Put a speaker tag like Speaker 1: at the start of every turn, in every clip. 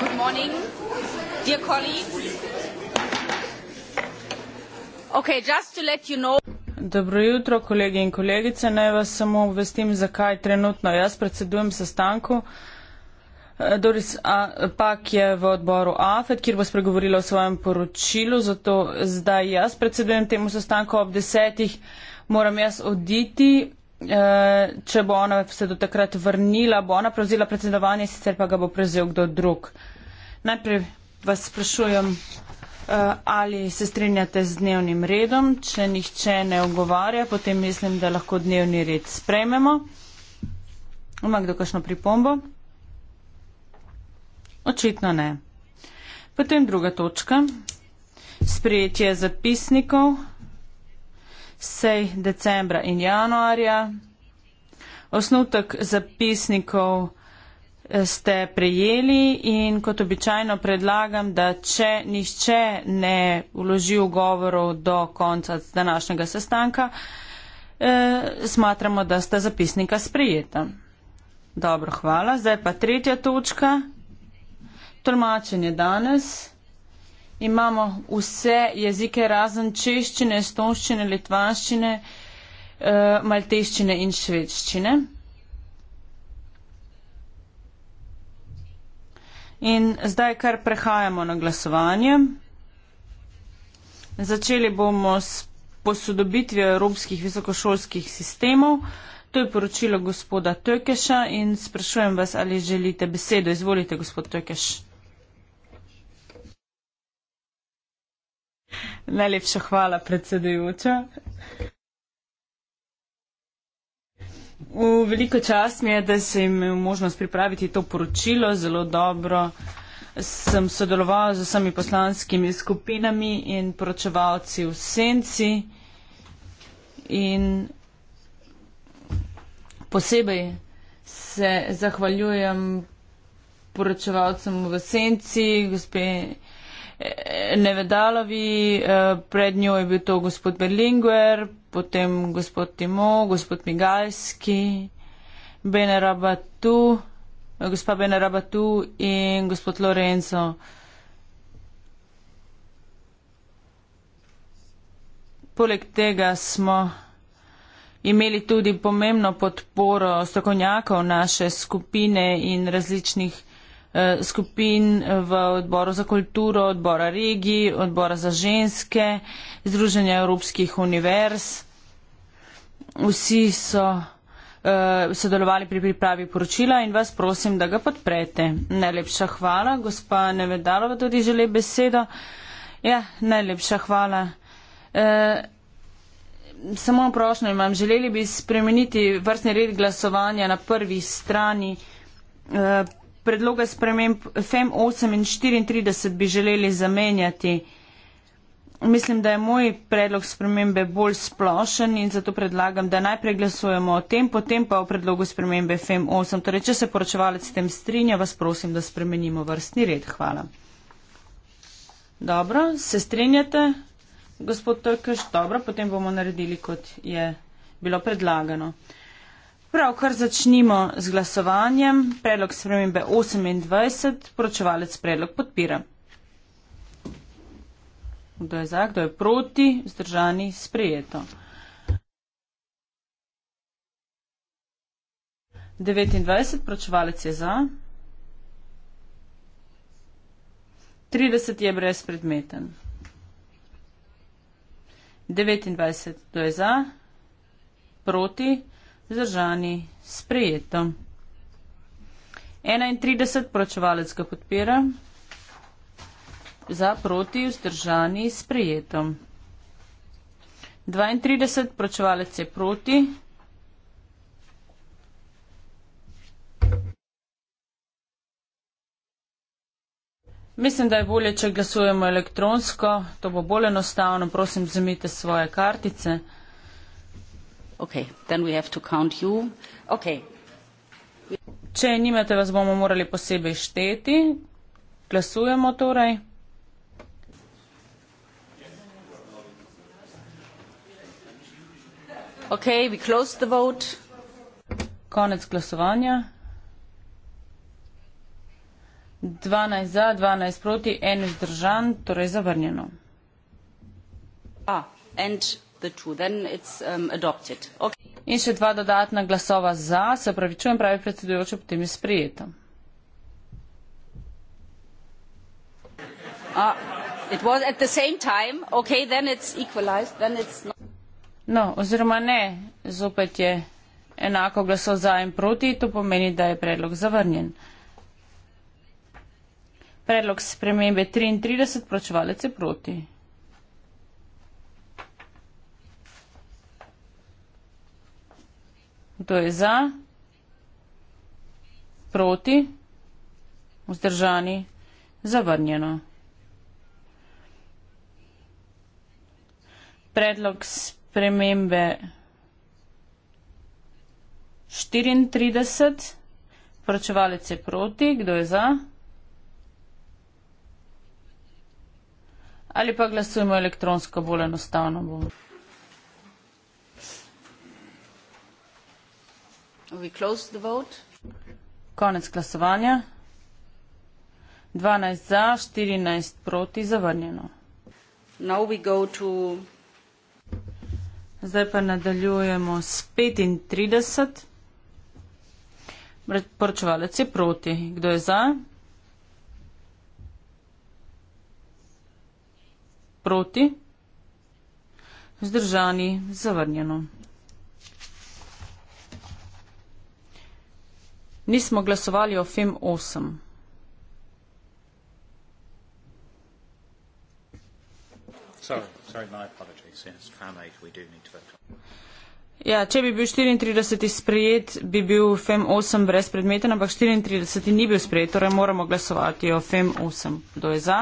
Speaker 1: Good morning, dear colleagues. Okay, just to let you know.
Speaker 2: Dobro jutro, kolegi in kolegice. Naj vas samo obvestim, zakaj trenutno jaz predsedujem sestanku. Doris A, Pak je v odboru AFED, kjer bo spregovorila o svojem poročilu, zato zdaj jaz predsedujem temu sestanku ob desetih. Moram jaz oditi, eh, če bo ona se do takrat vrnila, bo ona prevzela predsedovanje, sicer pa ga bo prevzel kdo drug. Najprej vas sprašujem, eh, ali se strinjate z dnevnim redom. Če nihče ne ogovarja, potem mislim, da lahko dnevni red sprejmemo. Ima kdo kakšno pripombo? Očitno ne. Potem druga točka. Sprejetje zapisnikov sej decembra in januarja. Osnutek zapisnikov eh, ste prejeli in kot običajno predlagam, da če nišče ne uloži ugovorov do konca današnjega sestanka, eh, smatramo, da sta zapisnika sprejeta. Dobro, hvala. Zdaj pa tretja točka. Tolmačenje danes imamo vse jezike razen češčine, estonščine, litvanščine, eh, malteščine in švedščine. In zdaj kar prehajamo na glasovanje. Začeli bomo s posodobitvijo evropskih visokošolskih sistemov. To je poročilo gospoda Tökeša in sprašujem vas, ali želite besedo. Izvolite, gospod Tökeš. Najlepša hvala, predsedujoča. V veliko čast mi je, da sem imel možnost pripraviti to poročilo. Zelo dobro sem sodeloval z vsemi poslanskimi skupinami in poročevalci v senci. In posebej se zahvaljujem poročevalcem v senci, gospe. Nevedalovi, eh, pred njo je bil to gospod Berlinguer, potem gospod Timo, gospod Migalski, Benerabatu, eh, gospa Benerabatu in gospod Lorenzo. Poleg tega smo imeli tudi pomembno podporo strokovnjakov naše skupine in različnih Eh, skupin eh, v odboru za kulturo, odbora regij, odbora za ženske, Združenja Evropskih univerz. Vsi so uh, sodelovali pri pripravi poročila in vas prosim, da ga podprete. Najlepša hvala, gospa Nevedalova tudi želi besedo. Ja, najlepša hvala. Uh, samo prošno imam, želeli bi spremeniti vrstni red glasovanja na prvi strani. Uh, predloge sprememb FEM e 8 in 34 bi želeli zamenjati. Mislim, da je moj predlog spremembe bolj splošen in zato predlagam, da najprej glasujemo o tem, potem pa o predlogu spremembe FEM e 8. Torej, če se poročevalec s tem strinja, vas prosim, da spremenimo vrstni red. Hvala. Dobro, se strinjate, gospod Trkeš? Dobro, potem bomo naredili, kot je bilo predlagano. Prav kar začnimo z glasovanjem. Predlog spremembe 28, poročevalec predlog podpira. Kdo je za, kdo je proti, zdržani, sprejeto. 29, poročevalec je za. 30 je brezpredmeten. 29, kdo je za, proti. Zdržani. Sprejeto. 31. Pročevalec ga podpira. Za proti vzdržani sprejetom. 32. Pročevalec je proti. Mislim, da je bolje, če glasujemo elektronsko. To bo bolj enostavno. Prosim, vzemite svoje kartice okej then we have to count you okej če nimate vas bomo morali posebej šteti glasujemo torej okej we close the vote konec glasovanja dvanajst za dvanajst proti en vzdržan torej zavrnjeno
Speaker 1: ah and Um, in še dva
Speaker 2: dodatna glasova za, se pravi, čujem pravi predsedujoče, potem je sprijeto.
Speaker 1: Uh, ah, okay,
Speaker 2: no, oziroma ne, zopet je enako glasov za in proti, to pomeni, da je predlog zavrnjen. Predlog spremembe 33, pročevalec je proti. Kdo je za? Proti? Vzdržani? Zavrnjeno. Predlog spremembe 34. Poročevalec je proti. Kdo je za? Ali pa glasujemo elektronsko, bolj enostavno bomo. konec glasovanja 12 za 14 proti zavrnjeno
Speaker 1: now we go to
Speaker 2: zdaj pa nadaljujemo s 35 poročevalec je proti kdo je za proti vzdržani zavrnjeno nismo glasovali o FEM e 8. Ja, če bi bil 34 sprejet, bi bil FEM e 8 brezpredmeten, ampak 34 ni bil sprejet, torej moramo glasovati o FEM e 8. Kdo je za?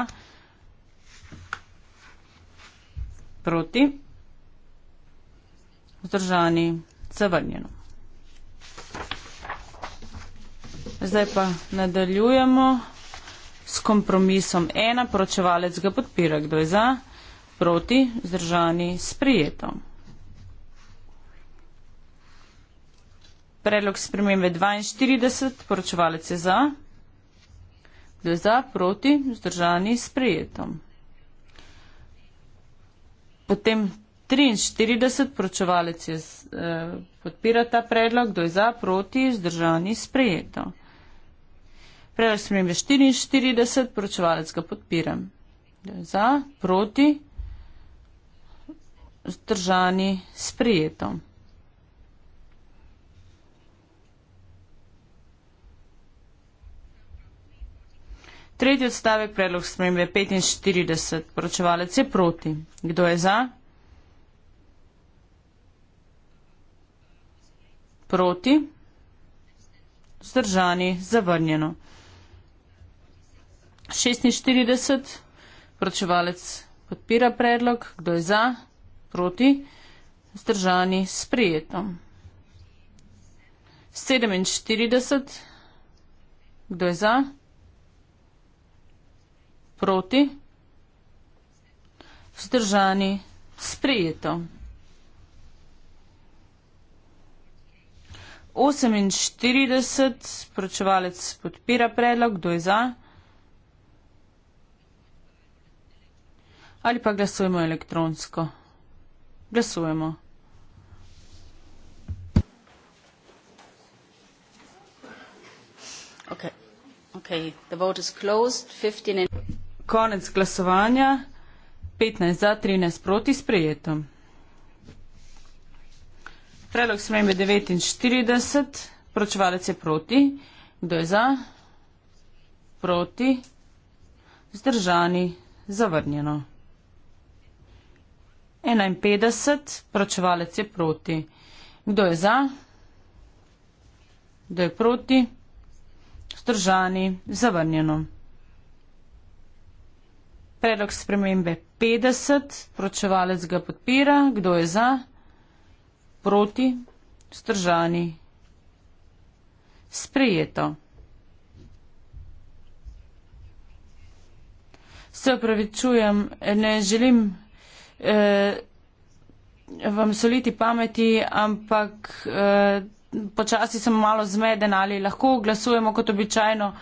Speaker 2: Proti? Zdržani? Zavrnjeno. Zdaj pa nadaljujemo s kompromisom. Ena poročevalec ga podpira, kdo je za, proti, zdržani, sprijeto. Predlog spremembe 42, poročevalec je za, kdo je za, proti, zdržani, sprijeto. Potem 43, poročevalec je eh, podpira ta predlog, kdo je za, proti, zdržani, sprijeto. Predlog spremembe 44, poročevalec ga podpira. Za, proti, zdržani, sprijeto. Tretji odstavek predlog spremembe 45, poročevalec je proti. Kdo je za? Proti, zdržani, zavrnjeno. 46, vročevalec podpira predlog, kdo je za, proti, zdržani, sprijeto. 47, kdo je za, proti, zdržani, sprijeto. 48, vročevalec podpira predlog, kdo je za, proti, zdržani, sprijeto. ali pa glasujemo elektronsko. Glasujemo.
Speaker 1: Okay. Okay. The vote
Speaker 2: is closed. 15 in... Konec glasovanja. 15 za, 13 proti sprejeto. Predlog smembe 49. Pročevalec je proti. Kdo je za? Proti. Zdržani. Zavrnjeno. 51, vračevalec je proti. Kdo je za? Kdo je proti? Zdržani, zavrnjeno. Predlog spremembe 50, vračevalec ga podpira. Kdo je za? Proti? Zdržani. Sprejeto. Se opravičujem, ne želim eh, vam soliti pameti, ampak eh, počasi sem malo zmeden ali lahko glasujemo kot običajno,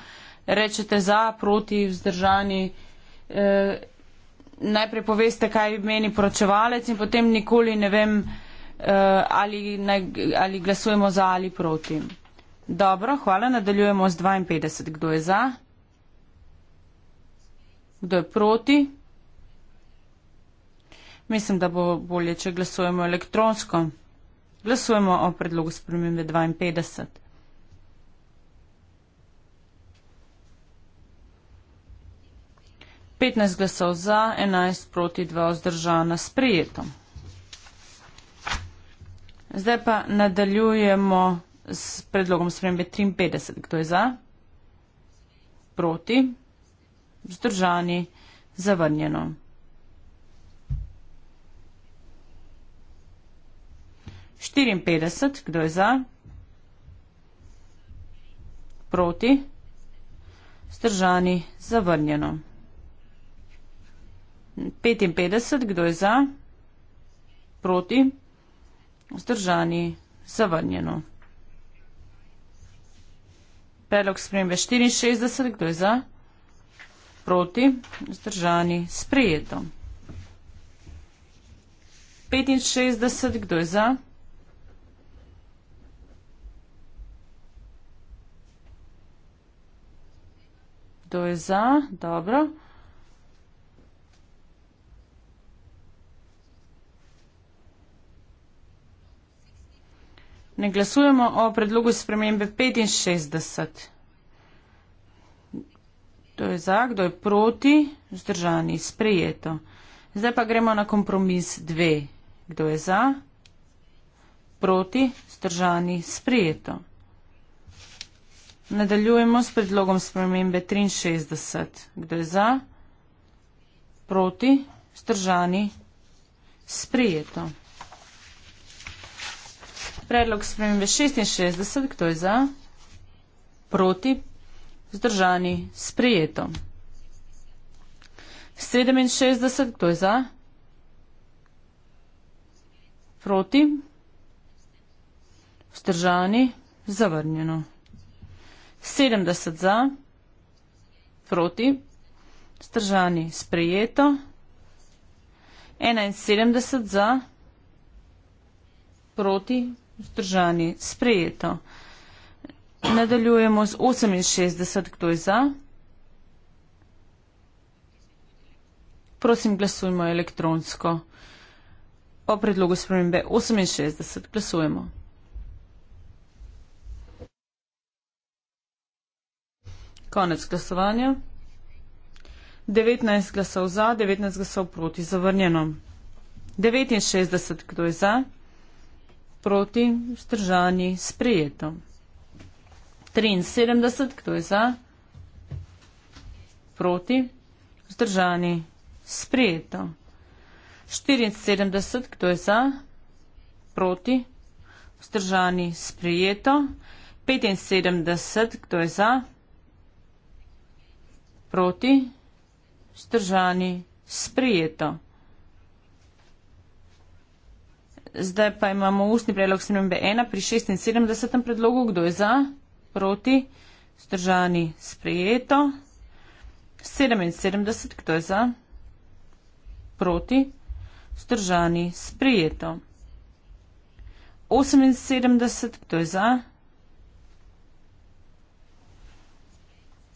Speaker 2: rečete za, proti, vzdržani. Eh, najprej poveste, kaj meni poročevalec in potem nikoli ne vem, eh, ali, ne, ali glasujemo za ali proti. Dobro, hvala. Nadaljujemo z 52. Kdo je za? Kdo je proti? Mislim, da bo bolje, če glasujemo elektronsko. Glasujemo o predlogu spremembe 52. Petnajst glasov za, enajst proti, dva vzdržana s prijetom. Zdaj pa nadaljujemo s predlogom spremembe 53. Kdo je za? Proti, vzdržani, zavrnjeno. 54, kdo je za? Proti? Zdržani, zavrnjeno. 55, kdo je za? Proti? Zdržani, zavrnjeno. Predlog spremembe 64, kdo je za? Proti? Zdržani, sprejeto. 65, kdo je za? Proti? Kdo je za? Dobro. Ne glasujemo o predlogu spremembe 65. Kdo je za? Kdo je proti? Zdržani. Sprejeto. Zdaj pa gremo na kompromis 2. Kdo je za? Proti? Zdržani. Sprejeto. Nadaljujemo s predlogom spremembe 63. Kdo je za? Proti? Stržani? Sprijeto. Predlog spremembe 66. Kdo je za? Proti? Zdržani? Sprijeto. 67. Kdo je za? Proti? Vzdržani? Zavrnjeno. 70 za, proti, vzdržani, sprejeto, 71 za, proti, vzdržani, sprejeto. Nadaljujemo z 68, kdo je za. Prosim, glasujmo elektronsko o predlogu spremembe 68. Glasujemo. Konec glasovanja. 19 glasov za, 19 glasov proti, zavrnjeno. 69, kdo je za, proti, vzdržani, sprejeto. 73, kdo je za, proti, vzdržani, sprejeto. 74, kdo je za, proti, vzdržani, sprejeto. 75, kdo je za, proti proti, vzdržani, sprijeto. Zdaj pa imamo ustni predlog 7b1 pri 76. predlogu, kdo je za, proti, vzdržani, sprijeto. 77, kdo je za, proti, vzdržani, sprijeto. 78, kdo je za,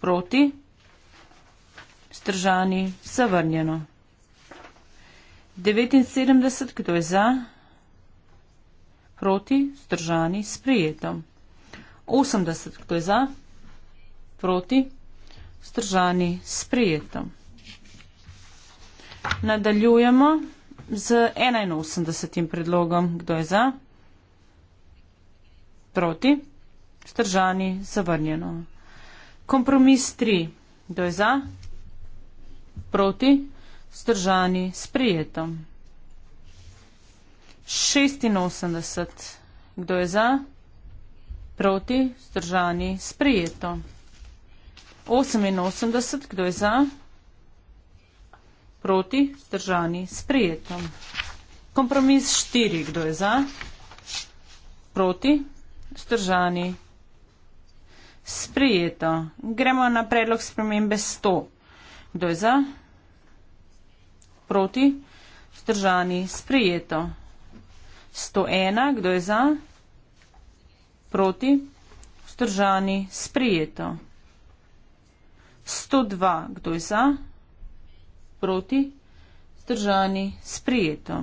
Speaker 2: proti, vzdržani, sprijeto vzdržani, zavrnjeno. 79, kdo je za, proti, vzdržani, sprijeto. 80, kdo je za, proti, vzdržani, sprijeto. Nadaljujemo z 81. predlogom, kdo je za, proti, vzdržani, zavrnjeno. Kompromis 3, kdo je za, proti, vzdržani, zavrnjeno proti, vzdržani, sprijeto. 86. Kdo je za? Proti, vzdržani, sprijeto. 88. Kdo je za? Proti, vzdržani, sprijeto. Kompromis 4. Kdo je za? Proti, vzdržani, sprijeto. Gremo na predlog spremembe 100. Kdo je za? proti? Vzdržani, sprijeto. 101, kdo je za? Proti? Vzdržani, sprijeto. 102, kdo je za? Proti? Vzdržani, sprijeto.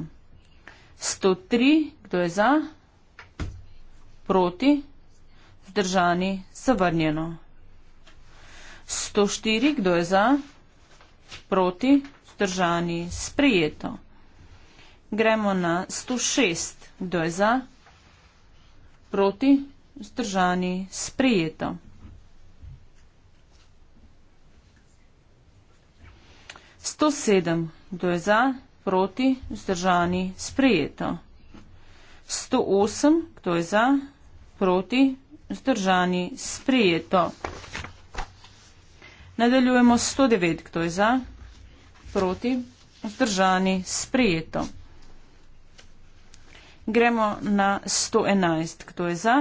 Speaker 2: 103, kdo je za? Proti? Vzdržani, zavrnjeno. 104, kdo je za? Proti? Vzdržani, zavrnjeno vzdržani, sprijeto. Gremo na 106, kdo je za, proti, vzdržani, sprijeto. Sto sedem, kdo je za, proti, vzdržani, sprijeto. Sto osem, kdo je za, proti, vzdržani, sprijeto. Nadaljujemo sto devet, kdo je za, proti, vzdržani, sprijeto proti, vzdržani, sprejeto. Gremo na 111. Kdo je za,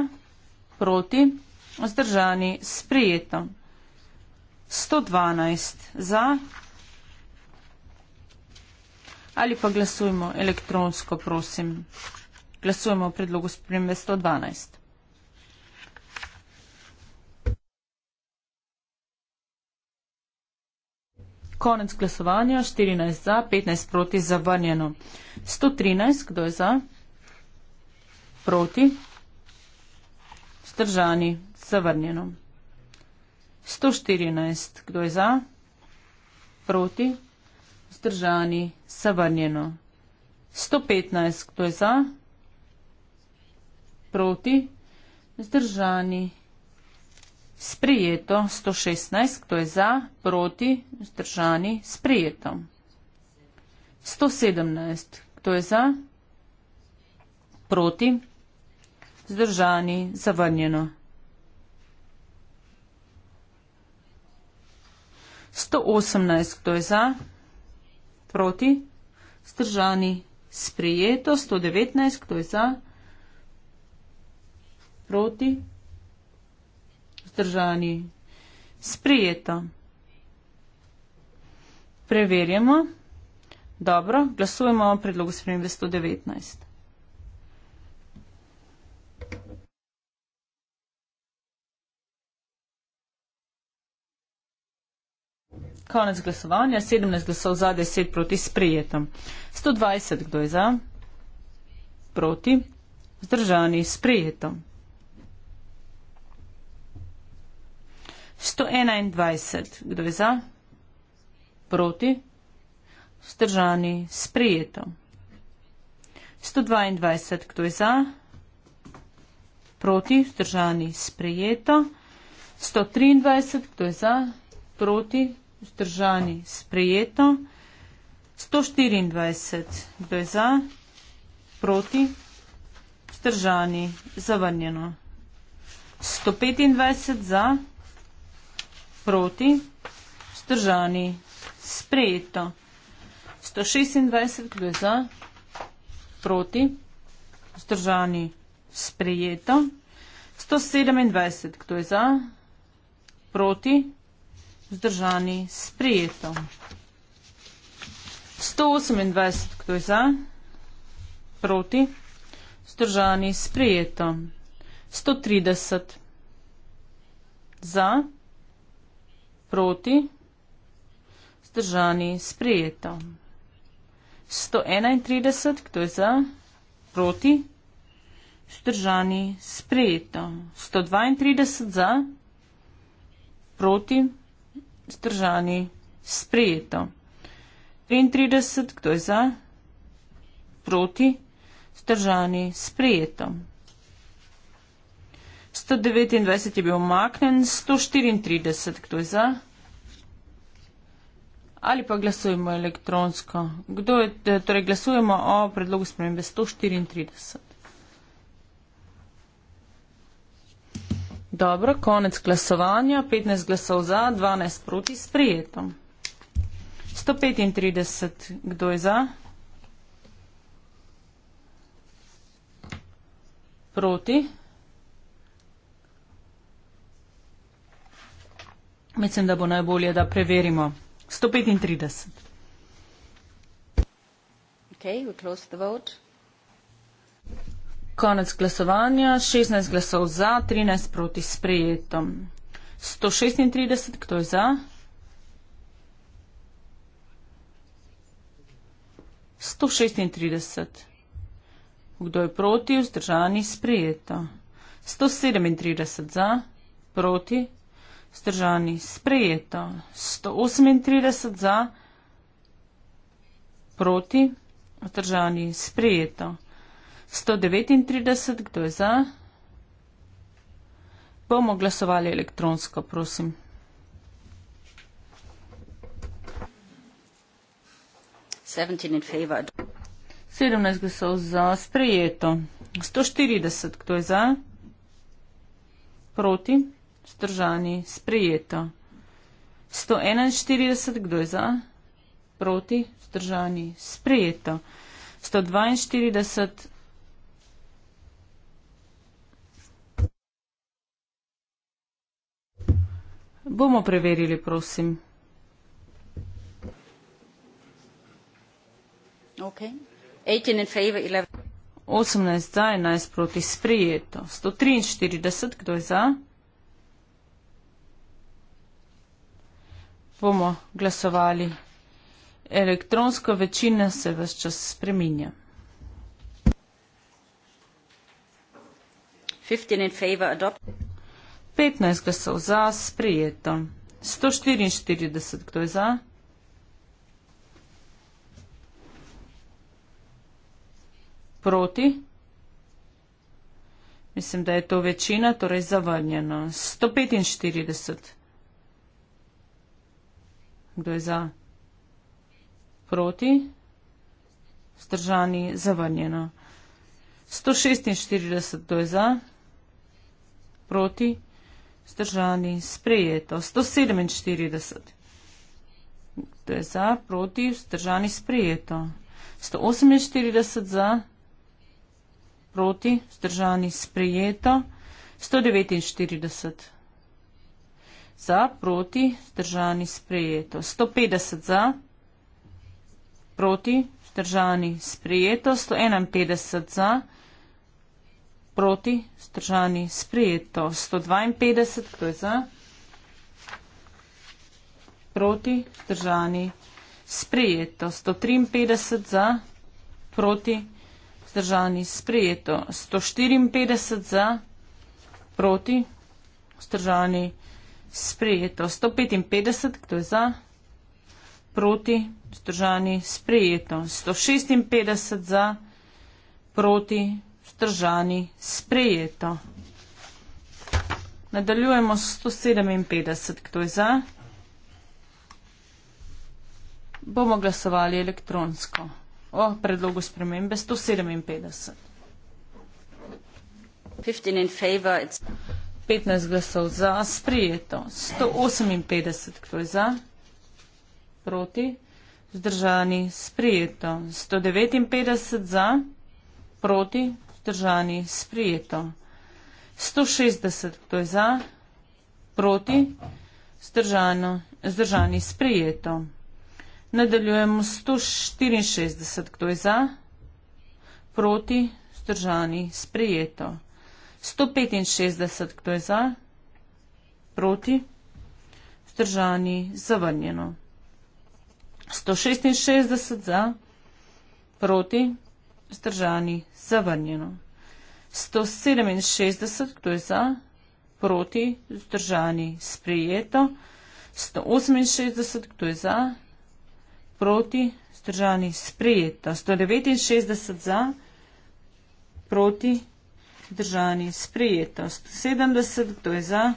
Speaker 2: proti, vzdržani, sprejeto. 112 za. Ali pa glasujmo elektronsko, prosim. Glasujemo o predlogu spremembe 112. Konec glasovanja, 14 za, 15 proti, zavrnjeno. 113, kdo je za? Proti. Stržani, zavrnjeno. 114, kdo je za? Proti. Stržani, zavrnjeno. 115, kdo je za? Proti. Zdržani sprejeto 116, kdo je za, proti, vzdržani, sprejeto. 117, kdo je za, proti, vzdržani, zavrnjeno. 118, kdo je za, proti, vzdržani, sprejeto. 119, kdo je za, proti, vzdržani vzdržani. Sprijeto. Preverjamo. Dobro, glasujemo o predlogu spremembe 119. Konec glasovanja, 17 glasov za, 10 proti sprijetom. 120, kdo je za? Proti? Zdržani sprijetom. 121. Kdo je za? Proti? Vzdržani? Sprijeto. 122. Kdo je za? Proti? Vzdržani? Sprijeto. 123. Kdo je za? Proti? Vzdržani? Sprijeto. 124. Kdo je za? Proti? Vzdržani? Zavrnjeno. 125 za proti, vzdržani, sprejeto. 126 gre za, proti, vzdržani, sprejeto. 127, kdo je za, proti, vzdržani, sprejeto. 128, kdo je za, proti, vzdržani, sprejeto. 130, za, proti proti, vzdržani, sprejeto. 131, kdo je za, proti, vzdržani, sprejeto. 132 za, proti, vzdržani, sprejeto. 33, kdo je za, proti, vzdržani, sprejeto. 129 je bil omaknen, 134, kdo je za? Ali pa glasujemo elektronsko. Kdo je, torej glasujemo o predlogu spremembe 134. Dobro, konec glasovanja. 15 glasov za, 12 proti sprijetom. 135, kdo je za? Proti. Mislim, da bo najbolje, da preverimo. 135.
Speaker 1: Okay, we close the vote.
Speaker 2: Konec glasovanja. 16 glasov za, 13 proti sprejetom. 136, kdo je za? 136. Kdo je proti? Vzdržani sprejeto. 137 za, proti vzdržani. Sprejeto. 138 za, proti, vzdržani. Sprejeto. 139, kdo je za? Bomo glasovali elektronsko, prosim.
Speaker 1: In favor.
Speaker 2: 17 glasov za sprejeto. 140, kdo je za? Proti. Vzdržani. Sprejeto. 141. Kdo je za? Proti. Vzdržani. Sprejeto. 142. Bomo preverili, prosim. Okay. 18 za, 11 proti, sprejeto. 143, kdo je za? bomo glasovali elektronsko, večina se vse čas spreminja. Petnajst glasov za, sprejeto. Sto štiriinštirideset, kdo je za? Proti? Mislim, da je to večina, torej zavrnjeno. Sto petinštirideset. Kdo je za? Proti? Zdržani? Zavrnjeno. 146. Kdo je za? Proti? Zdržani? Sprejeto. 147. Kdo je za? Proti? Zdržani? Sprejeto. 148 za, proti, zdržani, sprejeto, 149 za, proti, vzdržani, sprejeto. 150 za, proti, vzdržani, sprejeto. 151 za, proti, vzdržani, sprejeto. 152, kdo je za, proti, vzdržani, sprejeto. 153 za, proti, vzdržani, sprejeto. 154 za, proti, vzdržani, sprejeto sprejeto. 155, kdo je za, proti, vzdržani, sprejeto. 156 za, proti, vzdržani, sprejeto. Nadaljujemo s 157, kdo je za. Bomo glasovali elektronsko o predlogu spremembe 157.
Speaker 1: 15 in favor. It's...
Speaker 2: 15 glasov za sprijeto, 158 kdo je za, proti, zdržani, sprijeto, 159 za, proti, zdržani, sprijeto, 160 kdo je za, proti, zdržano, zdržani, sprijeto. Nadaljujemo 164 kdo je za, proti, zdržani, sprijeto. 165, kdo je za? Proti? Zdržani? Zavrnjeno. 166 za? Proti? Zdržani? Zavrnjeno. 167, kdo je za? Proti? Zdržani? Sprijeto. 168, kdo je za? Proti? Zdržani? Sprijeto. 169 za? Proti? Zdržani? vzdržani, sprejetost 70, to je za,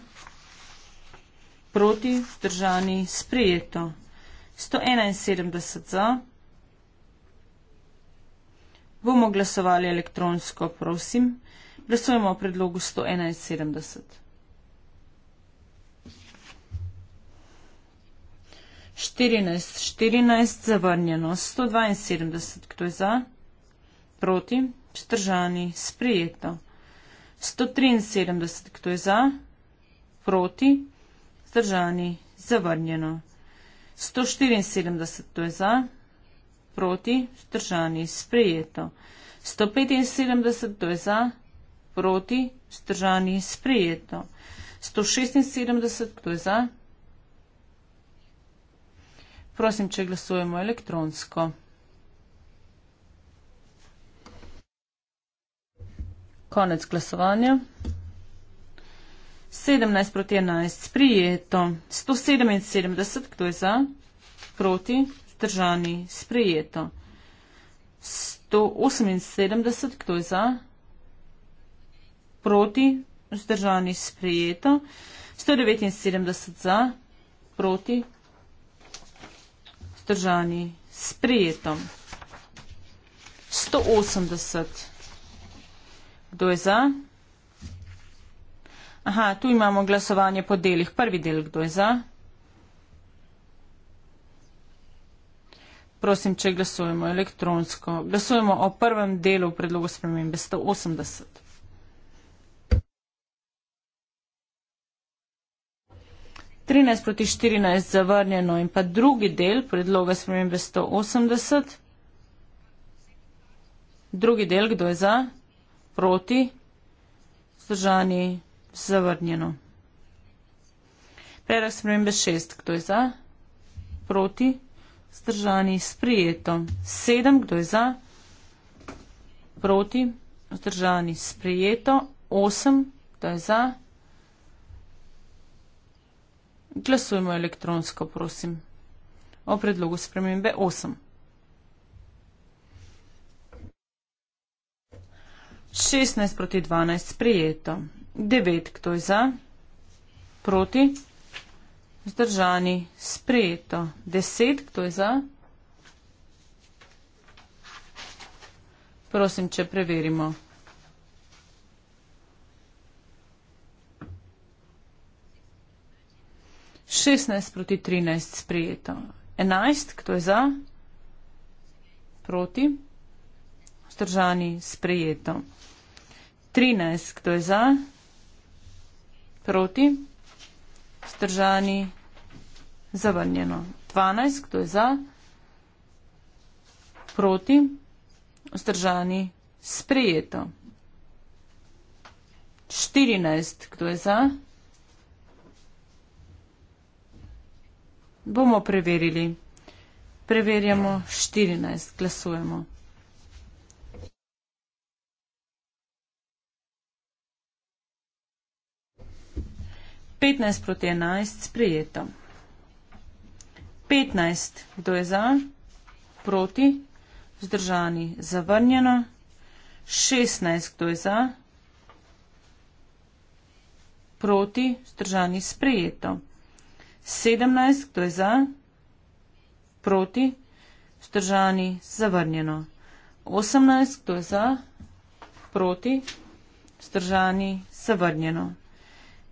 Speaker 2: proti, vzdržani, sprejeto 171 za, bomo glasovali elektronsko, prosim, glasujemo o predlogu 171. 14, 14, zavrnjeno, 172, kdo je za, proti, vzdržani, sprijeto sto triinsedemdeset kdo je za proti vzdržani zavrnjeno sto štiriinsedemdeset kdo je za proti vzdržani sprejeto sto petinsedemdeset kdo je za proti vzdržani sprejeto sto šestinsedemdeset kdo je za prosim če glasujemo elektronsko Konec glasovanja. 17 proti 11. Sprijeto. 177. Kdo je za? Proti. Zdržani. Sprijeto. 178. Kdo je za? Proti. Zdržani. Sprijeto. 179 za. Proti. Zdržani. Sprijeto. 180. Kdo je za? Aha, tu imamo glasovanje po delih. Prvi del, kdo je za? Prosim, če glasujemo elektronsko. Glasujemo o prvem delu v predlogu spremembe 180. trinajst proti štirinajst zavrnjeno in pa drugi del predloga spremembe sto osemdeset drugi del kdo je za proti, vzdržani, zavrnjeno. Predlog spremembe šest, kdo je za, proti, vzdržani, sprijeto. Sedem, kdo je za, proti, vzdržani, sprijeto. Osem, kdo je za, glasujmo elektronsko, prosim, o predlogu spremembe osem. 16 proti 12 sprijeto. 9 kdo je za? Proti? Zdržani? Sprijeto. 10 kdo je za? Prosim, če preverimo. Šestnajst proti trinajst sprijeto. Enajst, kdo je za? Proti? Vzdržani sprijeto. 13, kdo je za, proti, vzdržani, zavrnjeno. 12, kdo je za, proti, vzdržani, sprejeto. 14, kdo je za, bomo preverili. Preverjamo 14, glasujemo. 15 proti 11 sprejeto. 15, kdo je za, proti, vzdržani, zavrnjeno. 16, kdo je za, proti, vzdržani, sprejeto. 17, kdo je za, proti, vzdržani, zavrnjeno. 18, kdo je za, proti, vzdržani, zavrnjeno.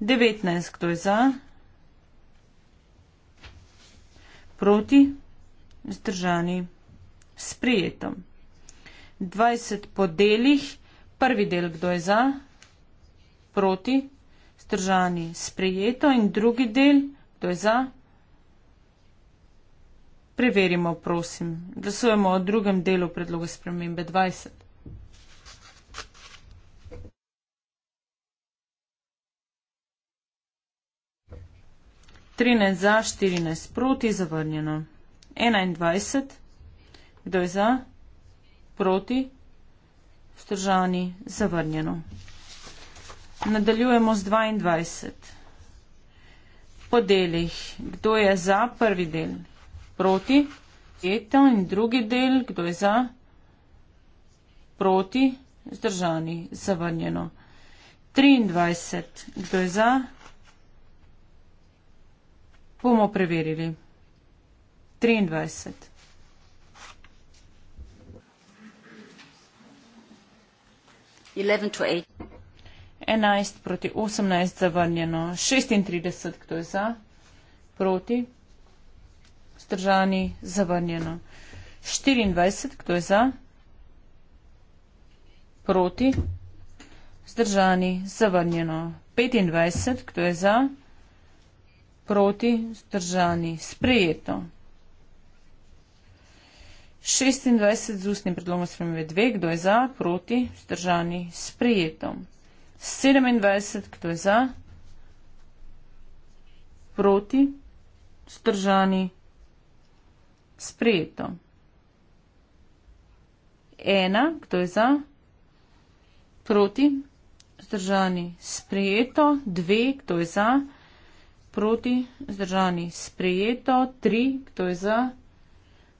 Speaker 2: 19, kdo je za? Proti? Zdržani. Sprijetom. 20 po delih. Prvi del, kdo je za? Proti? Zdržani. Sprijeto. In drugi del, kdo je za? Preverimo, prosim. Glasujemo o drugem delu predloga spremembe 20. 13 za, 14 proti, zavrnjeno. 21. Kdo je za? Proti. Vstržani, zavrnjeno. Nadaljujemo z 22. Po delih. Kdo je za prvi del? Proti. Eto in drugi del. Kdo je za? Proti. Vzdržani, zavrnjeno. 23. Kdo je za? Proti. Bomo preverili.
Speaker 1: 23.
Speaker 2: Enajst proti osemnajst zavrnjeno, šestintrideset, kdo je za, proti, zdržani, zavrnjeno, štiriindvajset, kdo je za, proti, zdržani, zavrnjeno, petindvajset, kdo je za proti zdržani. Sprejeto. 26 z ustnim predlogom spremembe 2, kdo je za, proti, zdržani, sprejeto. 27, kdo je za, proti, zdržani, sprejeto. 1, kdo je za, proti, zdržani, sprejeto. 2, kdo je za, proti proti, vzdržani, sprejeto, tri, kdo je za,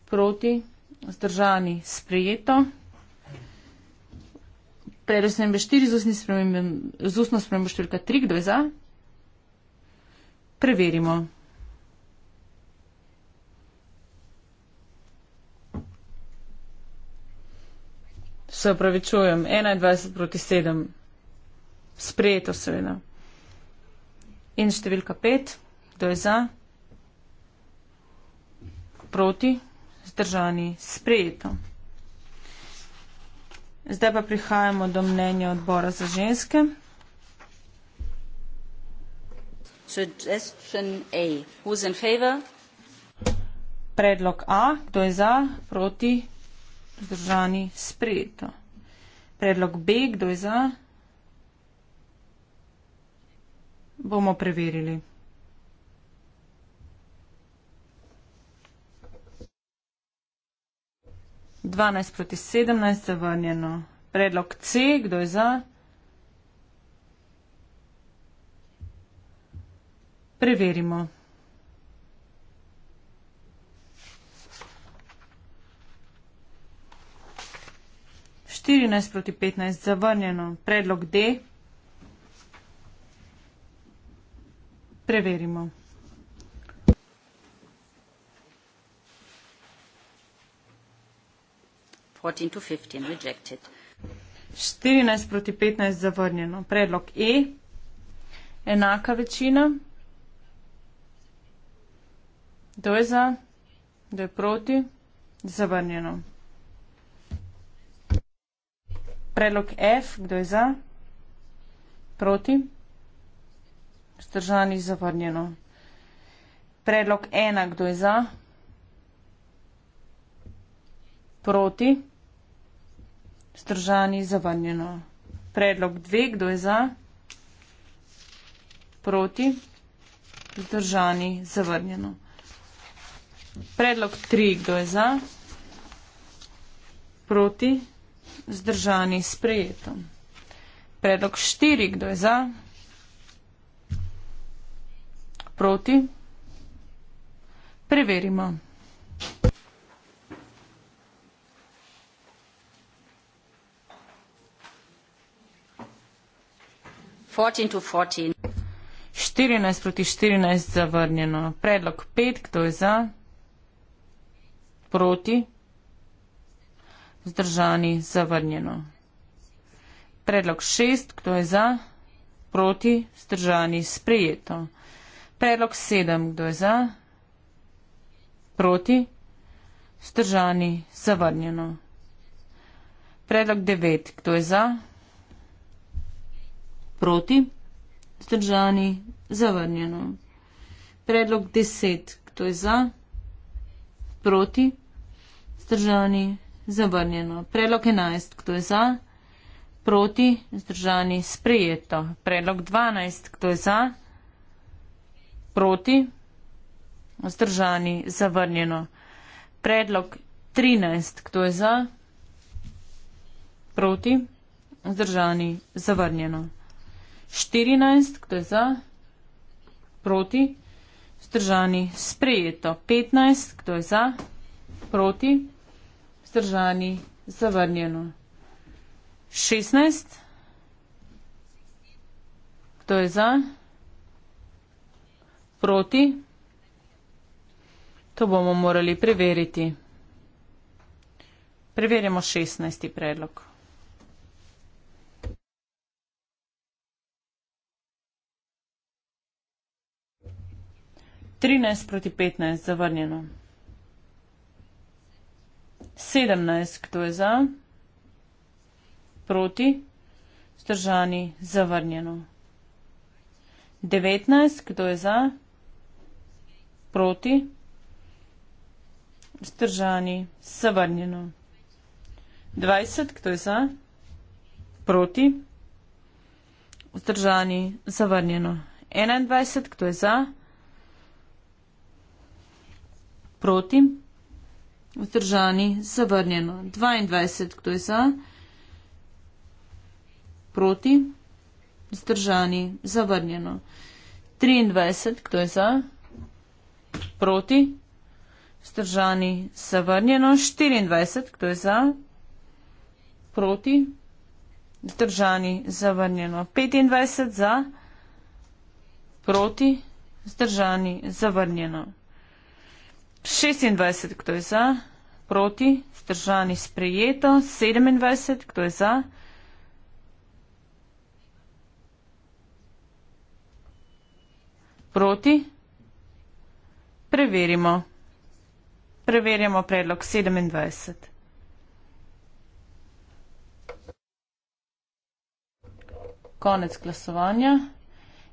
Speaker 2: proti, vzdržani, sprejeto. Predlog spremembe štiri, z ustno spremembo številka tri, kdo je za, preverimo. Se opravičujem, 21 proti 7, sprejeto seveda. In številka 5, kdo je za? Proti, zdržani, sprejeto. Zdaj pa prihajamo do mnenja odbora za ženske.
Speaker 1: A. In favor?
Speaker 2: Predlog A, kdo je za, proti, zdržani, sprejeto. Predlog B, kdo je za, Bomo preverili. Dvanajst proti sedemnajst zavrnjeno. Predlog C, kdo je za? Preverimo. Štirinajst proti petnajst zavrnjeno. Predlog D. Preverimo. Štirinajst proti petnajst zavrnjeno. Predlog E, enaka večina. Kdo je za? Kdo je proti? Zavrnjeno. Predlog F, kdo je za? Proti? Vzdržani zavrnjeno. Predlog ena, kdo je za? Proti. Vzdržani zavrnjeno. Predlog dve, kdo je za? Proti. Vzdržani zavrnjeno. Predlog tri, kdo je za? Proti. Zdržani sprejetom. Predlog štiri, kdo je za? proti? Preverimo. Štirinajst proti štirinajst zavrnjeno. Predlog pet, kdo je za? Proti? Zdržani, zavrnjeno. Predlog šest, kdo je za? Proti? Zdržani, sprejeto. Predlog sedem, kdo je za, proti, stržani, zavrnjeno. Predlog devet, kdo je za, proti, stržani, zavrnjeno. Predlog deset, kdo je za, proti, stržani, zavrnjeno. Predlog enajst, kdo je za, proti, stržani, sprejeto. Predlog dvanajst, kdo je za, proti, stržani, zavrnjeno proti, vzdržani, zavrnjeno. Predlog 13, kdo je za, proti, vzdržani, zavrnjeno. 14, kdo je za, proti, vzdržani, sprejeto. 15, kdo je za, proti, vzdržani, zavrnjeno. 16, kdo je za, proti, vzdržani, zavrnjeno proti? To bomo morali preveriti. Preverimo 16. predlog. Trinajst proti petnajst zavrnjeno. Sedemnajst, kdo je za? Proti? Zdržani? Zavrnjeno. Devetnajst, kdo je za? proti, vzdržani, zavrnjeno. 20, kdo je za, proti, vzdržani, zavrnjeno. 21, kdo je za, proti, vzdržani, zavrnjeno. 22, kdo je za, proti, vzdržani, zavrnjeno. 23, kdo je za, proti, proti, vzdržani, zavrnjeno, 24, kdo je za, proti, vzdržani, zavrnjeno, 25 za, proti, vzdržani, zavrnjeno, 26, kdo je za, proti, vzdržani, sprejeto, 27, kdo je za, proti, vzdržani, Preverimo. Preverjamo predlog 27. Konec glasovanja.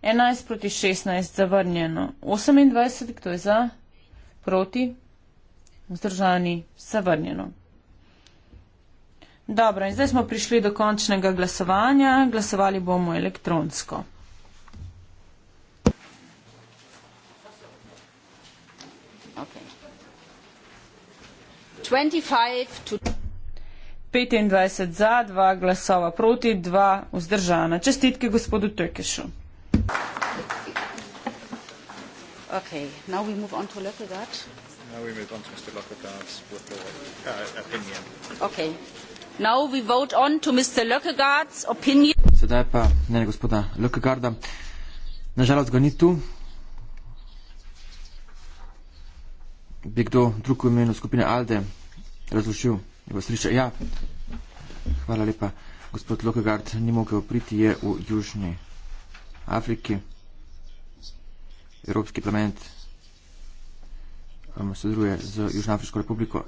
Speaker 2: 11 proti 16 zavrnjeno. 28, kdo je za? Proti? Vzdržani? Zavrnjeno. Dobro, in zdaj smo prišli do končnega glasovanja. Glasovali bomo elektronsko.
Speaker 1: 25
Speaker 2: za, 2 glasova proti, 2 vzdržana. Čestitke gospodu Tökešu.
Speaker 1: Okay, now we move on to Lökegaard. Now we move on to Mr. Lökegaard's uh, opinion. Okay. Now we vote on to Mr. Lökegaard's opinion.
Speaker 3: Sedaj pa ne gospoda Lökegaarda. Nažalost ga ni tu, bi kdo drug v imenu skupine Alde razložil. Ja. Hvala lepa. Gospod Lokegard ni mogel priti, je v Južni Afriki. Evropski parlament um, sodeluje z Južnoafriško republiko.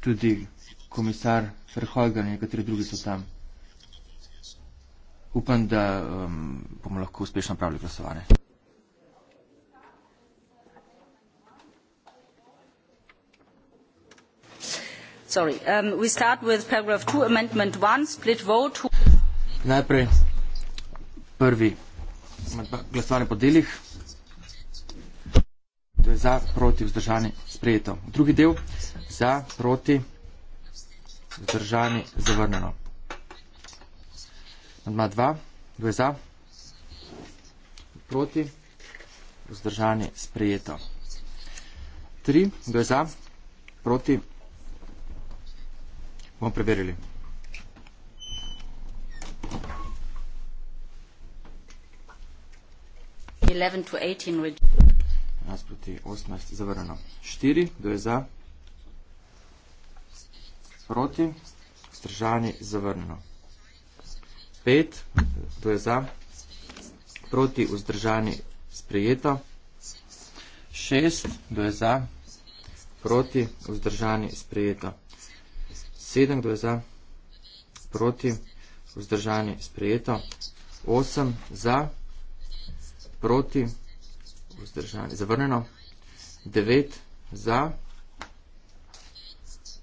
Speaker 3: Tudi komisar Ferhojga in nekateri drugi so tam. Upam, da um, bomo lahko uspešno pravili glasovanje.
Speaker 1: Um,
Speaker 3: najprej prvi glasovanje po delih to je za proti vzdržani sprejeto drugi del za proti vzdržani zavrnjeno amandma dva to je za proti vzdržani sprejeto tri to je za proti Bomo preverili. Nas proti 18, zavrljeno. 4, kdo je za? Proti, stržani, zavrljeno. 5, kdo je za? Proti, vzdržani, sprejeto. 6, kdo je za? Proti, vzdržani, sprejeto. 7, kdo je za, proti, vzdržani, sprejeto, 8, za, proti, vzdržani, zavrneno, 9, za,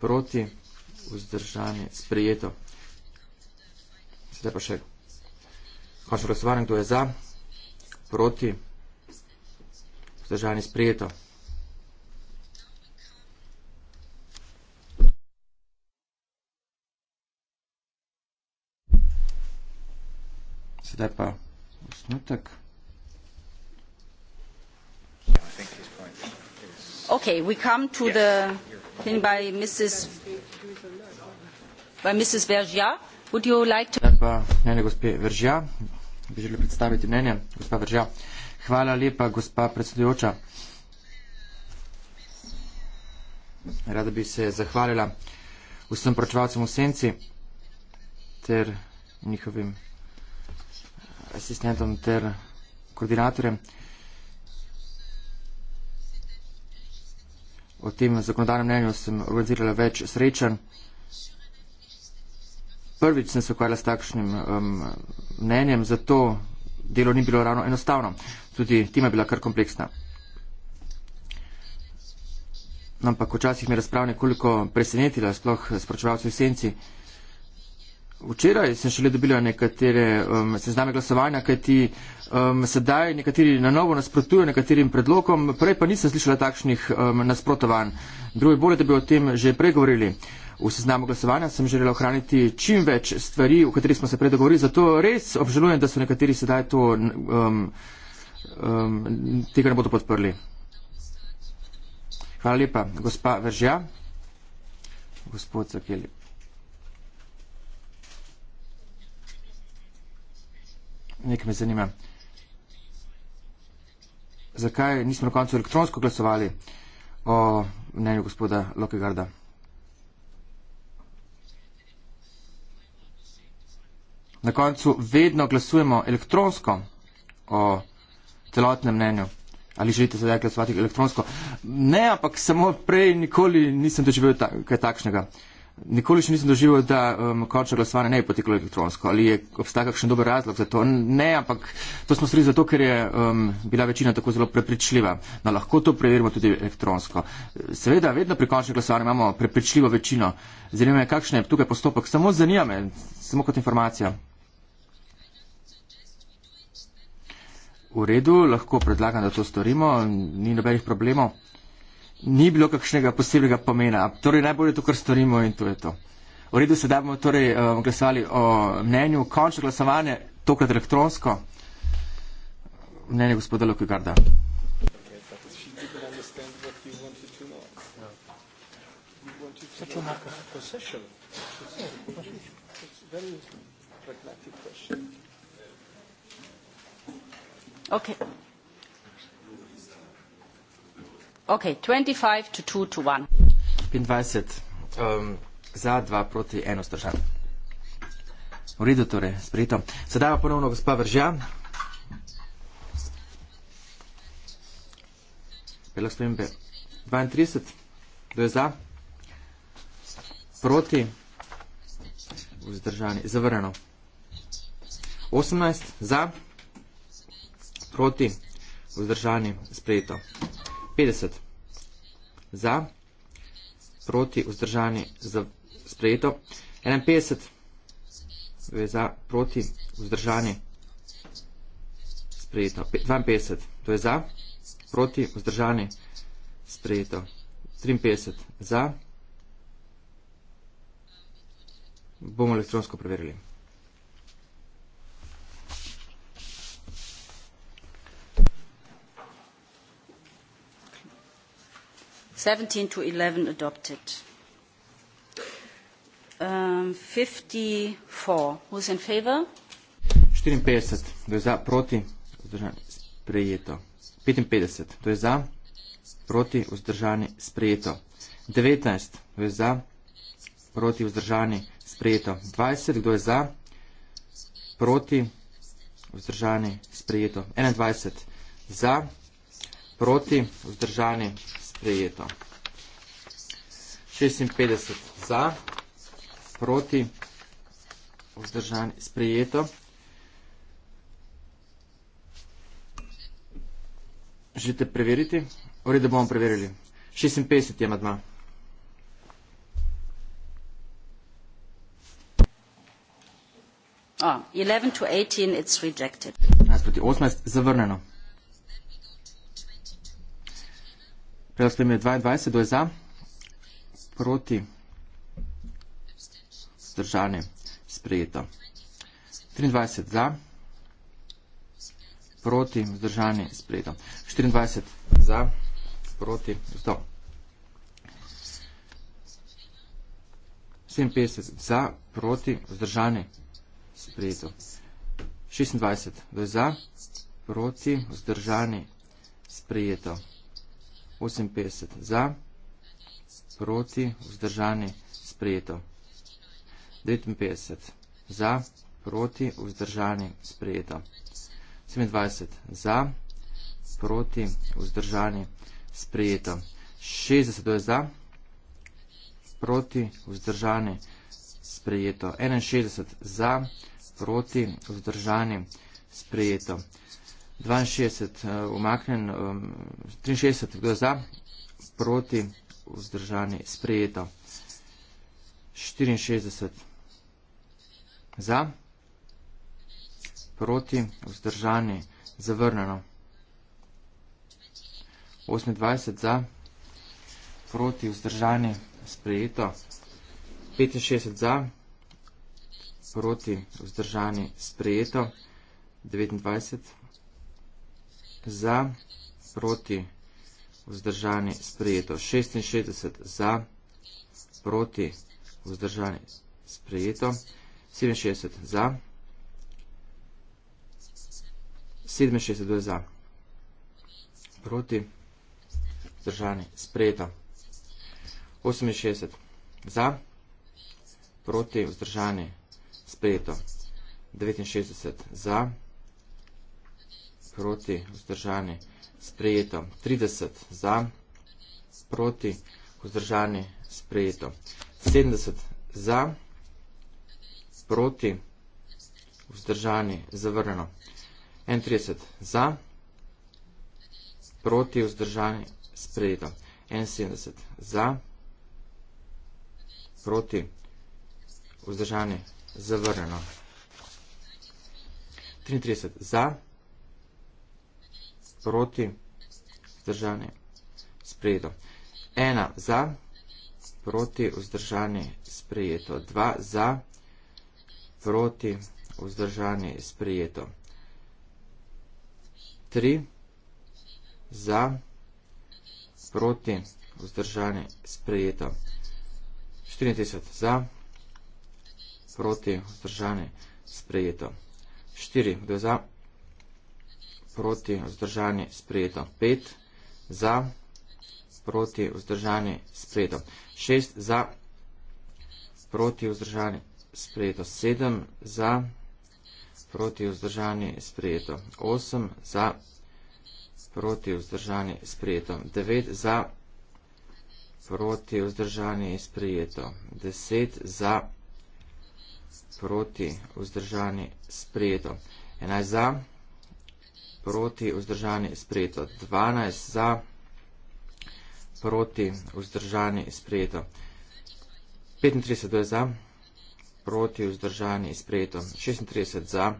Speaker 3: proti, vzdržani, sprejeto. Sedaj pa še, končno glasovanje, kdo je za, proti, vzdržani, sprejeto. Sedaj pa
Speaker 1: osnutek. Ok, we come to the thing by Mrs. by Mrs. Veržja. Would you like to...
Speaker 3: Pa, ne, ne, gospe Veržja, bi želel predstaviti mnenje. Gospa Veržja, hvala lepa, gospa predsedujoča. Rada bi se zahvalila vsem pročevalcem v senci ter njihovim asistentom ter koordinatorjem o tem zakonodanem mnenju sem organizirala več srečan. Prvič sem se ukvarjala s takšnim um, mnenjem, zato delo ni bilo ravno enostavno. Tudi tema je bila kar kompleksna. Ampak včasih mi je razprav nekoliko presenetila, sploh spročevalcev v senci. Včeraj sem šele dobila nekatere um, sezname glasovanja, kajti um, sedaj nekateri na novo nasprotujejo nekaterim predlogom, prej pa nisem slišala takšnih um, nasprotovanj. Bilo bi bolje, da bi o tem že pregovorili. V seznamu glasovanja sem želela ohraniti čim več stvari, o katerih smo se prej dogovorili, zato res obžalujem, da so nekateri sedaj to, um, um, tega ne bodo podprli. Hvala lepa. Gospa Veržja. Gospod Zakeli. nekaj me zanima. Zakaj nismo na koncu elektronsko glasovali o mnenju gospoda Lokegarda? Na koncu vedno glasujemo elektronsko o celotnem mnenju. Ali želite sedaj glasovati elektronsko? Ne, ampak samo prej nikoli nisem doživel ta, kaj takšnega. Uh, Nikoli še nisem doživel, da um, končno glasovanje ne bi potekalo elektronsko. Ali je obstajal kakšen dober razlog za to? Ne, ampak to smo sredi zato, ker je um, bila večina tako zelo prepričljiva. No, lahko to preverimo tudi elektronsko. Seveda, vedno pri končnem glasovanju imamo prepričljivo večino. Zanima me, kakšen je tukaj postopek. Samo zanima me, samo kot informacija. V redu, lahko predlagam, da to storimo, ni nobenih problemov ni bilo kakšnega posebnega pomena. Torej, najbolje to, kar storimo in to je to. V redu se da bomo torej um, glasovali o mnenju. Končno glasovanje, tokrat elektronsko. Mnenje gospoda Lokegarda.
Speaker 1: Okay. Okay, 25 to 2 to 1.
Speaker 3: 25 um, za 2 proti 1 vzdržan. V redu, torej, sprejeto. Sedaj pa ponovno gospa Vržja. Pelo spremembe. 32, kdo je za? Proti? Vzdržani, zavrjeno. 18 za? Proti? Vzdržani, sprejeto. 50 za, proti, vzdržani, za, sprejeto, 51 za, proti, vzdržani, sprejeto, 52, to je za, proti, vzdržani, sprejeto, 53 za, bomo elektronsko preverili.
Speaker 1: 17 to 11 adopted. Um, 54. Who is in favor?
Speaker 3: 54. Kdo je za? Proti? Vzdržani? Sprejeto. 55. Kdo je za? Proti? Vzdržani? Sprejeto. 19. Kdo je za? Proti? Vzdržani? Sprejeto. 20. Kdo je za? Proti? Vzdržani? Sprejeto. 21. Za? Proti? Vzdržani? sprejeto. 56 za, proti, vzdržan, sprejeto. Želite preveriti? Vrej, da bomo preverili. 56 je madma.
Speaker 1: Oh, ah, 11 to 18, it's rejected.
Speaker 3: 18, zavrneno. Preostalo je 22, to je za proti zdržane sprejeto. 23 za proti zdržane sprejeto. 24 za proti zdo. 57 za proti zdržane sprejeto. 26 to je za proti zdržane sprejeto. 58 za, proti, vzdržani, sprejeto. 59 za, proti, vzdržani, sprejeto. 27 za, proti, vzdržani, sprejeto. 60 je za, proti, vzdržani, sprejeto. 61 za, proti, vzdržani, sprejeto. 62 uh, umaknen, um, 63 kdo za, proti, vzdržani, sprejeto, 64 za, proti, vzdržani, zavrnjeno, 28 za, proti, vzdržani, sprejeto, 65 za, proti, vzdržani, sprejeto, 29 za, za, proti, vzdržani, sprejeto. 66 za, proti, vzdržani, sprejeto. 67 za, 67 za, proti, vzdržani, sprejeto. 68 za, proti, vzdržani, sprejeto. 69 za, proti, vzdržani, sprejeto proti, vzdržani, sprejeto. 30 za, proti, vzdržani, sprejeto. 70 za, proti, vzdržani, zavrneno. 31 za, proti, vzdržani, sprejeto. 71 za, proti, vzdržani, zavrneno. 33 za, proti, vzdržani, sprejeto proti, vzdržani, sprejeto. Ena za, proti, vzdržani, sprejeto. Dva za, proti, vzdržani, sprejeto. Tri za, proti, vzdržani, sprejeto. 34 za, proti, vzdržani, sprejeto. 4 do za proti vzdržani sprejeto. 5 za, proti vzdržani sprejeto. 6 za, proti vzdržani sprejeto. 7 za, proti vzdržani sprejeto. 8 za, proti vzdržani sprejeto. 9 za, proti vzdržani sprejeto. 10 za, proti vzdržani sprejeto. 11 za, proti vzdržani sprejeto proti, vzdržani, sprejeto. 12 za, proti, vzdržani, sprejeto. 35 je za, proti, vzdržani, sprejeto. 36 za,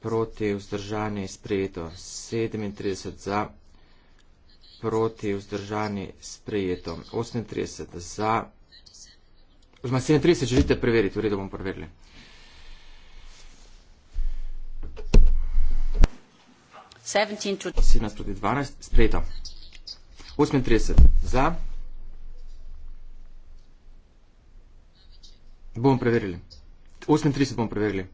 Speaker 3: proti, vzdržani, sprejeto. 37 za, proti, vzdržani, sprejeto. 38 za, oziroma 37 želite preveriti, v redu bomo preverili. 17 proti 12, sprejeta. 38 za. Bomo preverili. 38 bomo preverili.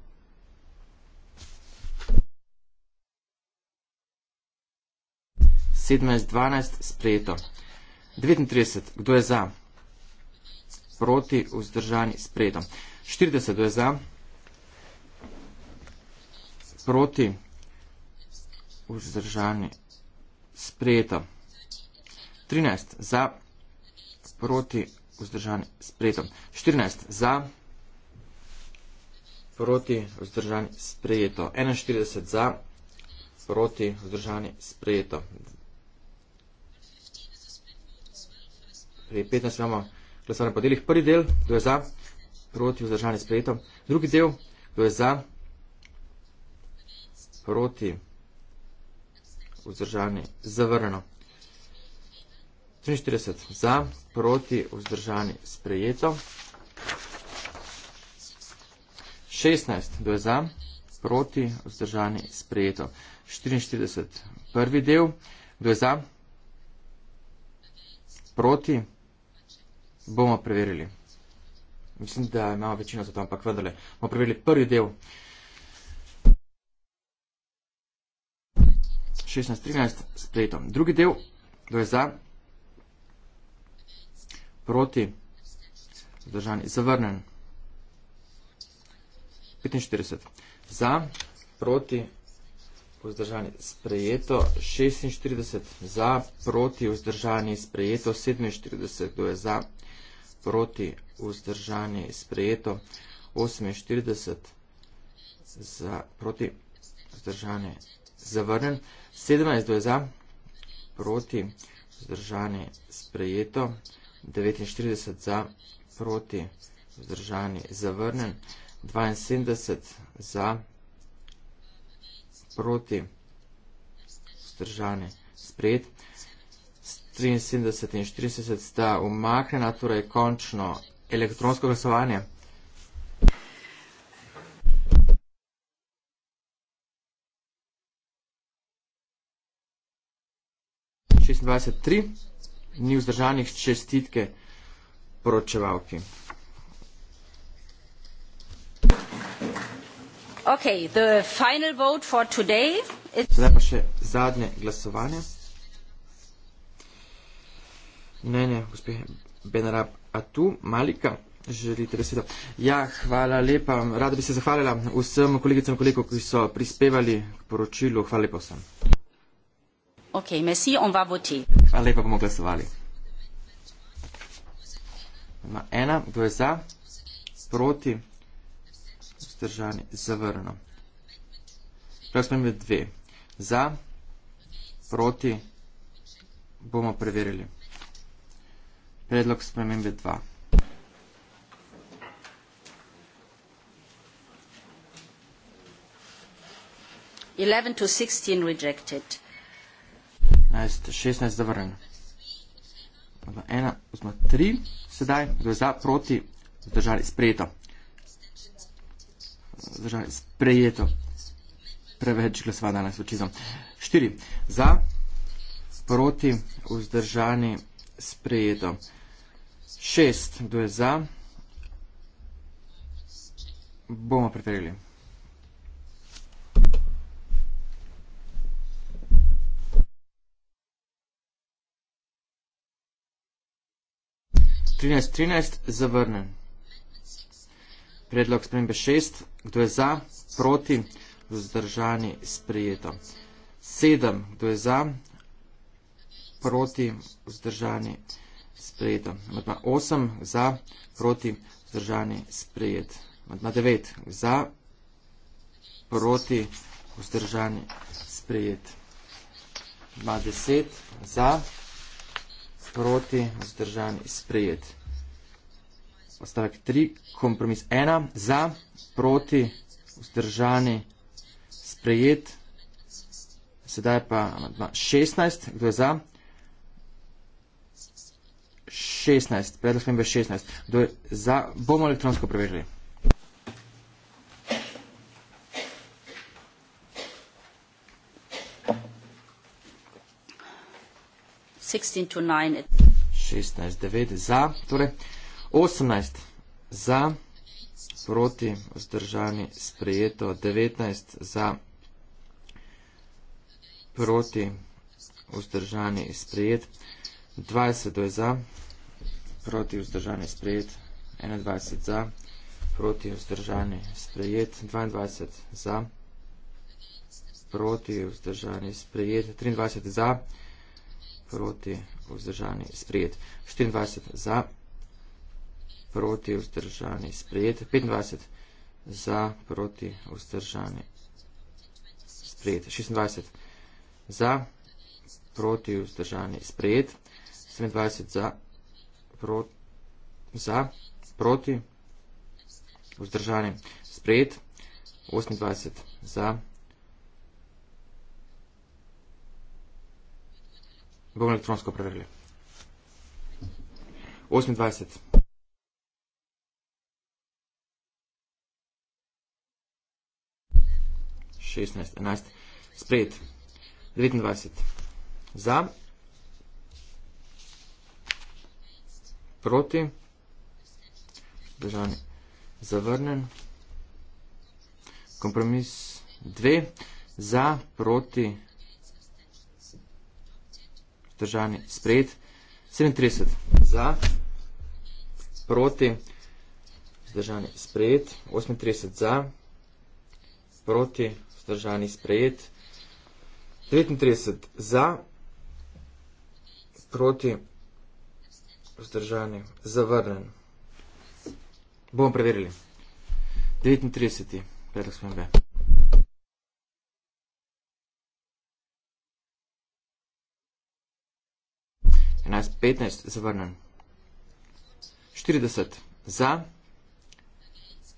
Speaker 3: Sedemnajst, dvanajst, sprejeto. Devetintrideset, kdo je za? Proti, vzdržani, sprejeto. Štirideset, kdo je za? Proti, vzdržani, sprejeto. 13 za, proti, vzdržani, sprejeto. 14 za, proti, vzdržani, sprejeto. 41 za, proti, vzdržani, sprejeto. Pri 15 imamo glasovanje po delih. Prvi del, kdo je za, proti, vzdržani, sprejeto. Drugi del, kdo je za, proti, vzdržani, sprejeto vzdržani, zavrno. 43 za, proti, vzdržani, sprejeto. 16 do je za, proti, vzdržani, sprejeto. 44 prvi del, do je za, proti, bomo preverili. Mislim, da imamo večino za to, ampak vendarle bomo preverili prvi del. 16.13 spletom. Drugi del, kdo je za, proti, zdržan, zavrnen. 45. Za, proti, vzdržani, sprejeto, 46. Za, proti, vzdržani, sprejeto, 47. Kdo je za, proti, vzdržani, sprejeto, 48. Za, proti, vzdržani, sprejeto zavrnen, 17 je za, proti, vzdržani, sprejeto, 49 za, proti, vzdržani, zavrnen, 72 za, proti, vzdržani, sprejet. 73 in 40 sta umaknjena, torej končno elektronsko glasovanje. 26.3, ni vzdržanih čestitke poročevalki.
Speaker 1: Okay, the final vote for today is... Zdaj
Speaker 3: pa še zadnje glasovanje. Mnenje, gospe Benarab Atu, Malika, želite besedo. Ja, hvala lepa. Rada bi se zahvalila vsem kolegicam in kolegom, ki so prispevali k poročilu. Hvala lepa vsem.
Speaker 1: Ok, merci, on va voter.
Speaker 3: Hvala lepa, bomo glasovali. Ima ena, kdo je za, proti, vzdržani, zavrno. Prav smo imeli dve. Za, proti, bomo preverili. Predlog spremembe 2.
Speaker 1: Eleven to sixteen rejected.
Speaker 3: 15, 16 zavrnjeno. Pa ena, vzma tri, sedaj, dve za, proti, zdržali sprejeto. Zdržali sprejeto. Preveč glasva danes očizom. Štiri, za, proti, vzdržani sprejeto. Šest, kdo je za, bomo preverili. 13.13 zavrnen. Predlog spremembe 6. Kdo je za, proti, vzdržani, sprejeto. 7. Kdo je za, proti, vzdržani, sprejeto. 8. Za, proti, vzdržani, sprejet. 9. Za, proti, vzdržani, sprejet. 10. Za, proti, vzdržani, sprejet proti, vzdržan, sprejet. Ostavek 3, kompromis 1, za, proti, vzdržani, sprejet. Sedaj pa 16, kdo je za? 16, predlog sprememba 16. Kdo je za, bomo elektronsko preverili.
Speaker 1: 16,
Speaker 3: 9 za, torej 18 za, proti, vzdržani, sprejeto, 19 za, proti, vzdržani, sprejet, 20 je za, proti, vzdržani, sprejet, 21 za, proti, vzdržani, sprejet, 22 za, proti, vzdržani, sprejet, 23 za, proti, vzdržani, sprejet. 24 za, proti, vzdržani, sprejet. 25 za, proti, vzdržani, sprejet. 26 za, proti, vzdržani, sprejet. 27 za, pro, za proti, vzdržani, sprejet. 28 za, proti, vzdržani, sprejet. 28 za, bom elektronsko preverila. 28. šestnajst, enajst, sprejet, devetindvajset, za, proti, držani, zavrnen, kompromis dve, za, proti, vzdržani, sprejet, 37 za, proti, vzdržani, sprejet, 38 za, proti, vzdržani, sprejet, 39 za, proti, vzdržani, zavrnen. Bomo preverili. 39. predlog smembe. 15, 15, zavrnem. 40 za,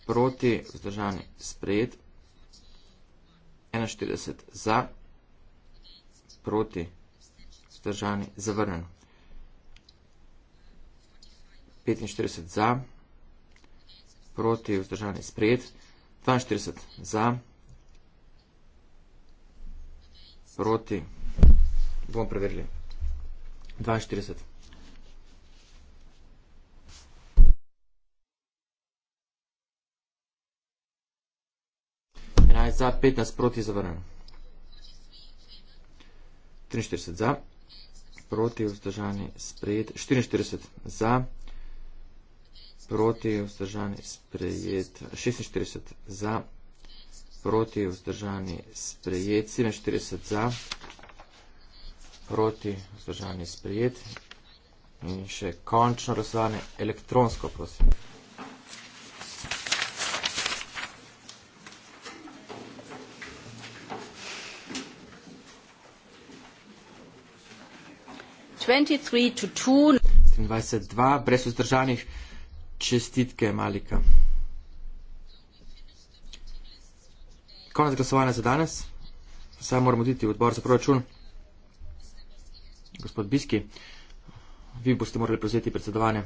Speaker 3: proti, vzdržani, sprejet. 41 za, proti, vzdržani, zavrnen. 45 za, proti, vzdržani, sprejet. 42 za, proti, bomo preverili. 42. za 15 proti zavrnjen. 43 za, proti vzdržani sprejet, 44 za, proti vzdržani sprejet, 46 za, proti vzdržani sprejet, 47 za, proti, vzdržan je sprejet. In še končno razvane elektronsko, prosim. Dvajset brez vzdržanih čestitke Malika. Konec glasovanja za danes. Sam moramo oditi v odbor za proračun gospod Biski. Vi boste morali prevzeti predsedovanje.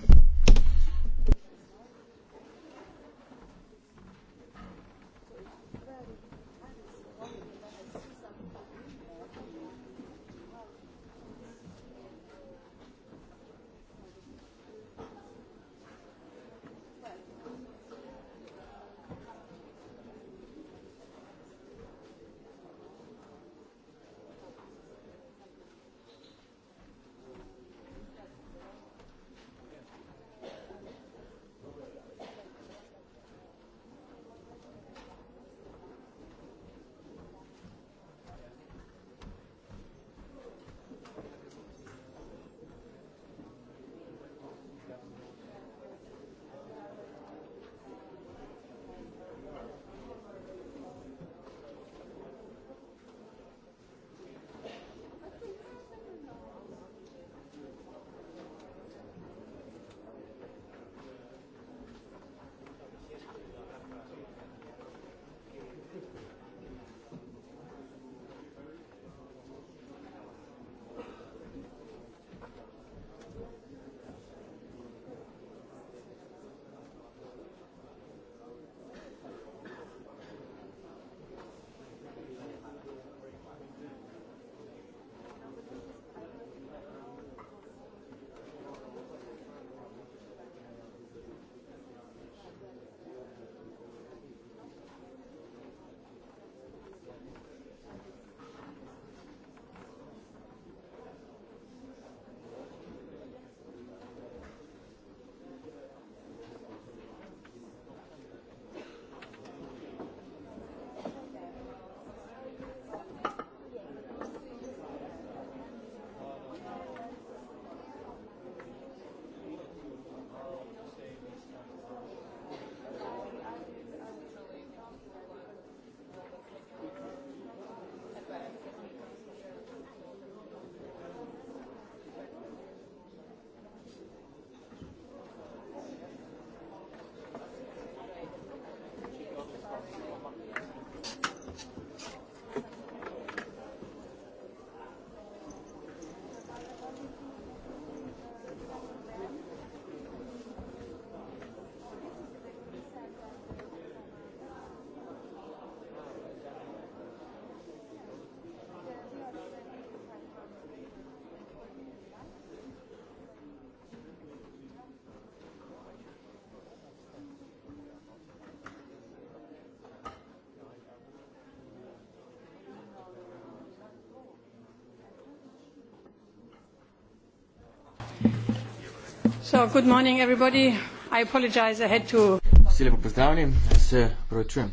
Speaker 1: good morning, everybody. I apologize, I had to.
Speaker 3: Vsi lepo pozdravljeni, se opravičujem.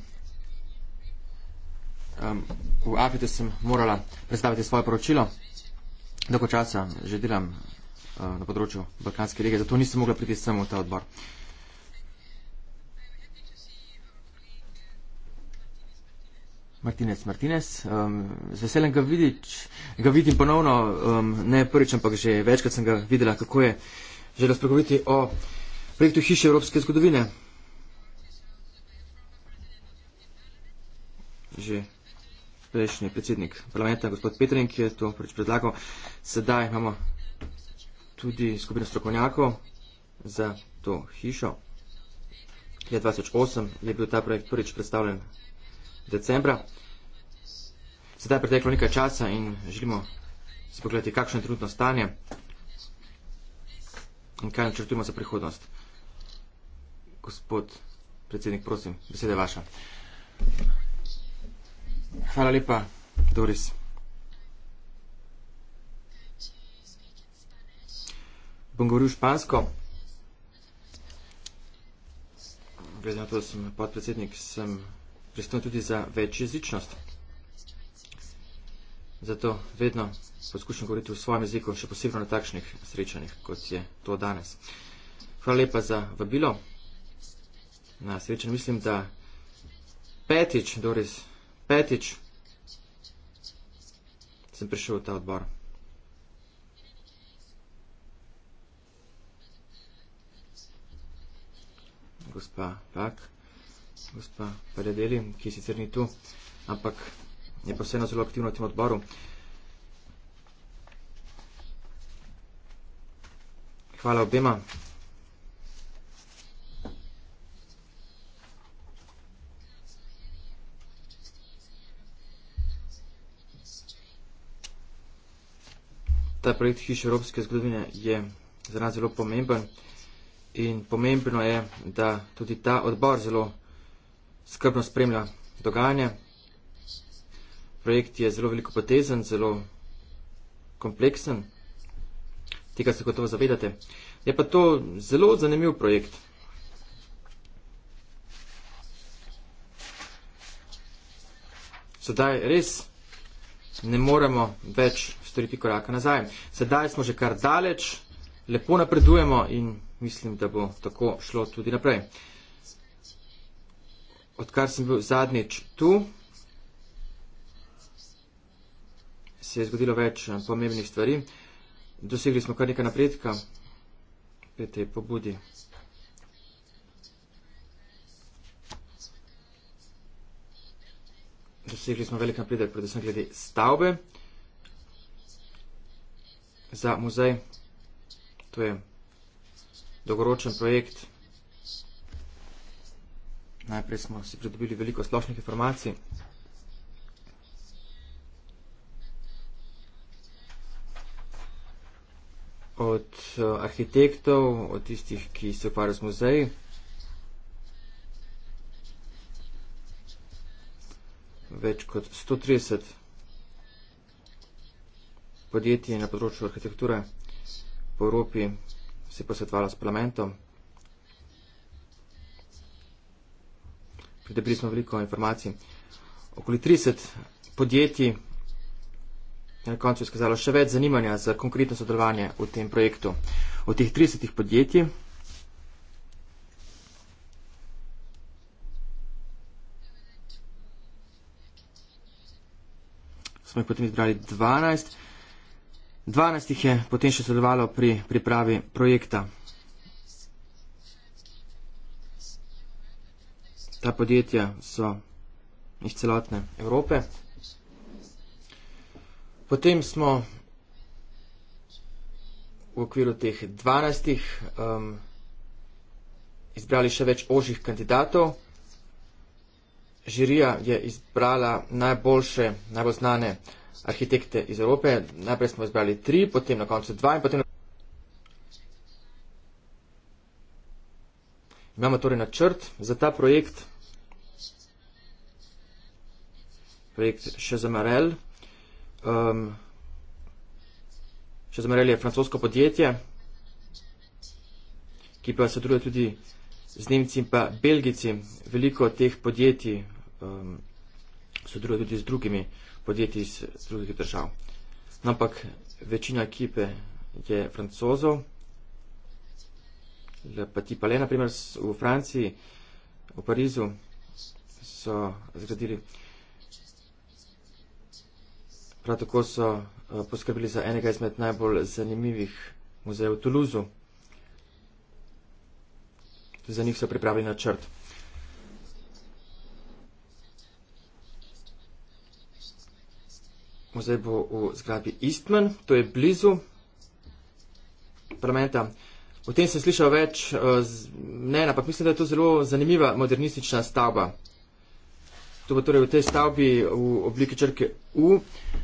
Speaker 3: Um, v Afriki sem morala predstaviti svoje poročilo. Dolgo časa že delam uh, na področju Balkanske lige, zato nisem mogla priti samo v ta odbor. Martinez Martinez, um, z veseljem ga, vidič, ga vidim ponovno, um, ne prvič, ampak že večkrat sem ga videla, kako je želel spregovoriti o projektu Hiše Evropske zgodovine. Že prejšnji predsednik parlamenta, gospod Petrin, ki je to prvič predlagal. Sedaj imamo tudi skupino strokovnjakov za to hišo. Je 2008, je bil ta projekt prvič predstavljen decembra. Sedaj je preteklo nekaj časa in želimo si pogledati, kakšno je trenutno stanje in kaj načrtujemo za prihodnost. Gospod predsednik, prosim, beseda je vaša. Hvala lepa, Doris. Bom govoril špansko. Glede na to, da sem podpredsednik, sem pristojen tudi za večjezičnost. Zato vedno poskušam govoriti v svojem jeziku, še posebej na takšnih srečanjih, kot je to danes. Hvala lepa za vabilo. Na srečanje mislim, da petič, Doris, petič sem prišel v ta odbor. Gospa Pak, gospa Paljadeli, ki sicer ni tu, ampak je pa vseeno zelo aktivno na tem odboru. Hvala obema. Ta projekt Hiš Evropske zgodovine je za nas zelo pomemben in pomembno je, da tudi ta odbor zelo skrbno spremlja dogajanje projekt je zelo velikopotezen, zelo kompleksen. Tega se gotovo zavedate. Je pa to zelo zanimiv projekt. Sedaj res ne moremo več storiti koraka nazaj. Sedaj smo že kar daleč, lepo napredujemo in mislim, da bo tako šlo tudi naprej. Odkar sem bil zadnjič tu, se je zgodilo več eh, pomembnih stvari. Dosegli smo kar nekaj napredka pri tej pobudi. Dosegli smo velik napredek, predvsem glede stavbe za muzej. To je dolgoročen projekt. Najprej smo si pridobili veliko splošnih informacij. od eh, arhitektov, od tistih, ki se ukvarjajo z muzeji. Več kot 130 podjetij na področju arhitekture po Evropi se je posvetovalo s parlamentom. Pridobili smo veliko informacij. Okoli 30 podjetij na koncu izkazalo še več zanimanja za konkretno sodelovanje v tem projektu. Od teh 30 podjetij smo jih potem izbrali 12. 12 jih je potem še sodelovalo pri pripravi projekta. Ta podjetja so iz celotne Evrope. Potem smo v okviru teh dvanajstih um, izbrali še več ožjih kandidatov. Žirija je izbrala najboljše, najbolj znane arhitekte iz Evrope. Najprej smo izbrali tri, potem na koncu dva in potem. Imamo torej načrt za ta projekt, projekt Šezamarel um, še zmerjali je francosko podjetje, ki pa se druge tudi z Nemci in pa Belgici. Veliko teh podjetij um, se druge tudi z drugimi podjetji iz drugih držav. No, ampak večina ekipe je francozov, pa ti pa le, naprimer v Franciji, v Parizu so zgradili Prav tako so eh, poskrbeli za enega izmed najbolj zanimivih muzejev v Toulouzu. Za njih so pripravili načrt. Muzej bo v zgradbi Eastman, to je blizu parlamenta. O tem sem slišal več mnen, eh, ampak mislim, da je to zelo zanimiva modernistična stavba. To bo torej v tej stavbi v obliki črke U. Uh,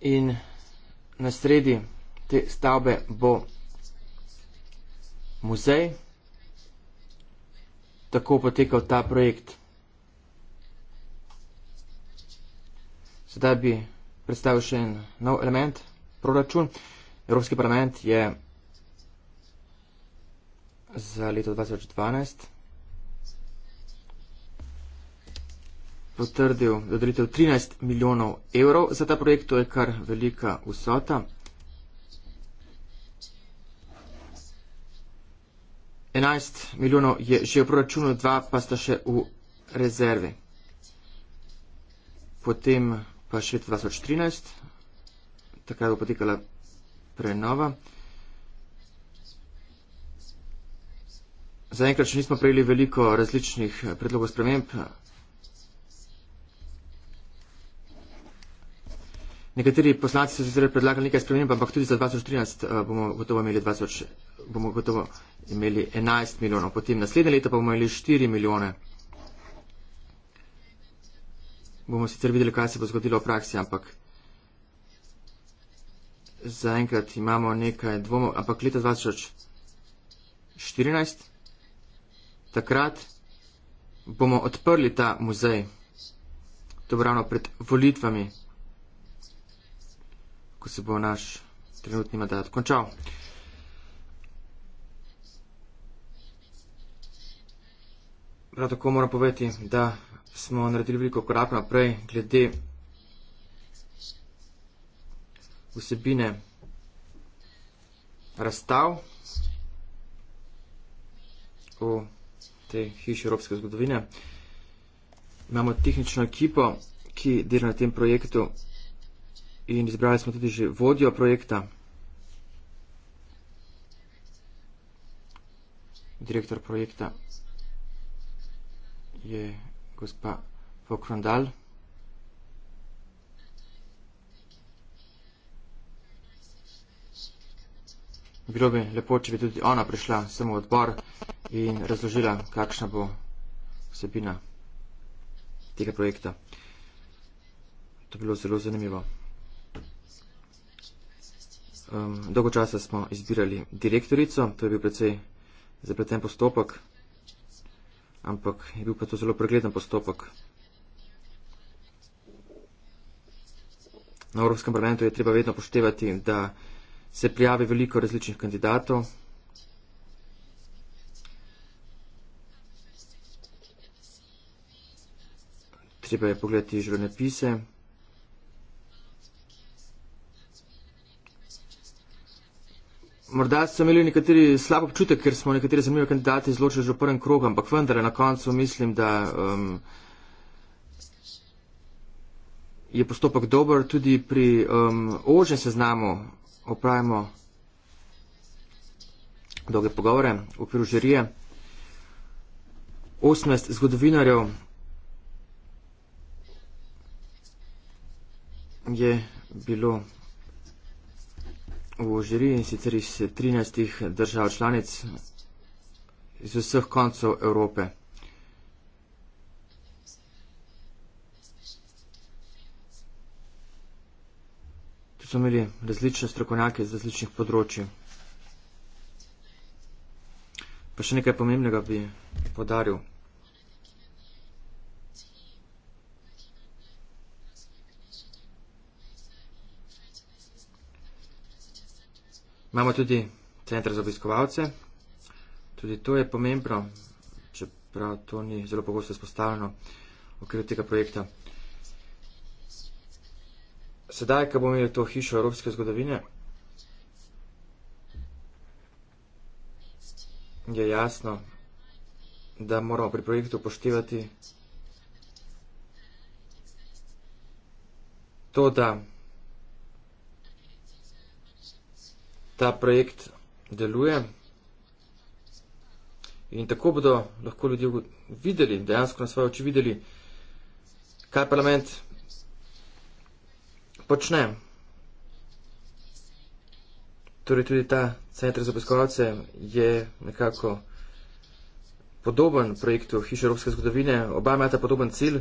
Speaker 3: in na sredi te stavbe bo muzej. Tako potekal ta projekt. Sedaj bi predstavil še en nov element, proračun. Evropski parlament je za leto 2012 potrdil dodelitev 13 milijonov evrov za ta projekt, to je kar velika vsota. Enajst milijonov je že v proračunu, dva pa sta še v rezervi. Potem pa še 2013, takrat bo potekala prenova. Zaenkrat še nismo prejeli veliko različnih predlogov spremembe. Nekateri poslanci so sicer predlagali nekaj sprememb, ampak tudi za 2013 eh, bomo gotovo imeli, 20, bomo gotovo imeli 11 milijonov, potem naslednje leto pa bomo imeli 4 milijone. Bomo sicer videli, kaj se bo zgodilo v praksi, ampak zaenkrat imamo nekaj dvomov, ampak leta 2014 takrat bomo odprli ta muzej, to bo ravno pred volitvami ko se bo naš trenutni mandat končal. Prav tako moram povedati, da smo naredili veliko korak naprej glede vsebine razstav v tej hiši Evropske zgodovine. Imamo tehnično ekipo, ki dela na tem projektu in izbrali smo tudi že vodjo projekta, direktor projekta je gospa Fokrondal. Bilo bi lepo, če bi tudi ona prišla sem v odbor in razložila, kakšna bo vsebina tega projekta. To bi bilo zelo zanimivo. Um, dolgo časa smo izbirali direktorico, to je bil precej zapleten postopek, ampak je bil pa to zelo pregleden postopek. Na Evropskem parlamentu je treba vedno poštevati, da se prijavi veliko različnih kandidatov. Treba je pogledati življenje pise. Morda so imeli nekateri slab občutek, ker smo nekateri zanimivi kandidati izločili že v prvem krogu, ampak vendar na koncu mislim, da um, je postopek dober tudi pri um, ožem seznamu. Opravimo dolge pogovore v okviru žirije. 18 zgodovinarjev je bilo v žiri in sicer iz 13 držav članic iz vseh koncev Evrope. Tu so imeli različne strokovnjake z različnih področji. Pa še nekaj pomembnega bi podaril. Imamo tudi centr za obiskovalce. Tudi to je pomembno, čeprav to ni zelo pogosto izpostavljeno v okviru tega projekta. Sedaj, ko bomo imeli to hišo evropske zgodovine, je jasno, da moramo pri projektu upoštevati to, da ta projekt deluje. In tako bodo lahko ljudje videli, dejansko na svoje oči videli, kaj parlament počne. Torej tudi ta center za obiskovalce je nekako podoben projektu Hiše Evropske zgodovine. Oba imata podoben cilj.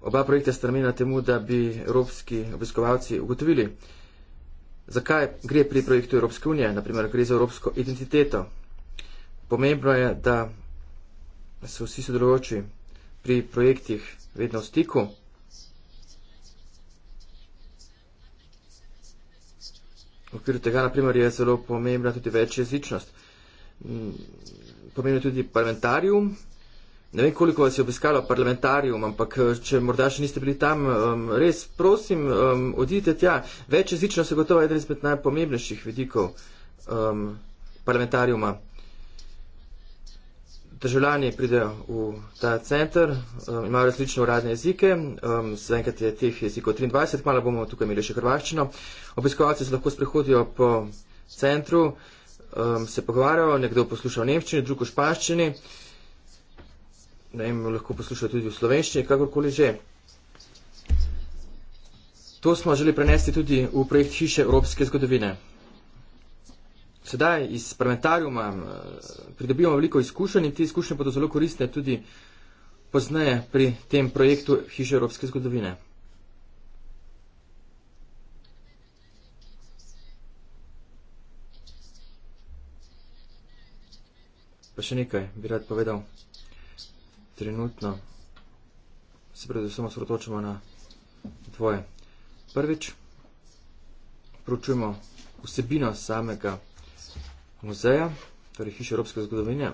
Speaker 3: Oba projekta sta namenjena temu, da bi evropski obiskovalci ugotovili, Zakaj gre pri projektu Evropske unije? Naprimer, gre za evropsko identiteto. Pomembno je, da so vsi sodelujoči pri projektih vedno v stiku. V okviru tega, naprimer, je zelo pomembna tudi večjezičnost. Mm, pomembno je tudi parlamentarium. Ne vem, koliko vas je obiskalo parlamentarijum, ampak eh, če morda še niste bili tam, um, res prosim, um, odidite tja. Več jezično se gotovo je eden izmed najpomembnejših vidikov um, parlamentarijuma. Državljani pridejo v ta center, um, imajo različne uradne jezike, um, zaenkrat je teh jezikov 23, malo bomo tukaj imeli še hrvaščino. Obiskovalci se lahko sprehodijo po centru, um, se pogovarjajo, nekdo posluša v nemščini, drugo v španščini da jim lahko poslušajo tudi v slovenščini, kakorkoli že. To smo želeli prenesti tudi v projekt Hiše Evropske zgodovine. Sedaj iz parlamentarjuma eh, pridobivamo veliko izkušenj in te izkušnje bodo zelo koristne tudi poznaje pri tem projektu Hiše Evropske zgodovine. Pa še nekaj bi rad povedal trenutno se predvsem osvrtočimo na tvoje. Prvič, pročujemo vsebino samega muzeja, torej Hiše Evropske zgodovine,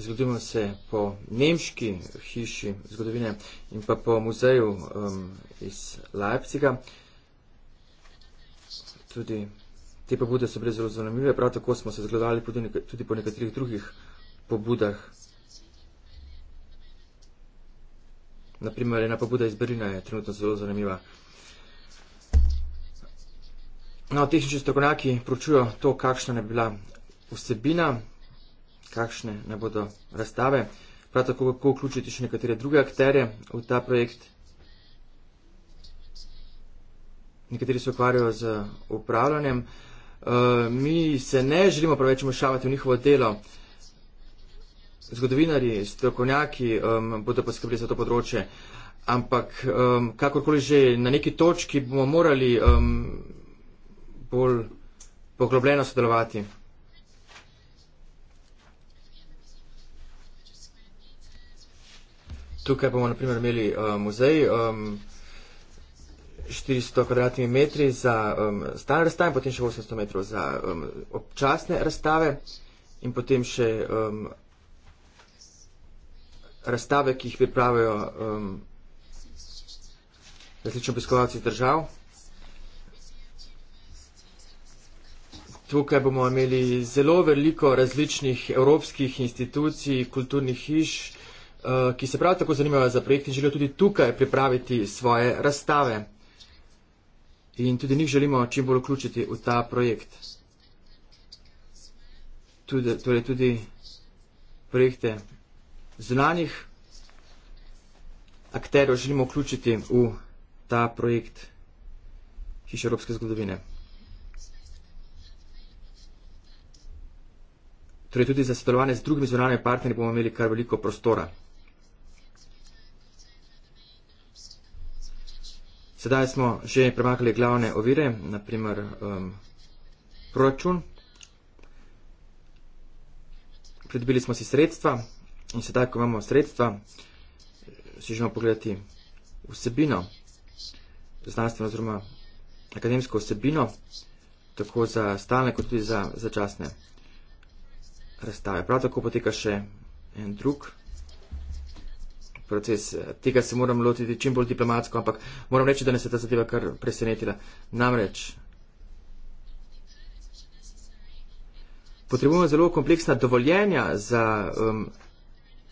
Speaker 3: zgodimo se po nemški hiši zgodovine in pa po muzeju um, iz Leipziga. Tudi te pobude so bile zelo zanimive, prav tako smo se zgledali tudi po nekaterih drugih pobudah. Naprimer, ena pobuda iz Berlina je trenutno zelo zanimiva. No, tehnični strokovnjaki pročujo to, kakšna ne bi bila vsebina kakšne ne bodo razstave. Prav tako lahko vključite še nekatere druge akterje v ta projekt. Nekateri se ukvarjajo z upravljanjem. E, mi se ne želimo preveč mešavati v njihovo delo. Zgodovinari, strokovnjaki um, bodo poskrbeli za to področje, ampak um, kakorkoli že na neki točki bomo morali um, bolj poglobljeno sodelovati. tukaj bomo naprimer imeli uh, muzej um, 400 kvadratnimi metri za um, stalne razstave, potem še 800 metrov za um, občasne razstave in potem še um, razstave, ki jih pripravijo um, različni obiskovalci držav. Tukaj bomo imeli zelo veliko različnih evropskih institucij, kulturnih hiš, Eh, ki se prav tako zanimajo za projekt in želijo tudi tukaj pripraviti svoje razstave. In tudi njih želimo čim bolj vključiti v ta projekt. Tudi, torej tudi projekte zunanih akterjev želimo vključiti v ta projekt Hiš Evropske zgodovine. Torej tudi za sodelovanje z drugimi zunanimi partnerji bomo imeli kar veliko prostora. Sedaj smo že premakali glavne ovire, naprimer um, proračun. Pridobili smo si sredstva in sedaj, ko imamo sredstva, si želimo pogledati vsebino, znanstveno oziroma akademsko vsebino, tako za stalne kot tudi za začasne razstave. Prav tako poteka še en drug proces. Tega se moram lotiti čim bolj diplomatsko, ampak moram reči, da nas je ta zadeva kar presenetila. Namreč. Potrebujemo zelo kompleksna dovoljenja za um,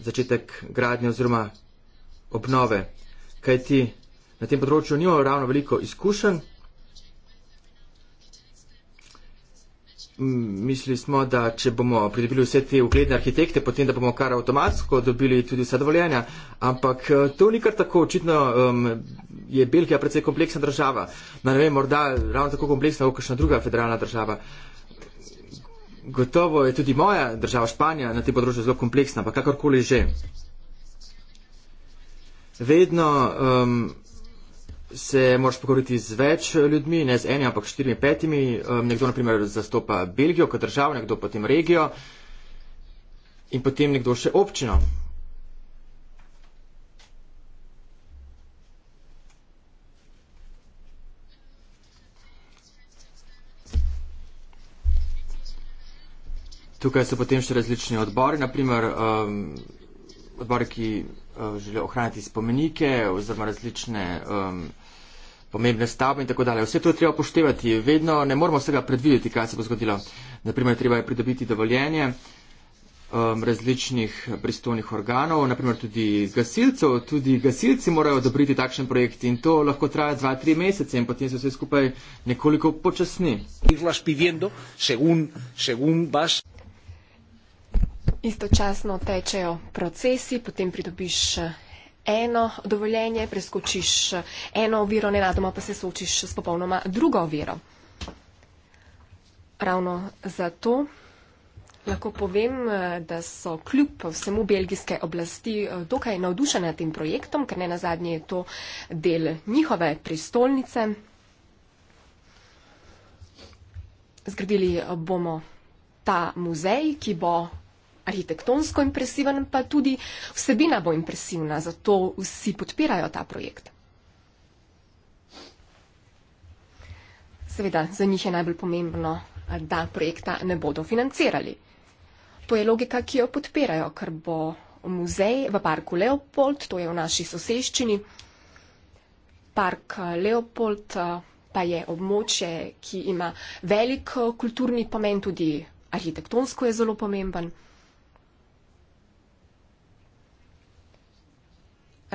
Speaker 3: začetek gradnje oziroma obnove, kajti na tem področju nimamo ravno veliko izkušenj. mislili smo, da če bomo pridobili vse te ugledne arhitekte, potem da bomo kar avtomatsko dobili tudi vsa dovoljenja. Ampak eh, to ni kar tako očitno, um, je Belgija predvsej kompleksna država. No, ne vem, morda ravno tako kompleksna kot kakšna druga federalna država. Gotovo je tudi moja država Španija na tem področju zelo kompleksna, pa kakorkoli že. Vedno um, se moraš pogovoriti z več ljudmi, ne z enim, ampak štirimi, petimi. Um, nekdo, na primer, zastopa Belgijo kot državo, nekdo potem regijo in potem nekdo še občino. Tukaj so potem še različni odbori, naprimer um, odbori, ki Eh, želijo ohraniti spomenike oziroma različne um, pomembne stavbe in tako dalje. Vse to je treba upoštevati. Vedno ne moramo vsega predvideti, kaj se bo zgodilo. Naprimer, treba je pridobiti dovoljenje um, različnih pristojnih organov, naprimer tudi gasilcev. Tudi gasilci morajo odobriti takšen projekt in to lahko traja 2-3 mesece in potem se vse skupaj nekoliko počasni
Speaker 4: istočasno tečejo procesi, potem pridobiš eh, eno dovoljenje, preskočiš eh, eno oviro, nenadoma pa se soočiš s popolnoma drugo oviro. Ravno zato lahko povem, eh, da so kljub vsemu belgijske oblasti dokaj navdušene nad tem projektom, ker ne nazadnje je to del njihove pristolnice. Zgradili bomo ta muzej, ki bo arhitektonsko impresiven, pa tudi vsebina bo impresivna, zato vsi podpirajo ta projekt. Seveda, za njih je najbolj pomembno, da projekta ne bodo financirali. To je logika, ki jo podpirajo, ker bo muzej v parku Leopold, to je v naši soseščini. Park eh, Leopold eh, pa je območje, ki ima velik eh, kulturni pomen, tudi arhitektonsko je zelo pomemben.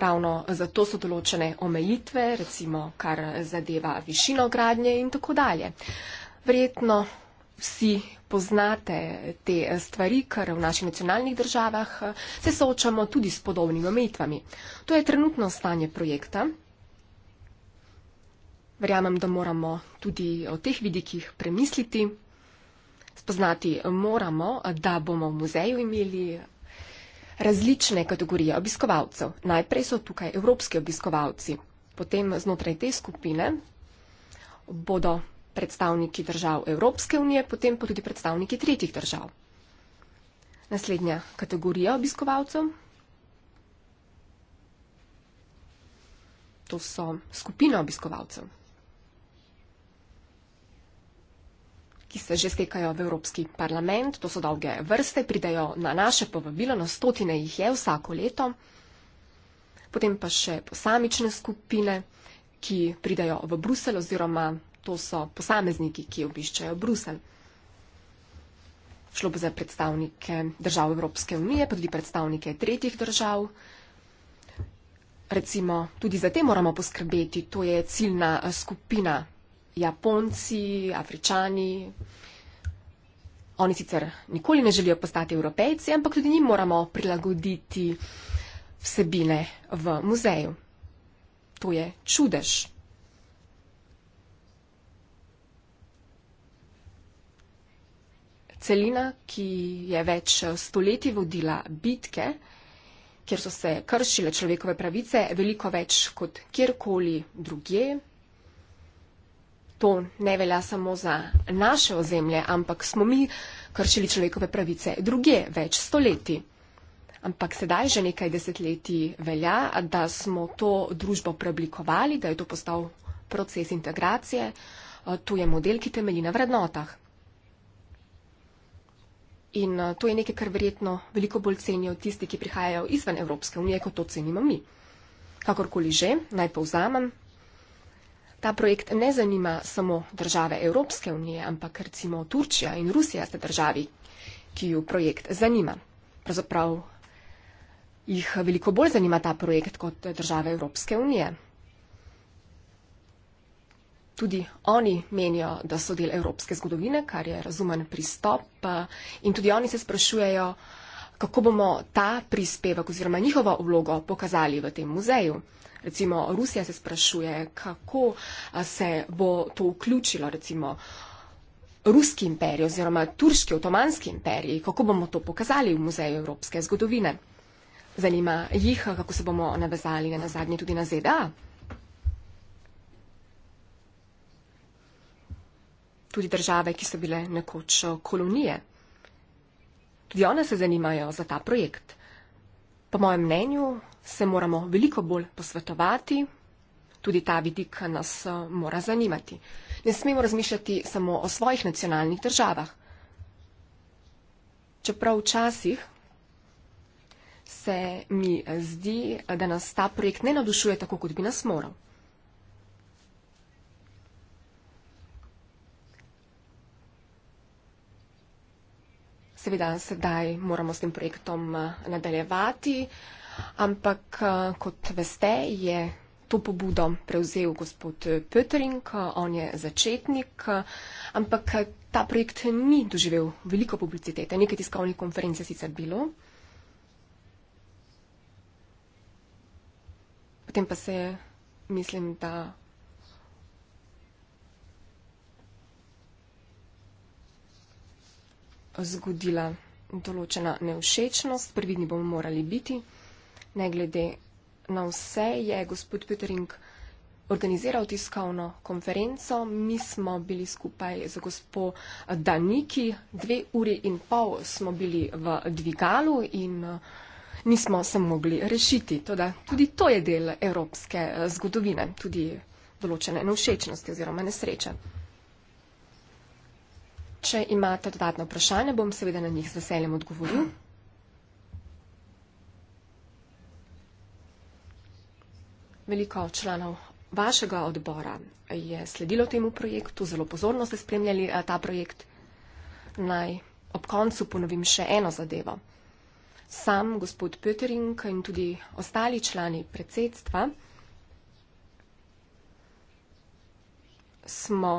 Speaker 4: ravno zato so določene omejitve, recimo kar zadeva višino gradnje in tako dalje. Verjetno vsi poznate te stvari, kar v naših nacionalnih državah eh, se soočamo tudi s podobnimi omejitvami. To je trenutno stanje projekta. Verjamem, da moramo tudi o teh vidikih premisliti. Spoznati moramo, da bomo v muzeju imeli različne kategorije obiskovalcev. Najprej so tukaj evropski obiskovalci, potem znotraj te skupine bodo predstavniki držav Evropske unije, potem pa tudi predstavniki tretjih držav. Naslednja kategorija obiskovalcev. To so skupina obiskovalcev. ki se že stekajo v Evropski parlament. To so dolge vrste, pridejo na naše povabilo, na stotine jih je vsako leto. Potem pa še posamične skupine, ki pridajo v Brusel oziroma to so posamezniki, ki obiščajo Brusel. Šlo bo za predstavnike držav Evropske unije, pa tudi predstavnike tretjih držav. Recimo, tudi za te moramo poskrbeti, to je ciljna eh, skupina Japonci, Afričani. Oni sicer nikoli ne želijo postati evropejci, ampak tudi njim moramo prilagoditi vsebine v muzeju. To je čudež. Celina, ki je več stoletij vodila bitke, kjer so se kršile človekove pravice veliko več kot kjerkoli drugje, to ne velja samo za naše ozemlje, ampak smo mi kršili človekove pravice druge več stoletij. Ampak sedaj že nekaj desetletij velja, da smo to družbo preoblikovali, da je to postal proces integracije. Eh, tu je model, ki temelji na vrednotah. In eh, to je nekaj, kar verjetno veliko bolj cenijo tisti, ki prihajajo izven Evropske unije, kot to cenimo mi. Kakorkoli že, naj povzamem, Ta projekt ne zanima samo države Evropske unije, ampak recimo Turčija in Rusija sta državi, ki ju projekt zanima. Pravzaprav jih veliko bolj zanima ta projekt kot države Evropske unije. Tudi oni menijo, da so del evropske zgodovine, kar je razumen pristop in tudi oni se sprašujejo, kako bomo ta prispevek oziroma njihovo vlogo pokazali v tem muzeju. Recimo Rusija se sprašuje, kako se bo to vključilo, recimo ruski imperij oziroma turški otomanski imperij, kako bomo to pokazali v muzeju evropske zgodovine. Zanima jih, kako se bomo navezali na zadnje tudi na ZDA. Tudi države, ki so bile nekoč kolonije. Tudi one se zanimajo za ta projekt. Po mojem mnenju se moramo veliko bolj posvetovati, tudi ta vidik nas eh, mora zanimati. Ne smemo razmišljati samo o svojih nacionalnih državah. Čeprav včasih se mi zdi, da nas ta projekt ne navdušuje tako, kot bi nas moral. seveda sedaj moramo s tem projektom eh, nadaljevati, ampak eh, kot veste, je to pobudo prevzel gospod eh, Pötering, on je začetnik, ampak ta projekt ni doživel veliko publicitete, nekaj tiskovnih konferenc je sicer bilo. Potem pa se, mislim, da zgodila določena neušečnost, previdni bomo morali biti. Ne glede na vse je gospod Petering organiziral tiskovno konferenco. Mi smo bili skupaj z gospo Daniki, dve uri in pol smo bili v dvigalu in eh, nismo se mogli rešiti. Toda tudi to je del evropske eh, zgodovine, tudi določene neušečnosti oziroma nesreče. Če imate dodatne vprašanja, bom seveda na njih z veseljem odgovoril. Veliko članov vašega odbora je sledilo temu projektu, zelo pozorno ste spremljali eh, ta projekt. Naj ob koncu ponovim še eno zadevo. Sam, gospod Pöterink in tudi ostali člani predsedstva smo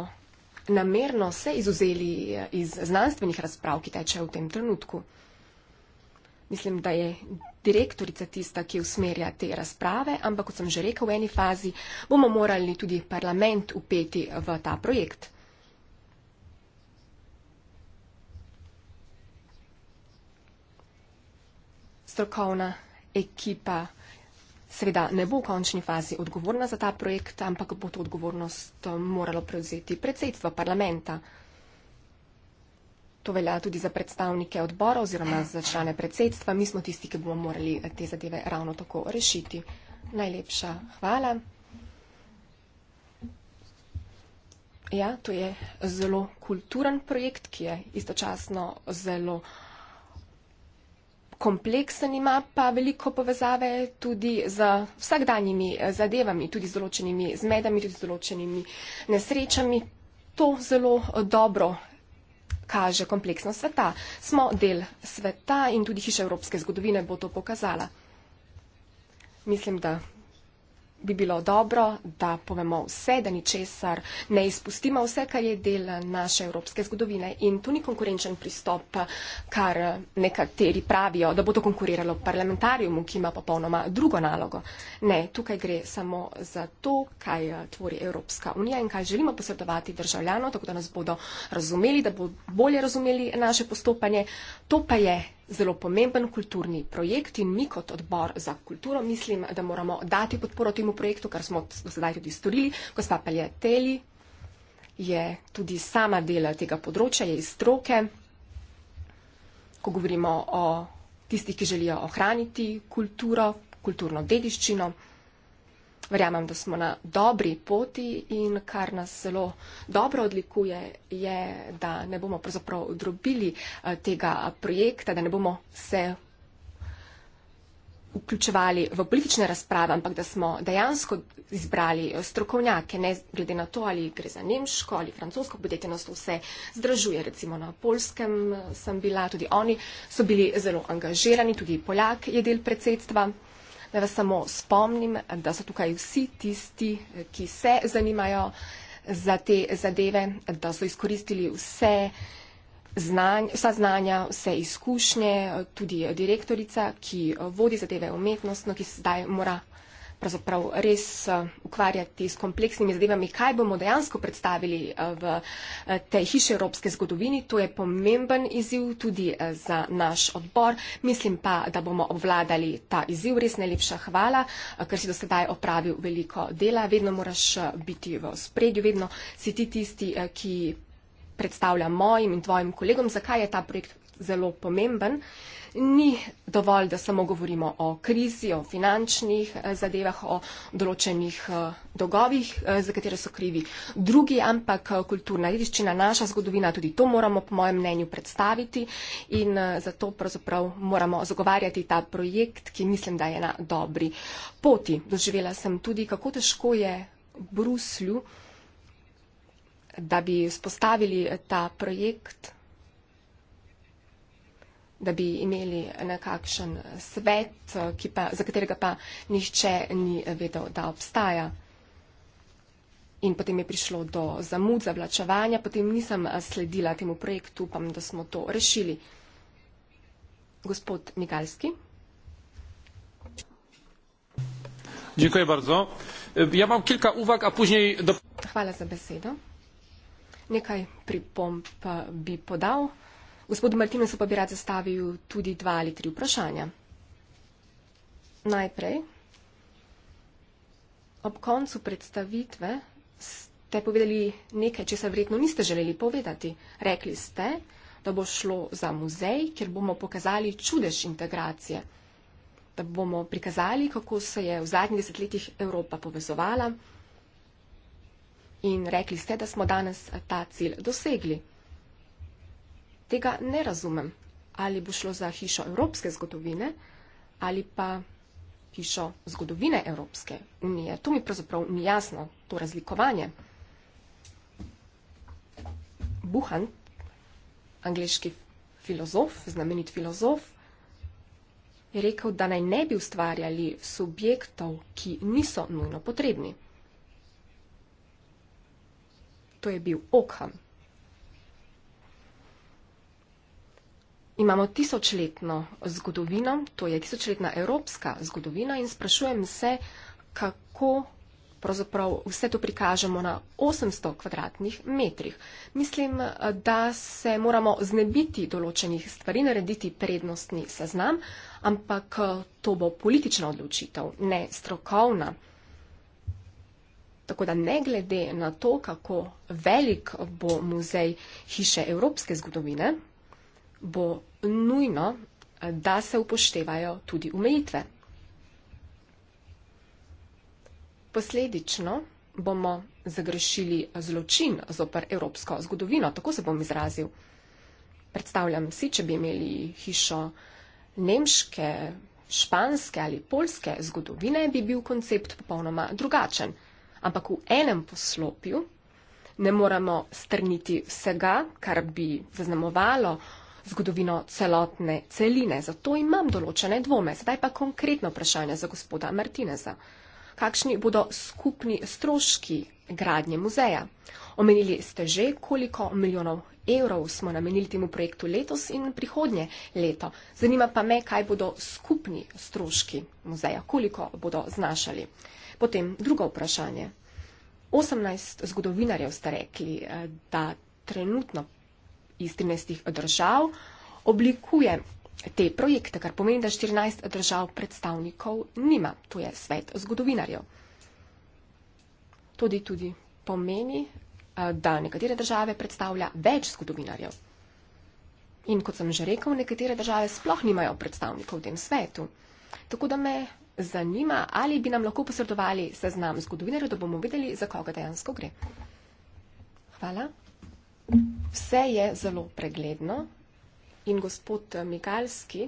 Speaker 4: namerno se izuzeli eh, iz znanstvenih razprav, ki tečejo v tem trenutku. Mislim, da je direktorica tista, ki usmerja te razprave, ampak kot sem že rekel v eni fazi, bomo morali tudi parlament upeti v ta projekt. Strokovna ekipa seveda ne bo v končni fazi odgovorna za ta projekt, ampak bo to odgovornost eh, moralo prevzeti predsedstvo parlamenta. To velja tudi za predstavnike odbora oziroma za člane predsedstva. Mi smo tisti, ki bomo morali eh, te zadeve ravno tako rešiti. Najlepša hvala. Ja, to je zelo kulturen projekt, ki je istočasno zelo kompleksen, ima pa veliko povezave tudi z vsakdanjimi eh, zadevami, tudi z določenimi zmedami, tudi z določenimi nesrečami. To zelo eh, dobro kaže kompleksnost sveta. Smo del sveta in tudi hiša evropske zgodovine bo to pokazala. Mislim, da bi bilo dobro, da povemo vse, da ni česar, ne izpustimo vse, kar je del naše evropske zgodovine. In to ni konkurenčen pristop, kar nekateri pravijo, da bo to konkuriralo parlamentarjumu, ki ima popolnoma drugo nalogo. Ne, tukaj gre samo za to, kaj tvori Evropska unija in kaj želimo posredovati državljano, tako da nas bodo razumeli, da bodo bolje razumeli naše postopanje. To pa je zelo pomemben kulturni projekt in mi kot odbor za kulturo mislim, da moramo dati podporo temu projektu, kar smo sedaj tudi storili. Gospa Peljeteli je tudi sama dela tega področja, je iz stroke. Ko govorimo o tistih, ki želijo ohraniti kulturo, kulturno dediščino verjamem, da smo na dobri poti in kar nas zelo dobro odlikuje, je, da ne bomo pravzaprav odrobili eh, tega projekta, da ne bomo se vključevali v politične razprave, ampak da smo dejansko izbrali eh, strokovnjake, ne glede na to, ali gre za nemško ali francosko podjetje, nas to vse zdražuje. Recimo na polskem eh, sem bila, tudi oni so bili zelo angažirani, tudi Poljak je del predsedstva. Naj vas samo spomnim, da so tukaj vsi tisti, ki se zanimajo za te zadeve, da so izkoristili vse znanj, vsa znanja, vse izkušnje, tudi direktorica, ki vodi zadeve umetnostno, ki se zdaj mora pravzaprav res eh, ukvarjati s kompleksnimi zadevami, kaj bomo dejansko predstavili eh, v eh, tej hiši evropske zgodovini. To je pomemben izziv tudi za naš odbor. Mislim pa, da bomo obvladali ta izziv. Res najlepša hvala, ker si do sedaj opravil veliko dela. Vedno moraš biti v spredju, vedno si ti tisti, ki predstavlja mojim in tvojim kolegom, zakaj je ta projekt zelo pomemben ni dovolj, da samo govorimo o krizi, o finančnih eh, zadevah, o določenih eh, dolgovih, eh, za katere so krivi drugi, ampak kulturna dediščina, naša zgodovina, tudi to moramo, po mojem mnenju, predstaviti in zato pravzaprav moramo zagovarjati ta projekt, ki mislim, da je na dobri poti. Doživela sem tudi, kako težko je Bruslju, da bi spostavili ta projekt da bi imeli nekakšen svet, pa, za katerega pa nišče ni vedel, da obstaja. In potem je prišlo do zamud, zavlačevanja, potem nisem sledila temu projektu, upam, da smo to rešili. Gospod Migalski.
Speaker 3: Dziękuję bardzo. Ja mam kilka uwag, a później do...
Speaker 4: Hvala za besedo. Nekaj pripomp bi podal. Gospod Martinus, pa bi rad zastavil tudi dva ali tri vprašanja. Najprej, ob koncu predstavitve ste povedali nekaj, če se vredno niste želeli povedati. Rekli ste, da bo šlo za muzej, kjer bomo pokazali čudež integracije, da bomo prikazali, kako se je v zadnjih desetletjih Evropa povezovala in rekli ste, da smo danes ta cilj dosegli. Tega ne razumem. Ali bo šlo za hišo evropske zgodovine ali pa hišo zgodovine Evropske unije. To mi pravzaprav ni jasno, to razlikovanje. Buhan, angliški filozof, znamenit filozof, je rekel, da naj ne bi ustvarjali subjektov, ki niso nujno potrebni. To je bil Okham. Ok. imamo tisočletno zgodovino, to je tisočletna evropska zgodovina in sprašujem se, kako pravzaprav vse to prikažemo na 800 kvadratnih metrih. Mislim, da se moramo znebiti določenih stvari, narediti prednostni seznam, ampak to bo politična odločitev, ne strokovna. Tako da ne glede na to, kako velik bo muzej hiše evropske zgodovine, bo nujno, eh, da se upoštevajo tudi omejitve. Posledično bomo zagrešili zločin zoper evropsko zgodovino, tako se bom izrazil. Predstavljam si, če bi imeli hišo nemške, španske ali polske zgodovine, bi bil koncept popolnoma drugačen. Ampak v enem poslopju ne moremo strniti vsega, kar bi zaznamovalo zgodovino celotne celine. Zato imam določene dvome. Sedaj pa konkretno vprašanje za gospoda Martineza. Kakšni bodo skupni stroški gradnje muzeja? Omenili ste že, koliko milijonov evrov smo namenili temu projektu letos in prihodnje leto. Zanima pa me, kaj bodo skupni stroški muzeja, koliko bodo znašali. Potem drugo vprašanje. 18 zgodovinarjev ste rekli, eh, da trenutno iz 13 držav oblikuje te projekte, kar pomeni, da 14 držav predstavnikov nima. To je svet zgodovinarjev. Tudi tudi pomeni, eh, da nekatere države predstavlja več zgodovinarjev. In kot sem že rekel, nekatere države sploh nimajo predstavnikov v tem svetu. Tako da me zanima, ali bi nam lahko posredovali seznam zgodovinarjev, da bomo videli, za koga dejansko gre. Hvala. Vse je zelo pregledno in gospod Migalski,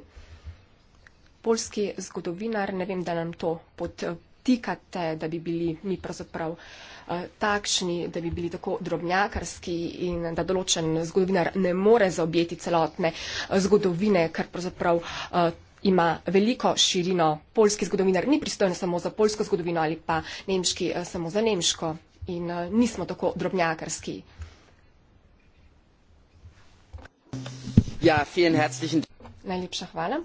Speaker 4: polski zgodovinar, ne vem, da nam to podtikate, da bi bili mi pravzaprav eh, takšni, da bi bili tako drobnjakarski in da določen zgodovinar ne more zaobjeti celotne eh, zgodovine, ker pravzaprav eh, ima veliko širino. Polski zgodovinar ni pristojen samo za polsko zgodovino ali pa nemški samo za nemško in nismo tako drobnjakarski.
Speaker 3: Ja, vielen herzlichen Dank.
Speaker 4: Najlepša hvala.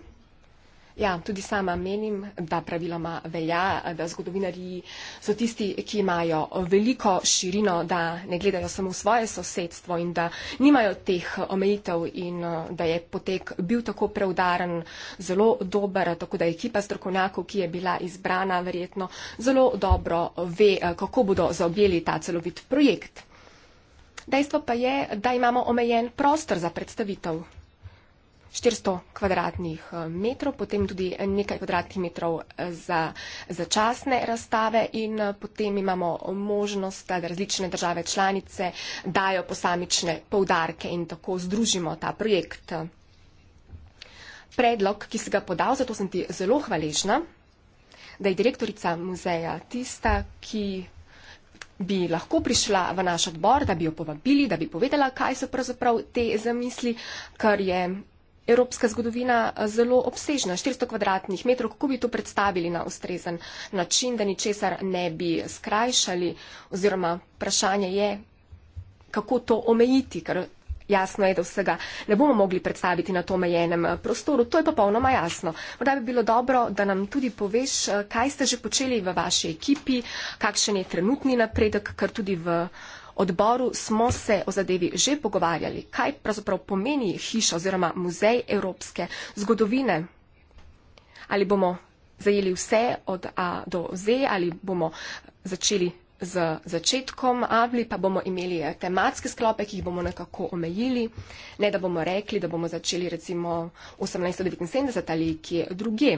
Speaker 4: Ja, tudi sama menim, da praviloma velja, da zgodovinarji so tisti, ki imajo veliko širino, da ne gledajo samo v svoje sosedstvo in da nimajo teh omejitev in eh, da je potek bil tako preudaren, zelo dober, tako da ekipa strokovnjakov, ki je bila izbrana, verjetno zelo dobro ve, eh, kako bodo zaobjeli ta celovit projekt. Dejstvo pa je, da imamo omejen prostor za predstavitev. 400 kvadratnih eh, metrov, potem tudi nekaj kvadratnih metrov eh, za začasne razstave in eh, potem imamo možnost, da različne države članice dajo posamične poudarke in tako združimo ta projekt. Predlog, ki si ga podal, zato sem ti zelo hvaležna, da je direktorica muzeja tista, ki bi lahko prišla v naš odbor, da bi jo povabili, da bi povedala, kaj so pravzaprav te zamisli, kar je evropska zgodovina eh, zelo obsežna, 400 kvadratnih metrov, kako bi to predstavili na ustrezen način, da ničesar ne bi skrajšali, oziroma vprašanje je, kako to omejiti, ker jasno je, da vsega ne bomo mogli predstaviti na tom enem eh, prostoru, to je pa polnoma jasno. Morda bi bilo dobro, da nam tudi poveš, eh, kaj ste že počeli v vaši ekipi, kakšen je trenutni napredek, ker tudi v odboru smo se o zadevi že pogovarjali, kaj pravzaprav pomeni hiša oziroma muzej evropske zgodovine. Ali bomo zajeli vse od A do Z, ali bomo začeli z začetkom Avli, pa bomo imeli eh, tematske sklope, ki jih bomo nekako omejili, ne da bomo rekli, da bomo začeli recimo 1879 ali kje druge.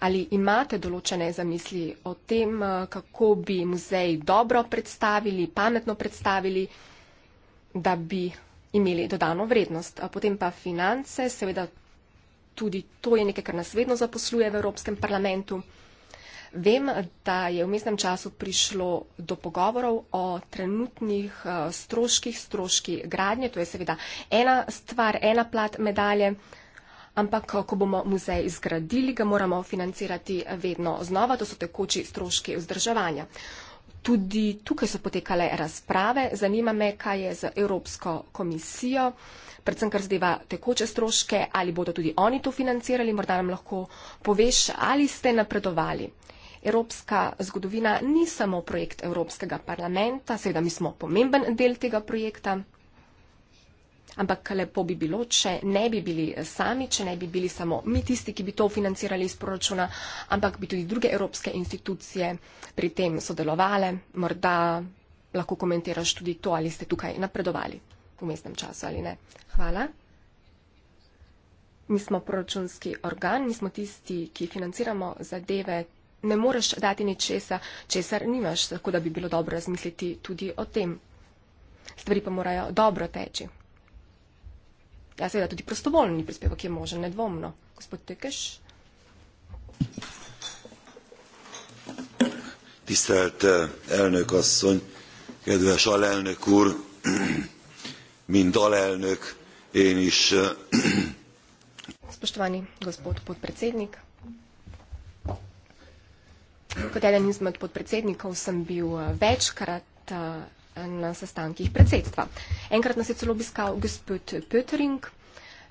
Speaker 4: Ali imate določene zamisli o tem, eh, kako bi muzej dobro predstavili, pametno predstavili, da bi imeli dodano vrednost? Potem pa finance, seveda tudi to je nekaj, kar nas vedno zaposluje v Evropskem parlamentu. Vem, da je v mestnem času prišlo do pogovorov o trenutnih eh, stroških, stroški gradnje. To je seveda ena stvar, ena plat medalje ampak ko bomo muzej zgradili, ga moramo financirati vedno znova, to so tekoči stroški vzdrževanja. Tudi tukaj so potekale razprave, zanima me, kaj je z Evropsko komisijo, predvsem kar zdeva tekoče stroške, ali bodo tudi oni to financirali, morda nam lahko poveš, ali ste napredovali. Evropska zgodovina ni samo projekt Evropskega parlamenta, seveda mi smo pomemben del tega projekta, Ampak lepo bi bilo, če ne bi bili sami, če ne bi bili samo mi tisti, ki bi to financirali iz proračuna, ampak bi tudi druge evropske institucije pri tem sodelovale. Morda lahko komentiraš tudi to, ali ste tukaj napredovali v mestnem času ali ne. Hvala. Mi smo proračunski organ, mi smo tisti, ki financiramo zadeve. Ne moreš dati ničesa, česar nimaš, tako da bi bilo dobro razmisliti tudi o tem. Stvari pa morajo dobro teči. Ja, seveda, tudi prostovoljni prispevek je možen, nedvomno. Gospod Tekeš.
Speaker 2: Tisztelt eh, elnök asszony, kedves alelnök úr, mint alelnök, én
Speaker 1: is. Eh,
Speaker 4: Spoštovani gospod podpredsednik, kot eden izmed podpredsednikov sem bil eh, večkrat na sestankih predsedstva. Enkrat nas je celo obiskal gospod Pötering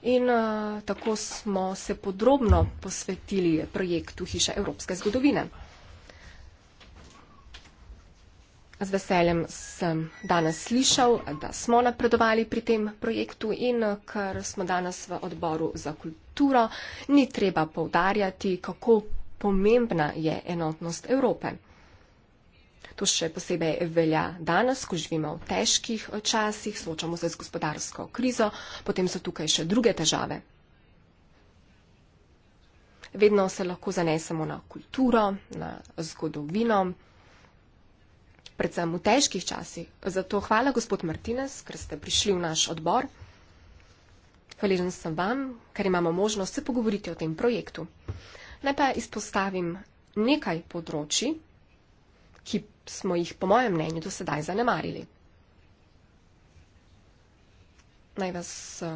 Speaker 4: in uh, tako smo se podrobno posvetili projektu Hiša Evropske zgodovine. Z veseljem sem danes slišal, da smo napredovali pri tem projektu in eh, ker smo danes v odboru za kulturo, ni treba povdarjati, kako pomembna je enotnost Evrope. To še posebej velja danes, ko živimo v težkih eh, časih, soočamo se z gospodarsko krizo, potem so tukaj še druge težave. Vedno se lahko zanesemo na kulturo, na zgodovino, predvsem v težkih časih. Zato hvala, gospod Martinez, ker ste prišli v naš odbor. Hvaležen sem vam, ker imamo možnost se pogovoriti o tem projektu. Naj pa izpostavim nekaj področji, ki smo jih po mojem mnenju do sedaj zanemarili. Naj vas eh,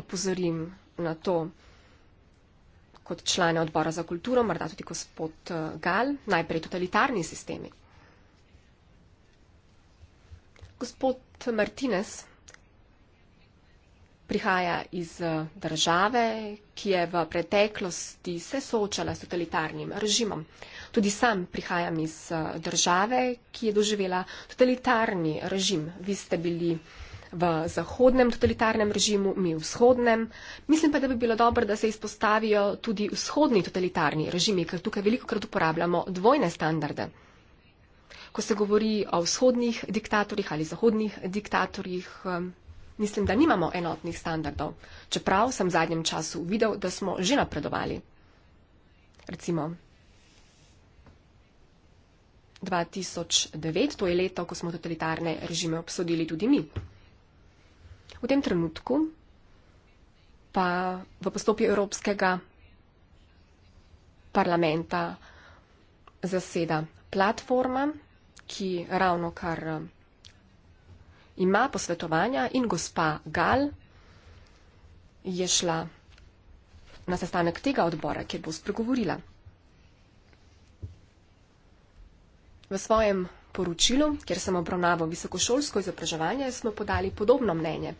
Speaker 4: opozorim na to kot člane odbora za kulturo, morda tudi gospod eh, Gal, najprej totalitarni sistemi. Gospod Martinez prihaja iz eh, države, ki je v preteklosti se soočala s totalitarnim režimom. Tudi sam prihajam iz eh, države, ki je doživela totalitarni režim. Vi ste bili v zahodnem totalitarnem režimu, mi v vzhodnem. Mislim pa, da bi bilo dobro, da se izpostavijo tudi vzhodni totalitarni režimi, ker tukaj veliko krat uporabljamo dvojne standarde. Ko se govori o vzhodnih diktatorjih ali zahodnih diktatorjih, eh, mislim, da nimamo enotnih standardov, čeprav sem v zadnjem času videl, da smo že napredovali. Recimo 2009, to je leto, ko smo totalitarne režime obsodili tudi mi. V tem trenutku pa v postopju Evropskega parlamenta zaseda platforma, ki ravno kar ima posvetovanja in gospa Gal je šla na sestanek tega odbora, kjer bo spregovorila. V svojem poročilu, kjer sem obravnaval visokošolsko izobraževanje, smo podali podobno mnenje.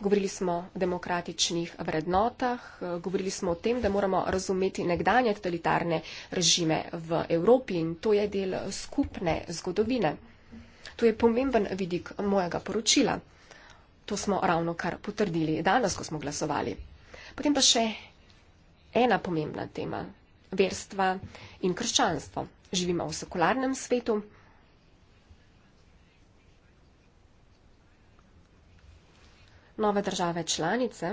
Speaker 4: Govorili smo o demokratičnih vrednotah, govorili smo o tem, da moramo razumeti nekdanje totalitarne režime v Evropi in to je del skupne zgodovine. To je pomemben vidik mojega poročila. To smo ravno kar potrdili danes, ko smo glasovali. Potem pa še ena pomembna tema. Verstva in krščanstvo. Živimo v sekularnem svetu. Nove države članice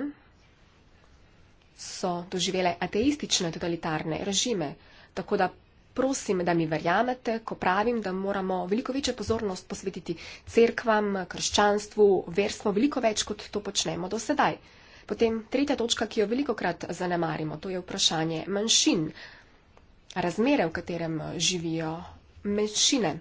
Speaker 4: so doživele ateistične totalitarne režime, tako da prosim, da mi verjamete, ko pravim, da moramo veliko večjo pozornost posvetiti cerkvam, krščanstvu, verstvo, veliko več, kot to počnemo do sedaj. Potem tretja točka, ki jo veliko krat zanemarimo, to je vprašanje manjšin, razmere, v katerem živijo manjšine.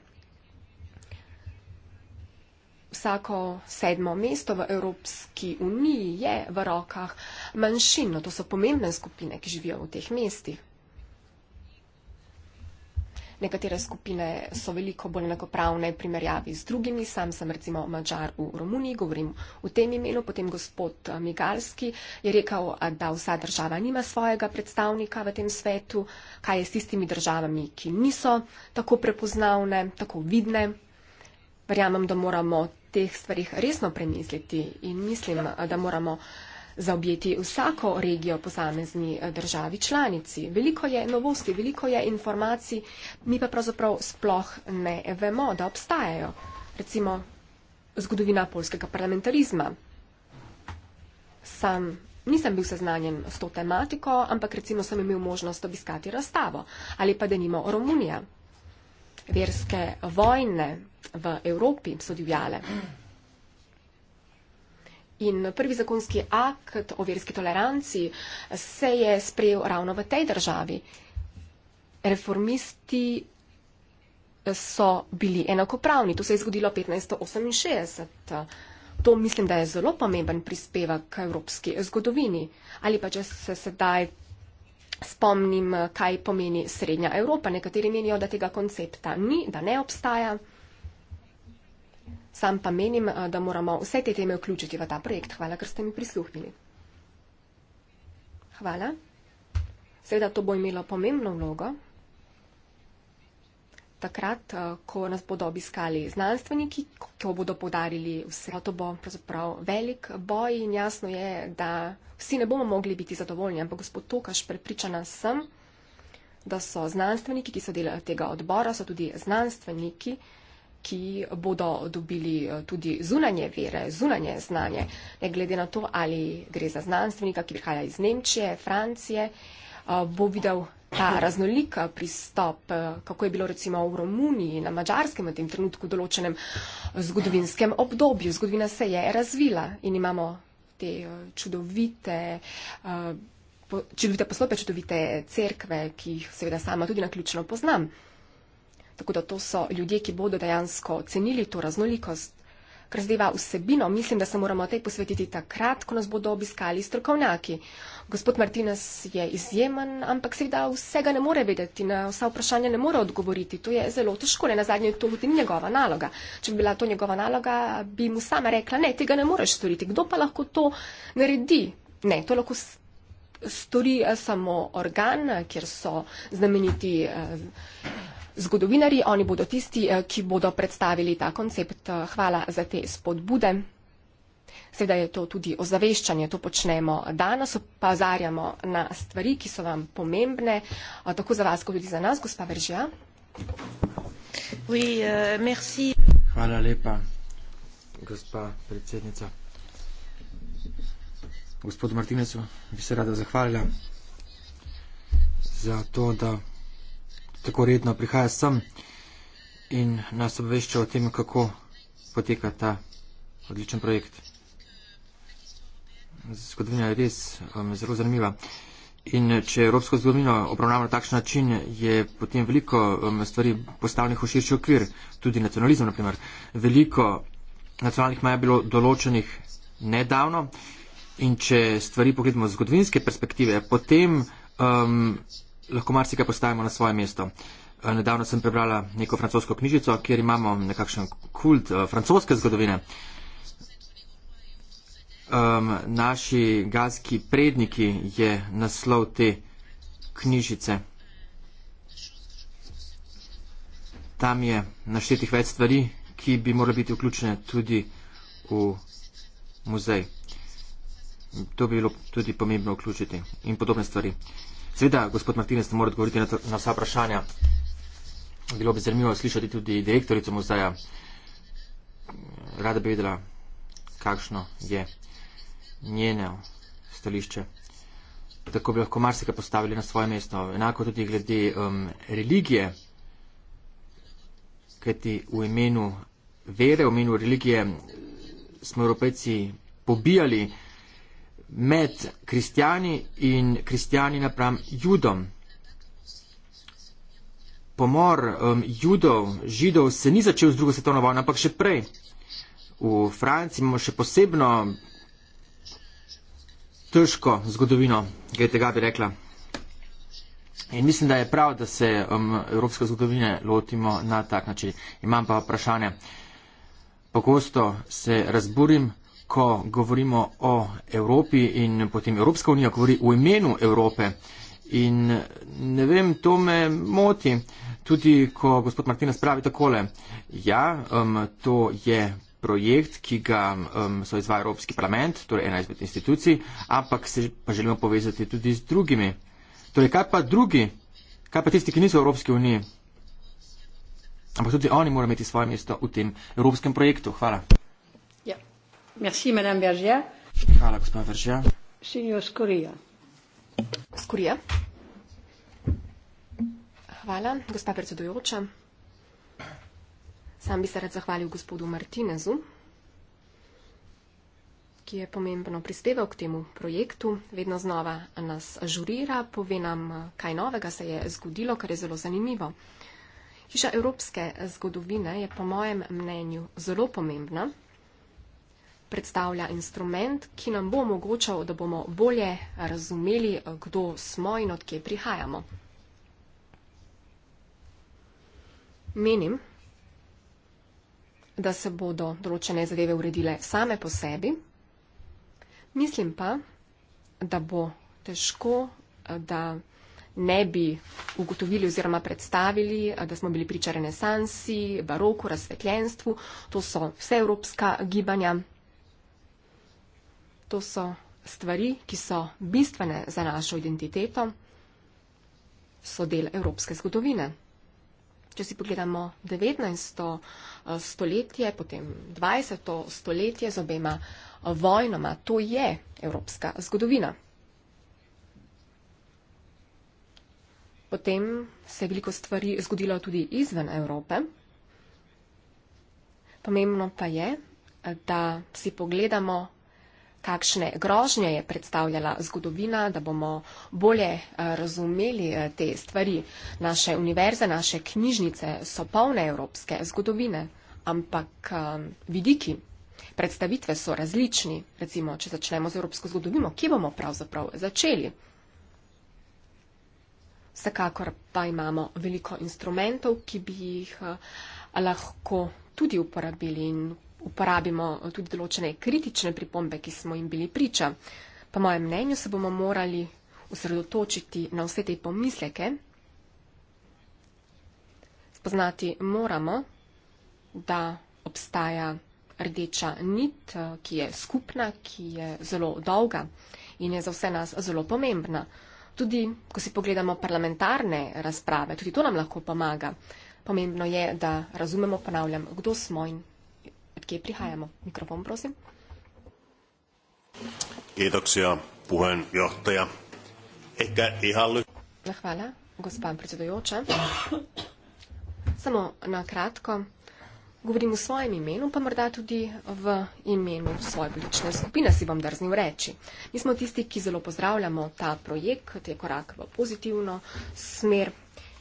Speaker 4: Vsako sedmo mesto v Evropski uniji je v rokah manjšin, no to so pomembne skupine, ki živijo v teh mestih nekatere skupine so veliko bolj enakopravne v primerjavi z drugimi. Sam sem recimo mačar v Romuniji, govorim v tem imenu. Potem gospod eh, Migalski je rekel, da vsa država nima svojega predstavnika v tem svetu. Kaj je s tistimi državami, ki niso tako prepoznavne, tako vidne? Verjamem, da moramo teh stvarih resno premisliti in mislim, eh, da moramo zaobjeti vsako regijo posamezni eh, državi članici. Veliko je novosti, veliko je informacij, mi pa pravzaprav sploh ne vemo, da obstajajo. Recimo zgodovina polskega parlamentarizma. Sam nisem bil seznanjen s to tematiko, ampak recimo sem imel možnost obiskati razstavo ali pa denimo Romunija. Verske vojne v Evropi so divjale. In prvi zakonski akt o verski toleranci se je sprejel ravno v tej državi. Reformisti so bili enakopravni. To se je zgodilo 1568. To mislim, da je zelo pomemben prispevek k evropski zgodovini. Ali pa, če se sedaj spomnim, kaj pomeni srednja Evropa. Nekateri menijo, da tega koncepta ni, da ne obstaja. Sam pa menim, eh, da moramo vse te teme vključiti v ta projekt. Hvala, ker ste mi prisluhnili. Hvala. Seveda to bo imelo pomembno vlogo. Takrat, eh, ko nas bodo obiskali znanstveniki, ko bodo podarili vse, to bo pravzaprav velik boj in jasno je, da vsi ne bomo mogli biti zadovoljni, ampak gospod Tokaš prepričana sem, da so znanstveniki, ki so delali tega odbora, so tudi znanstveniki, ki bodo dobili eh, tudi zunanje vere, zunanje znanje, ne glede na to, ali gre za znanstvenika, ki prihaja iz Nemčije, Francije, eh, bo videl ta raznolik eh, pristop, kako je bilo recimo v Romuniji, na Mačarskem v tem trenutku določenem zgodovinskem obdobju. Zgodovina se je razvila in imamo te čudovite. Čudovite poslope, čudovite cerkve, ki jih seveda sama tudi na ključno poznam. Tako da to so ljudje, ki bodo dejansko cenili to raznolikost. Kar zdeva vsebino, mislim, da se moramo tej posvetiti takrat, ko nas bodo obiskali strokovnjaki. Gospod Martinez je izjemen, ampak seveda vsega ne more vedeti, na vsa vprašanja ne more odgovoriti. To je zelo težko, ne na zadnje, to bi njegova naloga. Če bi bila to njegova naloga, bi mu sama rekla, ne, tega ne moreš storiti. Kdo pa lahko to naredi? Ne, to lahko stori eh, samo organ, eh, kjer so znameniti. Eh, zgodovinarji, oni bodo tisti, eh, ki bodo predstavili ta koncept. Eh, hvala za te spodbude. Seveda je to tudi ozaveščanje, to počnemo danes, opozarjamo na stvari, ki so vam pomembne, eh, tako za vas, kot tudi za nas, gospa Veržija.
Speaker 3: Hvala lepa, gospa predsednica. Gospod Martinecu, bi se rada zahvalila za to, da tako redno prihaja sem in nas obvešča o tem, kako poteka ta odličen projekt. Zgodovina je res um, zelo zanimiva. In če evropsko zgodovino obravnavamo na takšen način, je potem veliko um, stvari postavljenih v širši okvir, tudi nacionalizem, naprimer. Veliko nacionalnih maja je bilo določenih nedavno in če stvari pogledamo z zgodovinske perspektive, potem um, lahko marsikaj postavimo na svoje mesto. Eh, nedavno sem prebrala neko francosko knjižico, kjer imamo nekakšen kult uh, francoske zgodovine. Um, naši gazki predniki je naslov te knjižice. Tam je naštetih več stvari, ki bi morali biti vključene tudi v muzej. To bi bilo tudi pomembno vključiti in podobne stvari. Uh, Seveda, gospod Martinez, ne morete odgovoriti na, na vsa vprašanja. Bilo bi zanimivo slišati tudi direktorico muzeja. Rada bi vedela, kakšno je njeno stališče. Tako bi lahko marsikaj postavili na svoje mesto. Enako tudi glede um, religije, kajti v imenu vere, v imenu religije smo evropejci pobijali med kristijani in kristijani napram judom. Pomor um, judov, židov se ni začel z drugo svetovno vojno, ampak še prej. V Franciji imamo še posebno težko zgodovino, kaj tega bi rekla. In mislim, da je prav, da se um, evropske zgodovine lotimo na tak način. Imam pa vprašanje. Pogosto se razburim ko govorimo o Evropi in potem Evropska unija govori v imenu Evrope. In ne vem, to me moti. Tudi, ko gospod Martinez pravi takole, ja, um, to je projekt, ki ga um, so izvaja Evropski parlament, torej ena izmed institucij, ampak se pa želimo povezati tudi z drugimi. Torej, kaj pa drugi, kaj pa tisti, ki niso v Evropski uniji? Ampak tudi oni morajo imeti svoje mesto v tem evropskem projektu. Hvala.
Speaker 4: Merci, Madame Bergère.
Speaker 3: Hvala, gospa Bergère.
Speaker 4: Signor Scoria. Scoria. Hvala, gospa predsedujoča. Sam bi se rad zahvalil gospodu Martinezu, ki je pomembno prispeval k temu projektu. Vedno znova nas ažurira, pove nam, kaj novega se je zgodilo, kar je zelo zanimivo. Hiša evropske zgodovine je po mojem mnenju zelo pomembna predstavlja instrument, ki nam bo omogočal, da bomo bolje razumeli, kdo smo in odkje prihajamo. Menim, da se bodo določene zadeve uredile same po sebi, mislim pa, da bo težko, da ne bi ugotovili oziroma predstavili, da smo bili priča renesansi, baroku, razsvetljenstvu, to so vse evropska gibanja to so stvari, ki so bistvene za našo identiteto, so del evropske zgodovine. Če si pogledamo 19. Eh, stoletje, potem 20. stoletje z obema eh, vojnoma, to je evropska zgodovina. Potem se je veliko stvari zgodilo tudi izven Evrope. Pomembno pa je, eh, da si pogledamo kakšne grožnje je predstavljala zgodovina, da bomo bolje eh, razumeli eh, te stvari. Naše univerze, naše knjižnice so polne evropske zgodovine, ampak eh, vidiki predstavitve so različni. Recimo, če začnemo z evropsko zgodovino, kje bomo pravzaprav začeli? Vsekakor pa imamo veliko instrumentov, ki bi jih lahko tudi uporabili in uporabimo tudi določene kritične pripombe, ki smo jim bili priča. Po mojem mnenju se bomo morali osredotočiti na vse te pomisleke. Spoznati moramo, da obstaja rdeča nit, eh, ki je skupna, ki je zelo dolga in je za vse nas zelo pomembna. Tudi, ko si pogledamo parlamentarne razprave, tudi to nam lahko pomaga. Pomembno je, da razumemo, ponavljam, kdo smo in odkje prihajamo. Mikrofon, prosim.
Speaker 1: Kiitoksia, puheenjohtaja. Ehkä ihan ly...
Speaker 4: Ja, hvala, gospod predsedujoča. Samo na kratko, govorim v svojem imenu, pa morda tudi v imenu svoje politične skupine si bom drznil reči. Mi smo tisti, ki zelo pozdravljamo ta projekt, te korak v pozitivno smer.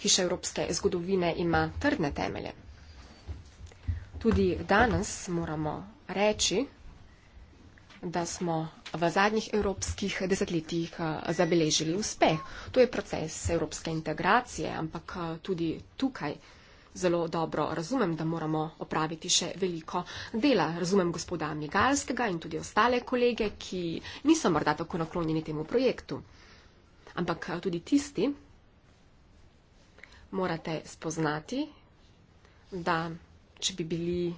Speaker 4: Hiša evropske zgodovine ima trdne temelje. Tudi danes moramo reči, da smo v zadnjih evropskih desetletjih eh, zabeležili uspeh. To je proces evropske integracije, ampak eh, tudi tukaj zelo dobro razumem, da moramo opraviti še veliko dela. Razumem gospoda Migalskega in tudi ostale kolege, ki niso morda tako naklonjeni temu projektu. Ampak eh, tudi tisti morate spoznati, da če bi bili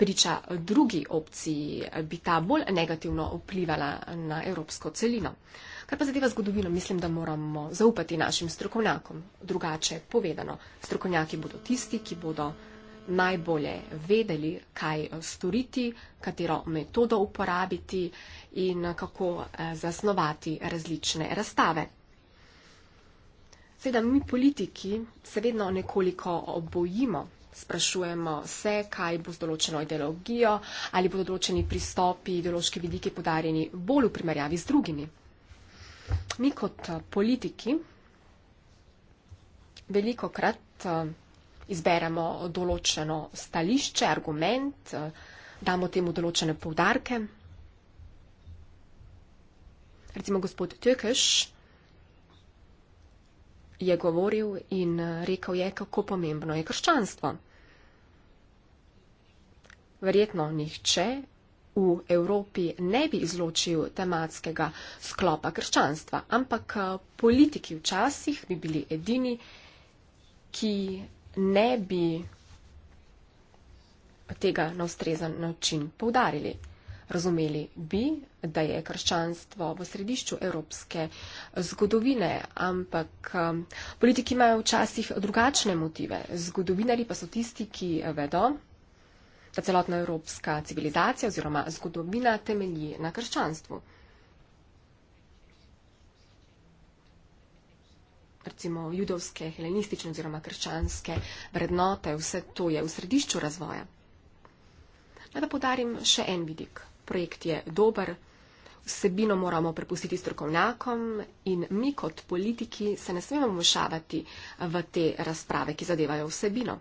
Speaker 4: priča drugi opciji, bi ta bolj negativno vplivala na evropsko celino. Kar pa zadeva zgodovino, mislim, da moramo zaupati našim strokovnjakom. Drugače povedano, strokovnjaki bodo tisti, ki bodo najbolje vedeli, kaj storiti, katero metodo uporabiti in kako eh, zasnovati različne razstave. Seveda mi politiki se vedno nekoliko obojimo sprašujemo se, kaj bo z določeno ideologijo, ali bodo določeni pristopi, ideološki vidiki podarjeni bolj v primerjavi z drugimi. Mi kot eh, politiki veliko krat eh, izberemo določeno stališče, argument, eh, damo temu določene povdarke. Recimo gospod Tökeš je govoril in rekel je, kako pomembno je krščanstvo verjetno nihče v Evropi ne bi izločil tematskega sklopa krščanstva, ampak eh, politiki včasih bi bili edini, ki ne bi tega na ustrezan način poudarili. Razumeli bi, da je krščanstvo v središču evropske eh, zgodovine, ampak eh, politiki imajo včasih drugačne motive. Zgodovinari pa so tisti, ki vedo, celotna evropska civilizacija oziroma zgodovina temelji na krščanstvu. Recimo judovske, helenistične oziroma krščanske vrednote, vse to je v središču razvoja. Naj da podarim še en vidik. Projekt je dober, vsebino moramo prepustiti strokovnjakom in mi kot politiki se ne smemo vmešavati v te razprave, ki zadevajo vsebino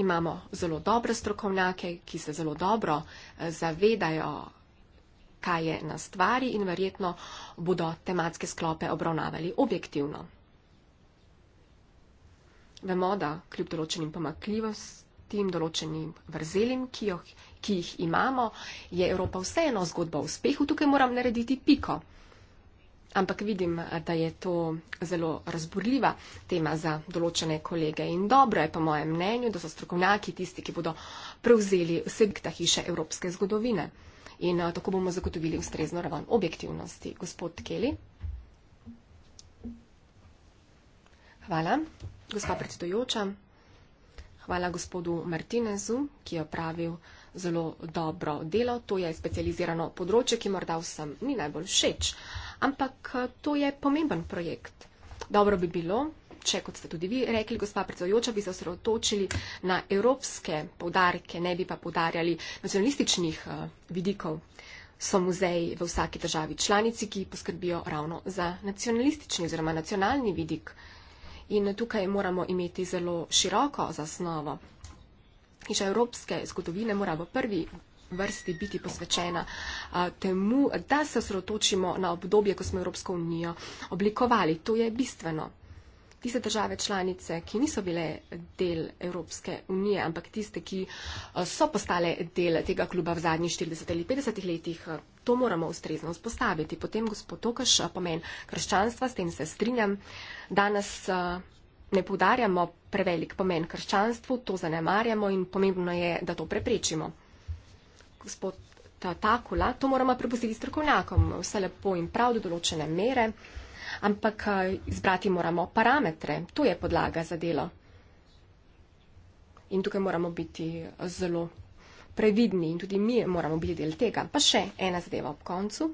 Speaker 4: imamo zelo dobre strokovnjake, ki se zelo dobro eh, zavedajo, kaj je na stvari in verjetno bodo tematske sklope obravnavali objektivno. Vemo, da kljub določenim pomakljivostim, določenim vrzelim, ki, jo, ki jih imamo, je Evropa vseeno zgodba o uspehu. Tukaj moram narediti piko ampak vidim, da je to zelo razburljiva tema za določene kolege in dobro je po mojem mnenju, da so strokovnjaki tisti, ki bodo prevzeli vseg ta hiše evropske zgodovine. In a, eh, tako bomo zagotovili ustrezno raven objektivnosti. Gospod Keli. Hvala, gospa predsedujoča. Hvala gospodu Martinezu, ki je opravil zelo dobro delo. To je specializirano področje, ki morda vsem ni najbolj všeč ampak eh, to je pomemben projekt. Dobro bi bilo, če, kot ste tudi vi rekli, gospa predsedujoča, bi se osredotočili na evropske povdarke, ne bi pa povdarjali nacionalističnih eh, vidikov. So muzeji v vsaki državi članici, ki poskrbijo ravno za nacionalistični oziroma nacionalni vidik. In tukaj moramo imeti zelo široko zasnovo. Iš evropske zgodovine moramo prvi vrsti biti posvečena temu, da se osredotočimo na obdobje, ko smo Evropsko unijo oblikovali. To je bistveno. Tiste države članice, ki niso bile del Evropske unije, ampak tiste, ki so postale del tega kluba v zadnjih 40 ali 50 letih, to moramo ustrezno vzpostaviti. Potem, gospod Tokaš, pomen krščanstva, s tem se strinjam. Danes ne poudarjamo prevelik pomen krščanstvu, to zanemarjamo in pomembno je, da to preprečimo gospod Takula, to moramo prepustiti strokovnjakom, vse lepo in prav do določene mere, ampak eh, izbrati moramo parametre, to je podlaga za delo. In tukaj moramo biti eh, zelo previdni in tudi mi moramo biti del tega. Pa še ena zadeva ob koncu,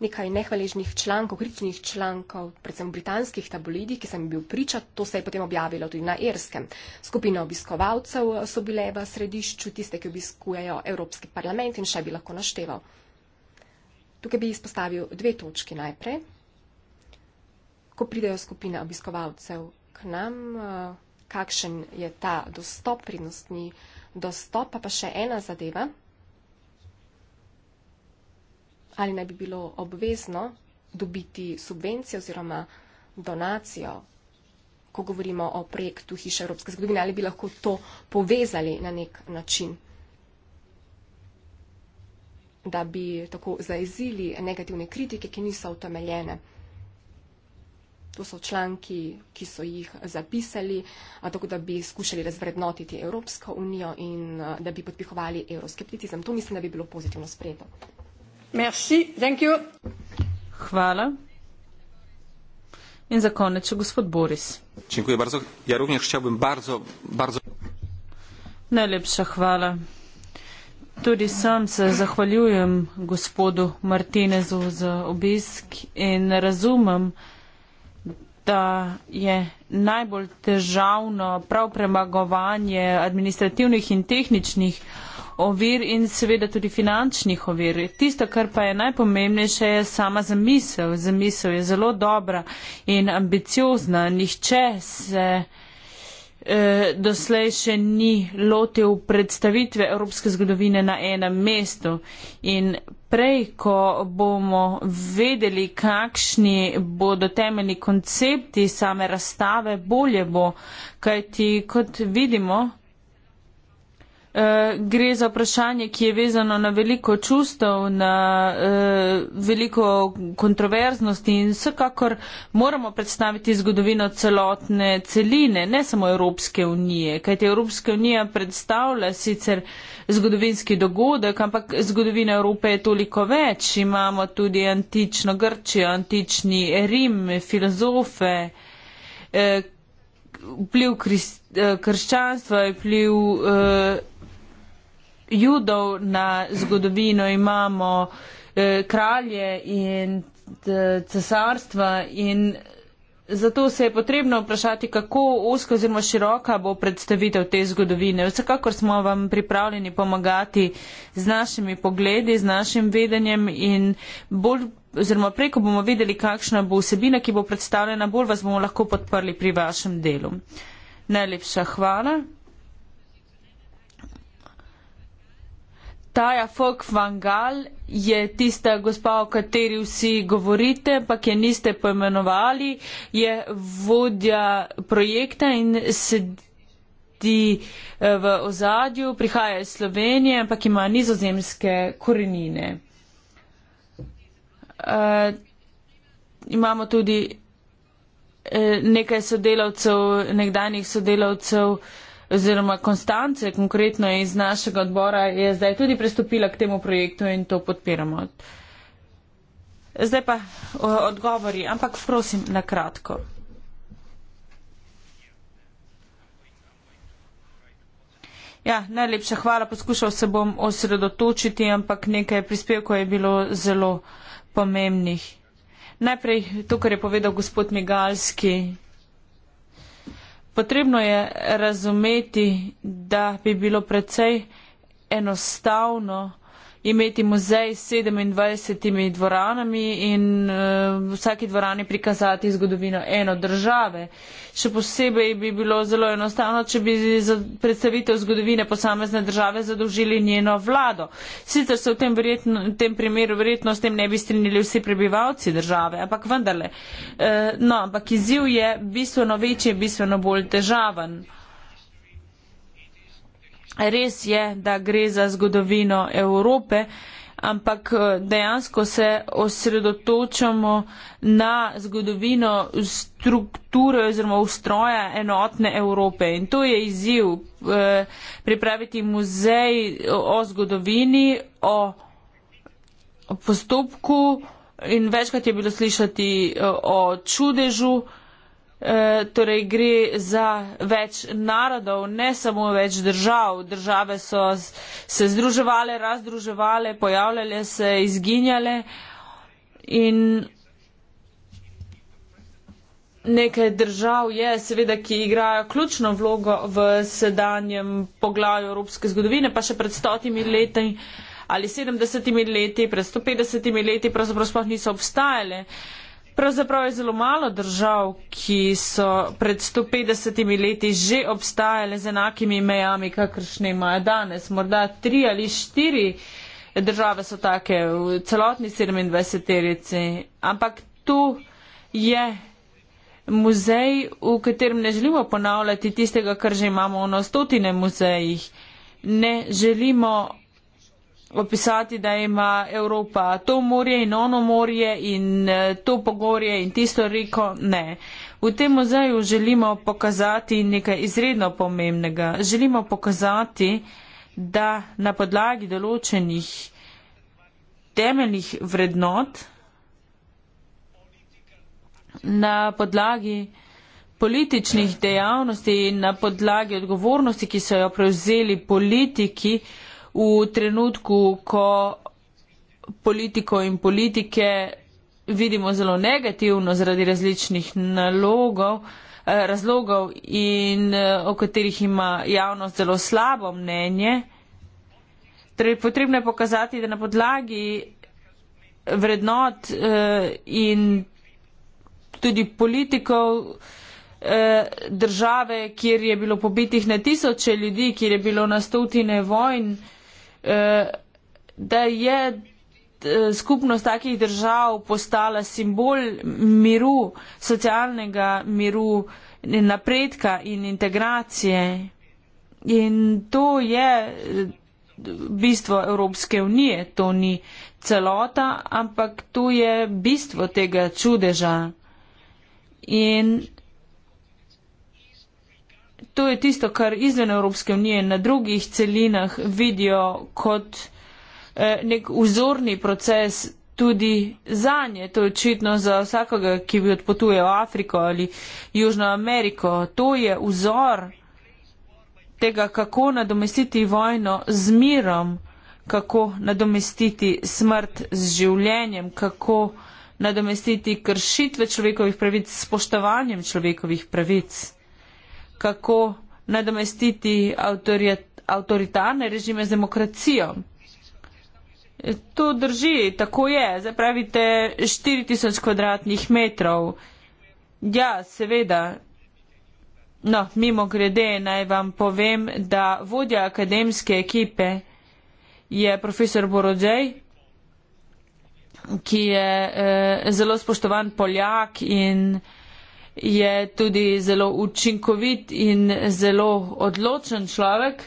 Speaker 4: nekaj nehvaležnih člankov, kritičnih člankov, predvsem v britanskih tabloidih, ki sem bil priča, to se je potem objavilo tudi na Erskem. Skupina obiskovalcev eh, so bile v središču, tiste, ki obiskujejo Evropski parlament in še bi lahko našteval. Tukaj bi izpostavil dve točki najprej. Ko pridejo skupine obiskovalcev k nam, eh, kakšen je ta dostop, prednostni dostop, pa pa še ena zadeva ali naj bi bilo obvezno dobiti subvencijo oziroma donacijo, ko govorimo o projektu Hiša Evropske zgodovine, ali bi lahko to povezali na nek način, da bi tako zaezili negativne kritike, ki niso utemeljene. To so članki, ki so jih zapisali, tako da bi skušali razvrednotiti Evropsko unijo in eh, da bi podpihovali evroskepticizem. To mislim, da bi bilo pozitivno sprejeto.
Speaker 2: In za konec še gospod Boris.
Speaker 3: Ja bardzo, bardzo...
Speaker 2: Najlepša hvala. Tudi sam se zahvaljujem gospodu Martinezu za obisk in razumem, da je najbolj težavno prav premagovanje administrativnih in tehničnih ovir in seveda tudi finančnih ovir. Tisto, kar pa je najpomembnejše, je sama zamisel. Zamisel je zelo dobra in ambiciozna. Nihče se eh, doslej še ni lotil predstavitve evropske zgodovine na enem mestu. In prej, ko bomo vedeli, kakšni bodo temeljni koncepti same razstave, bolje bo, kajti kot vidimo, Eh, gre za vprašanje, ki je vezano na veliko čustev, na uh, veliko kontroverznosti in vsekakor moramo predstaviti zgodovino celotne celine, ne samo Evropske unije. Kajte Evropska unija predstavlja sicer zgodovinski dogodek, ampak zgodovina Evrope je toliko več. Imamo tudi antično Grčijo, antični Rim, filozofe. Uh, vpliv krist, uh, krščanstva, vpliv uh, judov na zgodovino, imamo eh, kralje in eh, cesarstva in zato se je potrebno vprašati, kako usko oziroma široka bo predstavitev te zgodovine. Vsekakor smo vam pripravljeni pomagati z našimi pogledi, z našim vedenjem in bolj oziroma preko bomo videli, kakšna bo vsebina, ki bo predstavljena, bolj vas bomo lahko podprli pri vašem delu. Najlepša hvala. Taja Fok Vangal je tista gospa, o kateri vsi govorite, pa ki je niste poimenovali, je vodja projekta in sedi eh, v ozadju, prihaja iz Slovenije, ampak ima nizozemske korenine. Uh, imamo tudi uh, nekaj sodelavcev, nekdanjih sodelavcev uh, oziroma Konstance konkretno iz našega odbora je zdaj tudi pristopila k temu projektu in to podpiramo. Zdaj pa odgovori, ampak prosim na kratko. Ja, najlepša hvala, poskušal se bom osredotočiti, ampak nekaj prispevkov je bilo zelo pomembnih. Najprej to, kar je povedal gospod Migalski. Potrebno je razumeti, da bi bilo precej enostavno imeti muzej s 27 dvoranami in eh, v vsaki dvorani prikazati zgodovino eno države. Še posebej bi bilo zelo enostavno, če bi za predstavitev zgodovine posamezne države zadolžili njeno vlado. Sicer se v tem, verjetno, v tem primeru verjetno s tem ne bi strinjali vsi prebivalci države, ampak vendarle. Eh, no, ampak izziv je bistveno večji, bistveno bolj težaven res je, da gre za zgodovino Evrope, ampak eh, dejansko se osredotočamo na zgodovino strukture oziroma ustroja enotne Evrope. In to je izziv eh, pripraviti muzej o zgodovini, o postopku in večkrat je bilo slišati eh, o čudežu. Eh, torej gre za več narodov, ne samo več držav. Države so se združevale, razdruževale, pojavljale se, izginjale in nekaj držav je seveda, ki igrajo ključno vlogo v sedanjem poglavju evropske zgodovine, pa še pred stotimi leti ali sedemdesetimi leti, pred sto petdesetimi leti pravzaprav sploh niso obstajale. Uh, Pravzaprav je zelo malo držav, ki so pred 150 leti že obstajale z enakimi mejami, kakršne imajo danes. Morda tri ali štiri države so take v celotni 27-terici. Ampak tu je muzej, v katerem ne želimo ponavljati tistega, kar že imamo na stotine muzejih. Ne želimo opisati, da ima Evropa to morje in ono morje in eh, to pogorje in tisto reko. Ne. V tem muzeju želimo pokazati nekaj izredno pomembnega. Želimo pokazati, da na podlagi določenih temeljnih vrednot, na podlagi političnih dejavnosti in na podlagi odgovornosti, ki so jo prevzeli politiki, v trenutku, ko politiko in politike vidimo zelo negativno zaradi različnih nalogov, eh, razlogov in eh, o katerih ima javnost zelo slabo mnenje. Torej, potrebno je pokazati, da na podlagi vrednot eh, in tudi politikov države, kjer je bilo pobitih na tisoče ljudi, kjer je bilo na stotine vojn, Eh, da je eh, skupnost takih držav postala simbol miru, socialnega miru, napredka in integracije. In to je eh, bistvo Evropske unije, to ni celota, ampak to je bistvo tega čudeža. In to je tisto, kar izven Evropske unije na drugih celinah vidijo kot eh, nek vzorni proces tudi za nje. To je očitno za vsakoga, ki bi odpotuje v Afriko ali Južno Ameriko. To je vzor tega, kako nadomestiti vojno z mirom, kako nadomestiti smrt z življenjem, kako nadomestiti kršitve človekovih pravic s spoštovanjem človekovih pravic kako nadomestiti avtoritarne režime z demokracijo. To drži, tako je. Zdaj pravite 4000 kvadratnih metrov. Ja, seveda. No, mimo grede naj vam povem, da vodja akademske ekipe je profesor Borodžej, ki je eh, zelo spoštovan Poljak in eh, je tudi zelo učinkovit in zelo odločen človek.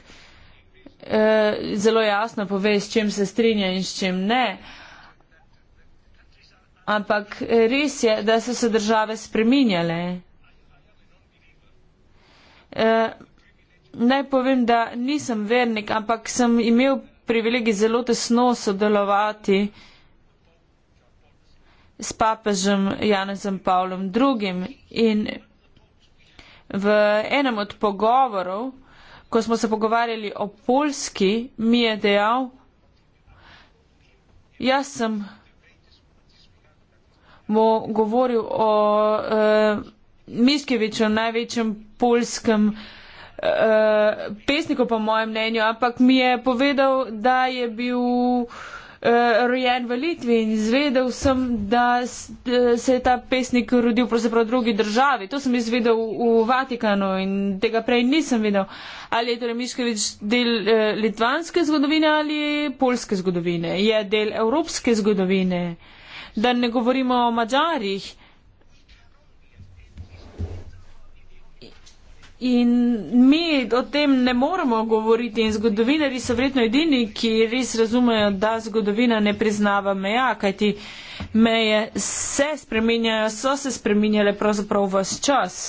Speaker 2: E, zelo jasno pove, s čim se strinja in s čim ne. Ampak res je, da so se države spreminjale. E, naj povem, da nisem vernik, ampak sem imel privilegij zelo tesno sodelovati uh, s papežem Janezem Pavlom II. In v enem od pogovorov, ko smo se pogovarjali o Polski, mi je dejal, jaz sem mu govoril o uh, Miškeviču, največjem polskem uh, eh, pesniku, po mojem mnenju, ampak mi je povedal, da je bil uh, Eh, rojen v Litvi in izvedel sem, da eh, se je ta pesnik rodil pravzaprav v drugi državi. To sem izvedel v Vatikanu in tega prej nisem videl. Ali je torej Miškovič del eh, litvanske zgodovine ali polske zgodovine? Je del evropske zgodovine? Da ne govorimo o mađarih. In mi o tem ne moramo govoriti in zgodovinari so vredno edini, ki res razumejo, da zgodovina ne priznava meja, kajti meje se spreminjajo, so se spreminjale pravzaprav vse čas.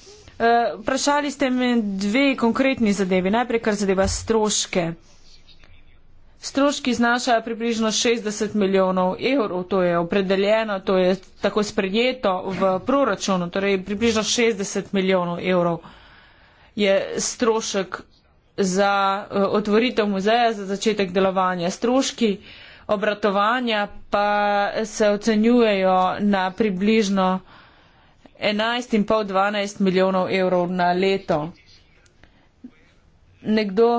Speaker 2: Eh, vprašali uh, ste me dve konkretni zadevi. Najprej, kar zadeva stroške. Stroški znašajo približno 60 milijonov evrov, to je opredeljeno, to je tako sprejeto v proračunu, torej približno 60 milijonov evrov je strošek za eh, otvoritev muzeja, za začetek delovanja. Stroški obratovanja pa se ocenjujejo na približno 11,5-12 milijonov evrov na leto. Nekdo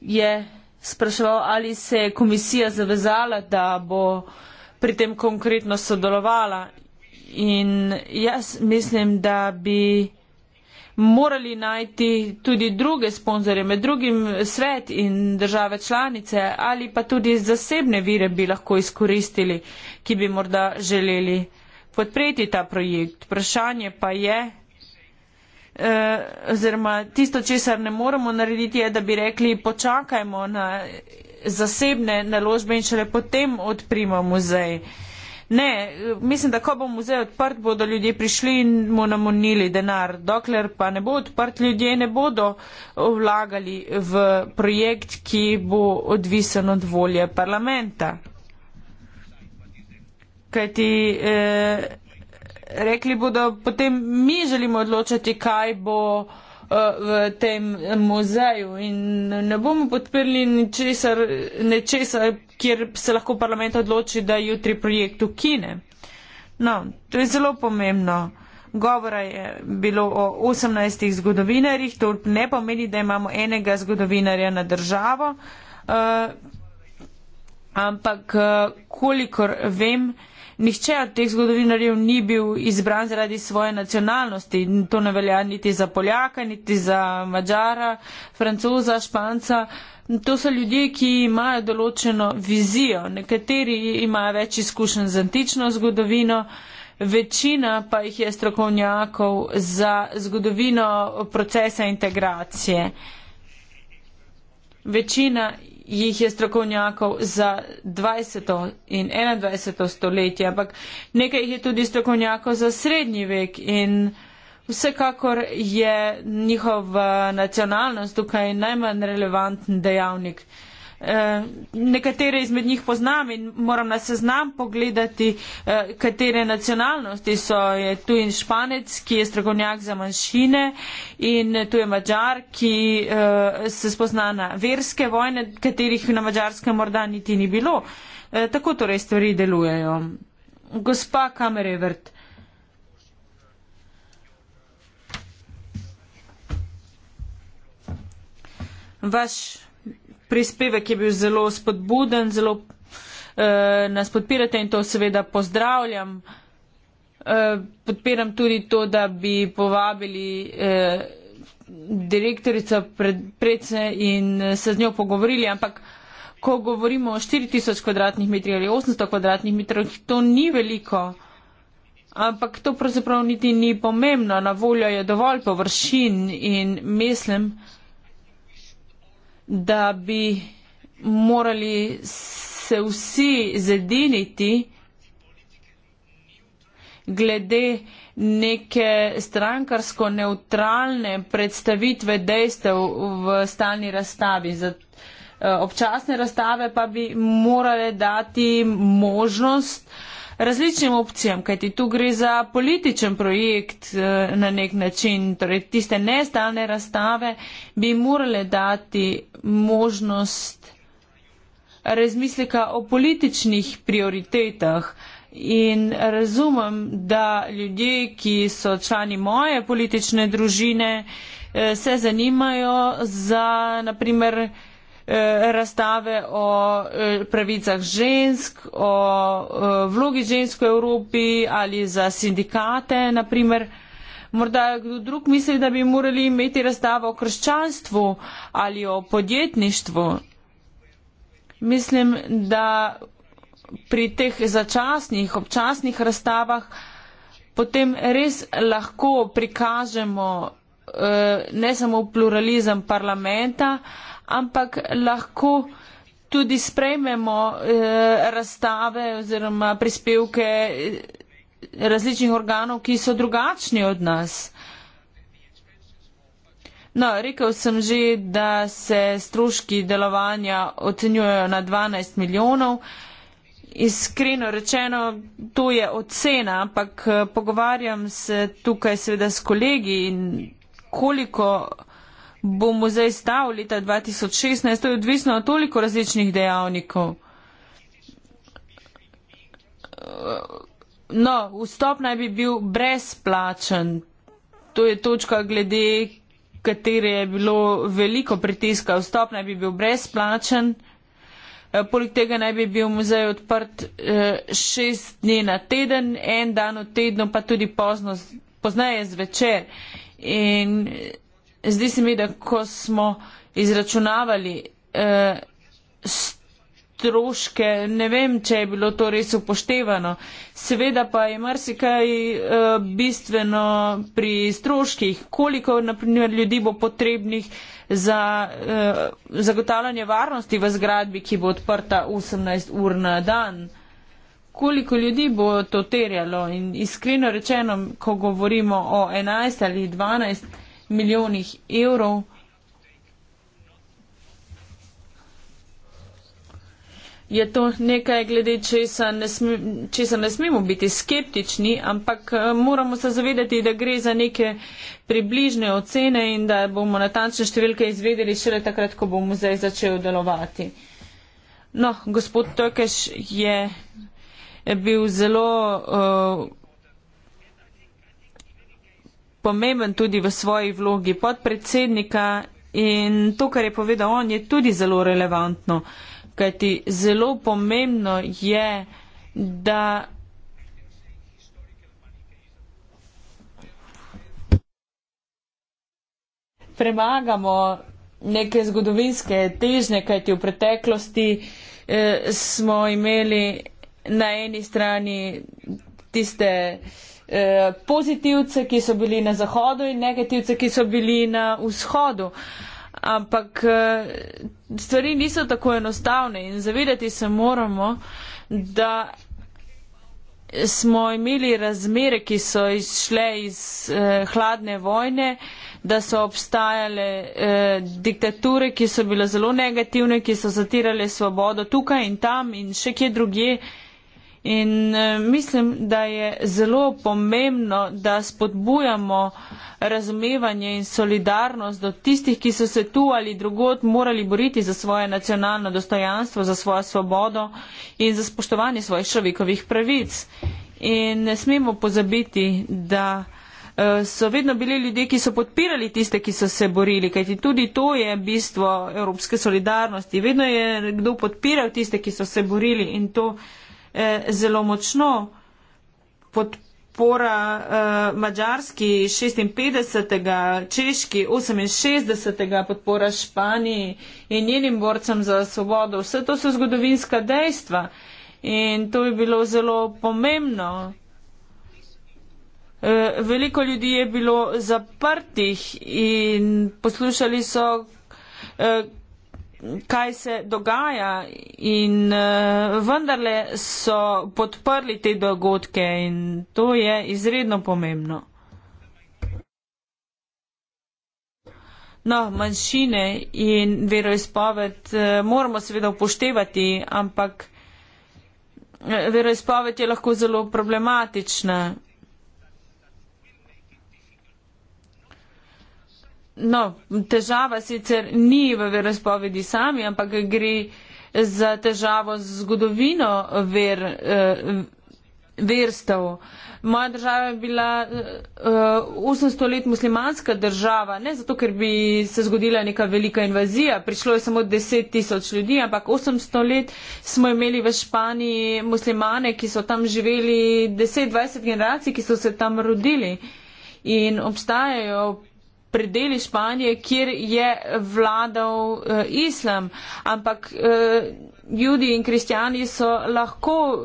Speaker 2: je spraševal, ali se je komisija zavezala, da bo pri tem konkretno sodelovala. In jaz mislim, da bi morali najti tudi druge sponzorje, med drugim svet in države članice ali pa tudi zasebne vire bi lahko izkoristili, ki bi morda želeli podpreti ta projekt. Vprašanje pa je, eh, oziroma tisto, česar ne moremo narediti, je, da bi rekli, počakajmo na zasebne naložbe in šele potem odprimo muzej. Ne, mislim, da ko bo muzej odprt, bodo ljudje prišli in mu namonili denar. Dokler pa ne bo odprt, ljudje ne bodo vlagali v projekt, ki bo odvisen od volje parlamenta. Kajti, eh, rekli bodo, potem mi želimo odločati, kaj bo eh, v tem muzeju in ne bomo podprli ničesar, nečesa, kjer se lahko parlament odloči, da jutri projekt ukine. No, to je zelo pomembno. Govora je bilo o 18 zgodovinarjih, to ne pomeni, da imamo enega zgodovinarja na državo, uh, ampak uh, kolikor vem, Nihče od teh zgodovinarjev ni bil izbran zaradi svoje nacionalnosti. To ne velja niti za Poljaka, niti za Mačara, Francoza, Španca. To so ljudje, ki imajo določeno vizijo. Nekateri imajo več izkušenj z antično zgodovino, večina pa jih je strokovnjakov za zgodovino procesa integracije. Večina jih je strokovnjakov za 20. in 21. stoletje, ampak nekaj jih je tudi strokovnjakov za srednji vek in vsekakor je njihova nacionalnost tukaj najmanj relevanten dejavnik. Eh, nekatere izmed njih poznam in moram na seznam pogledati, eh, katere nacionalnosti so. Je tu in Španec, ki je strokovnjak za manjšine in tu je Mačar, ki eh, se spozna na verske vojne, katerih na Mačarskem morda niti ni bilo. Tako torej stvari delujejo. Gospa Kamerevert. Vaš prispevek je bil zelo spodbuden, zelo eh, nas podpirate in to seveda pozdravljam. Eh, podpiram tudi to, da bi povabili eh, direktorico pred, predse in eh, se z njo pogovorili, ampak ko govorimo o 4000 kvadratnih metrih ali 800 kvadratnih metrih, to ni veliko. Ampak to pravzaprav niti ni pomembno, na voljo je dovolj površin in mislim, da bi morali se vsi zediniti glede neke strankarsko neutralne predstavitve dejstev v stalni razstavi. Eh, občasne razstave pa bi morale dati možnost uh, različnim opcijam, kajti tu gre za političen projekt eh, na nek način, torej tiste nestalne razstave bi morale dati možnost razmisleka o političnih prioritetah. In razumem, da ljudje, ki so člani moje politične družine, eh, se zanimajo za, naprimer, Eh, razstave o eh, pravicah žensk, o eh, vlogi žensk v Evropi ali za sindikate, naprimer. Morda kdo drug misli, da bi morali imeti razstavo o krščanstvu ali o podjetništvu. Mislim, da pri teh začasnih, občasnih razstavah potem res lahko prikažemo ne samo pluralizem parlamenta, ampak lahko tudi sprejmemo eh, razstave oziroma prispevke eh, različnih organov, ki so drugačni od nas. No, rekel sem že, da se stroški delovanja ocenjujejo na 12 milijonov. Iskreno rečeno, to je ocena, ampak eh, pogovarjam se tukaj seveda s kolegi in koliko bo muzej stal leta 2016, to je odvisno od toliko različnih dejavnikov. No, vstop naj bi bil brezplačen. To je točka, glede katere je bilo veliko pritiska. Vstop naj bi bil brezplačen. Eh, poleg tega naj bi bil muzej odprt eh, šest dni na teden, en dan v tednu, pa tudi pozno, pozneje zvečer. In zdi se mi, da ko smo izračunavali eh, stroške, ne vem, če je bilo to res upoštevano. Seveda pa je marsikaj eh, bistveno pri stroških, koliko naprimer, ljudi bo potrebnih za eh, zagotavljanje varnosti v zgradbi, ki bo odprta 18 ur na dan. Koliko ljudi bo to terjalo in iskreno rečeno, ko govorimo o 11 ali 12 milijonih evrov. Je to nekaj, glede česa ne, sme, česa ne smemo biti skeptični, ampak eh, moramo se zavedati, da gre za neke približne ocene in da bomo natančne številke izvedeli šele takrat, ko bo muzej začel delovati. No, gospod Tokeš je, je bil zelo. Uh, pomemben tudi v svoji vlogi podpredsednika in to, kar je povedal on, je tudi zelo relevantno, kajti zelo pomembno je, da. Premagamo neke zgodovinske težnje, kajti v preteklosti eh, smo imeli na eni strani tiste eh, Eh, pozitivce, ki so bili na zahodu in negativce, ki so bili na vzhodu. Ampak eh, stvari niso tako enostavne in zavedati se moramo, da smo imeli razmere, ki so izšle iz eh, hladne vojne, da so obstajale eh, diktature, ki so bile zelo negativne, ki so zatirale svobodo tukaj in tam in še kje drugje. Eh, In eh, mislim, da je zelo pomembno, da spodbujamo razumevanje in solidarnost do tistih, ki so se tu ali drugot morali boriti za svoje nacionalno dostojanstvo, za svojo svobodo in za spoštovanje svojih človekovih pravic. In ne smemo pozabiti, da eh, so vedno bili ljudje, ki so podpirali tiste, ki so se borili, kajti tudi to je bistvo evropske solidarnosti. Vedno je kdo podpiral tiste, ki so se borili in to Eh, zelo močno. Podpora eh, Mačarski 56., Češki 68., podpora Španiji in njenim borcem za svobodo. Vse to so zgodovinska dejstva in to bi bilo zelo pomembno. Eh, veliko ljudi je bilo zaprtih in poslušali so. Eh, kaj se dogaja in uh, vendarle so podprli te dogodke in to je izredno pomembno. No, manjšine in veroizpoved eh, moramo seveda upoštevati, ampak eh, veroizpoved je lahko zelo problematična. no, težava sicer ni v verospovedi sami, ampak gre za težavo z zgodovino ver, eh, verstev. Moja država je bila 800 eh, let muslimanska država, ne zato, ker bi se zgodila neka velika invazija, prišlo je samo 10 tisoč ljudi, ampak 800 let smo imeli v Španiji muslimane, ki so tam živeli 10-20 generacij, ki so se tam rodili in obstajajo predeli Španije, kjer je vladal uh, islam. Ampak uh, judi in kristijani so lahko uh,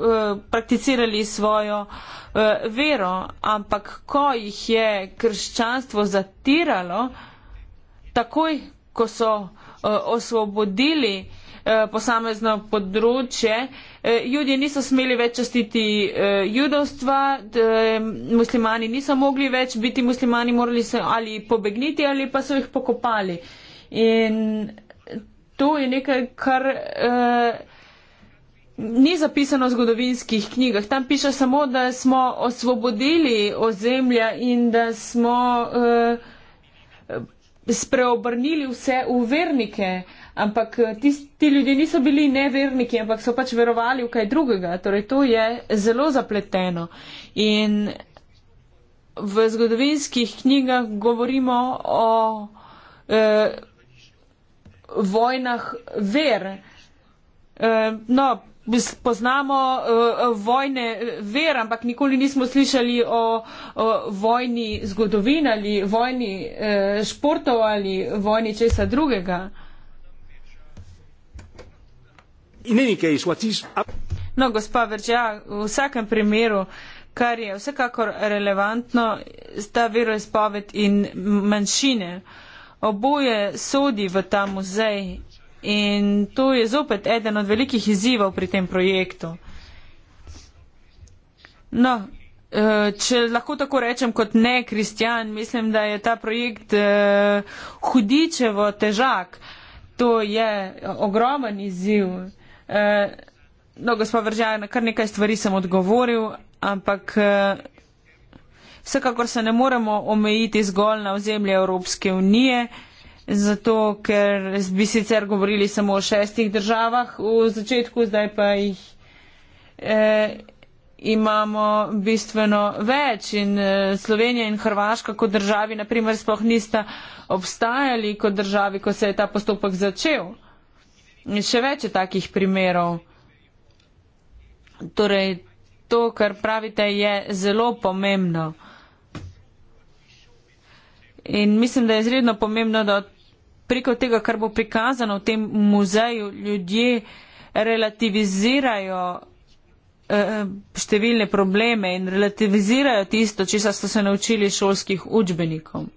Speaker 2: prakticirali svojo uh, vero, ampak ko jih je krščanstvo zatiralo, takoj, ko so uh, osvobodili uh, Eh, posamezno področje. Eh, Judje niso smeli več častiti eh, judovstva, muslimani niso mogli več biti muslimani, morali so ali pobegniti ali pa so jih pokopali. In to je nekaj, kar ni zapisano v zgodovinskih knjigah. Tam piše samo, da smo osvobodili ozemlja in da smo spreobrnili vse uvernike. Ampak eh, ti, ti ljudje niso bili neverniki, ampak so pač verovali v kaj drugega. Torej, to je zelo zapleteno. In v zgodovinskih knjigah govorimo o eh, vojnah ver. Eh, no, poznamo eh, vojne ver, ampak nikoli nismo slišali o, o vojni zgodovin ali vojni eh, športov ali vojni česa drugega. No, gospa Verđa, v vsakem primeru, kar je vsekakor relevantno, sta veroizpoved in manjšine. Oboje sodi v ta muzej in to je zopet eden od velikih izzivov pri tem projektu. No, eh, če lahko tako rečem kot ne kristjan, mislim, da je ta projekt eh, hudičevo težak. To je ogromen izziv. Uh, no, gospod Vržaj, na kar nekaj stvari sem odgovoril, ampak uh, vsekakor se ne moremo omejiti zgolj na ozemlje Evropske unije, zato ker bi sicer govorili samo o šestih državah v začetku, zdaj pa jih. Eh, imamo bistveno več in eh, Slovenija in Hrvaška kot državi, naprimer, sploh nista obstajali kot državi, ko se je ta postopek začel. Eh, In še več je takih primerov. Torej, to, kar pravite, je zelo pomembno. In mislim, da je izredno pomembno, da preko tega, kar bo prikazano v tem muzeju, ljudje relativizirajo eh, številne probleme in relativizirajo tisto, česar so se naučili šolskih učbenikov.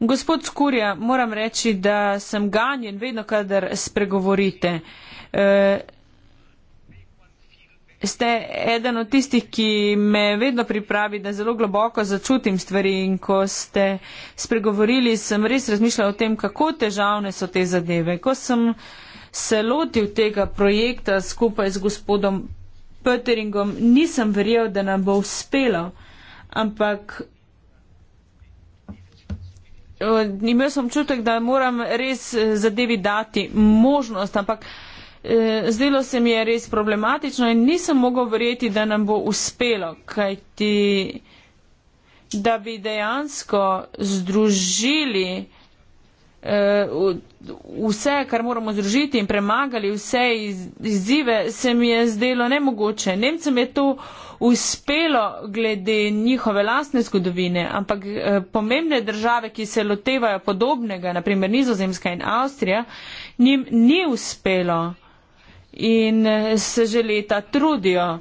Speaker 2: Gospod Skurja, moram reči, da sem ganjen vedno, kadar spregovorite. E, ste eden od tistih, ki me vedno pripravi, da zelo globoko začutim stvari in ko ste spregovorili, sem res razmišljala o tem, kako težavne so te zadeve. Ko sem se lotil tega projekta skupaj z gospodom Pöteringom, nisem verjel, da nam bo uspelo. Ampak Eh, imel sem čutek, da moram res eh, zadevi dati možnost, ampak eh, zdelo se mi je res problematično in nisem mogel verjeti, da nam bo uspelo, kajti da bi dejansko združili Eh, vse, kar moramo združiti in premagali vse izzive, se mi je zdelo nemogoče. Nemcem je to uspelo glede njihove lastne zgodovine, ampak eh, pomembne države, ki se lotevajo podobnega, naprimer Nizozemska in Avstrija, njim ni uspelo in eh, se že leta trudijo.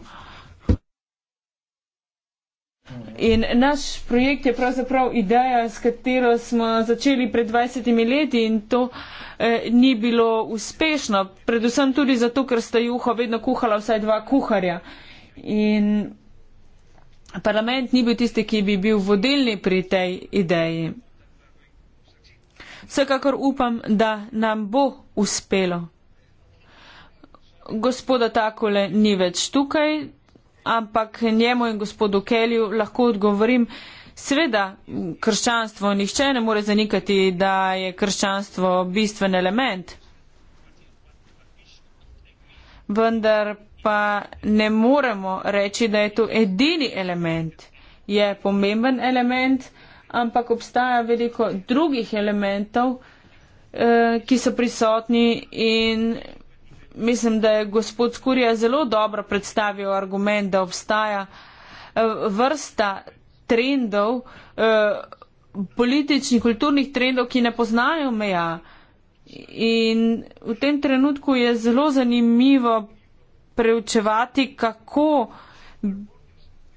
Speaker 2: In naš projekt je pravzaprav ideja, s katero smo začeli pred 20 leti in to eh, ni bilo uspešno, predvsem tudi zato, ker sta juho vedno kuhala vsaj dva kuharja. In parlament ni bil tisti, ki bi bil vodilni pri tej ideji. Vsekakor upam, da nam bo uspelo. Gospoda takole ni več tukaj ampak njemu in gospodu Kelju lahko odgovorim. Sveda, krščanstvo nihče ne more zanikati, da je krščanstvo bistven element. Vendar pa ne moremo reči, da je to edini element. Je pomemben element, ampak obstaja veliko drugih elementov, eh, ki so prisotni in mislim, da je gospod Skurija zelo dobro predstavil argument, da obstaja eh, vrsta trendov, eh, političnih, kulturnih trendov, ki ne poznajo meja. In v tem trenutku je zelo zanimivo preučevati, kako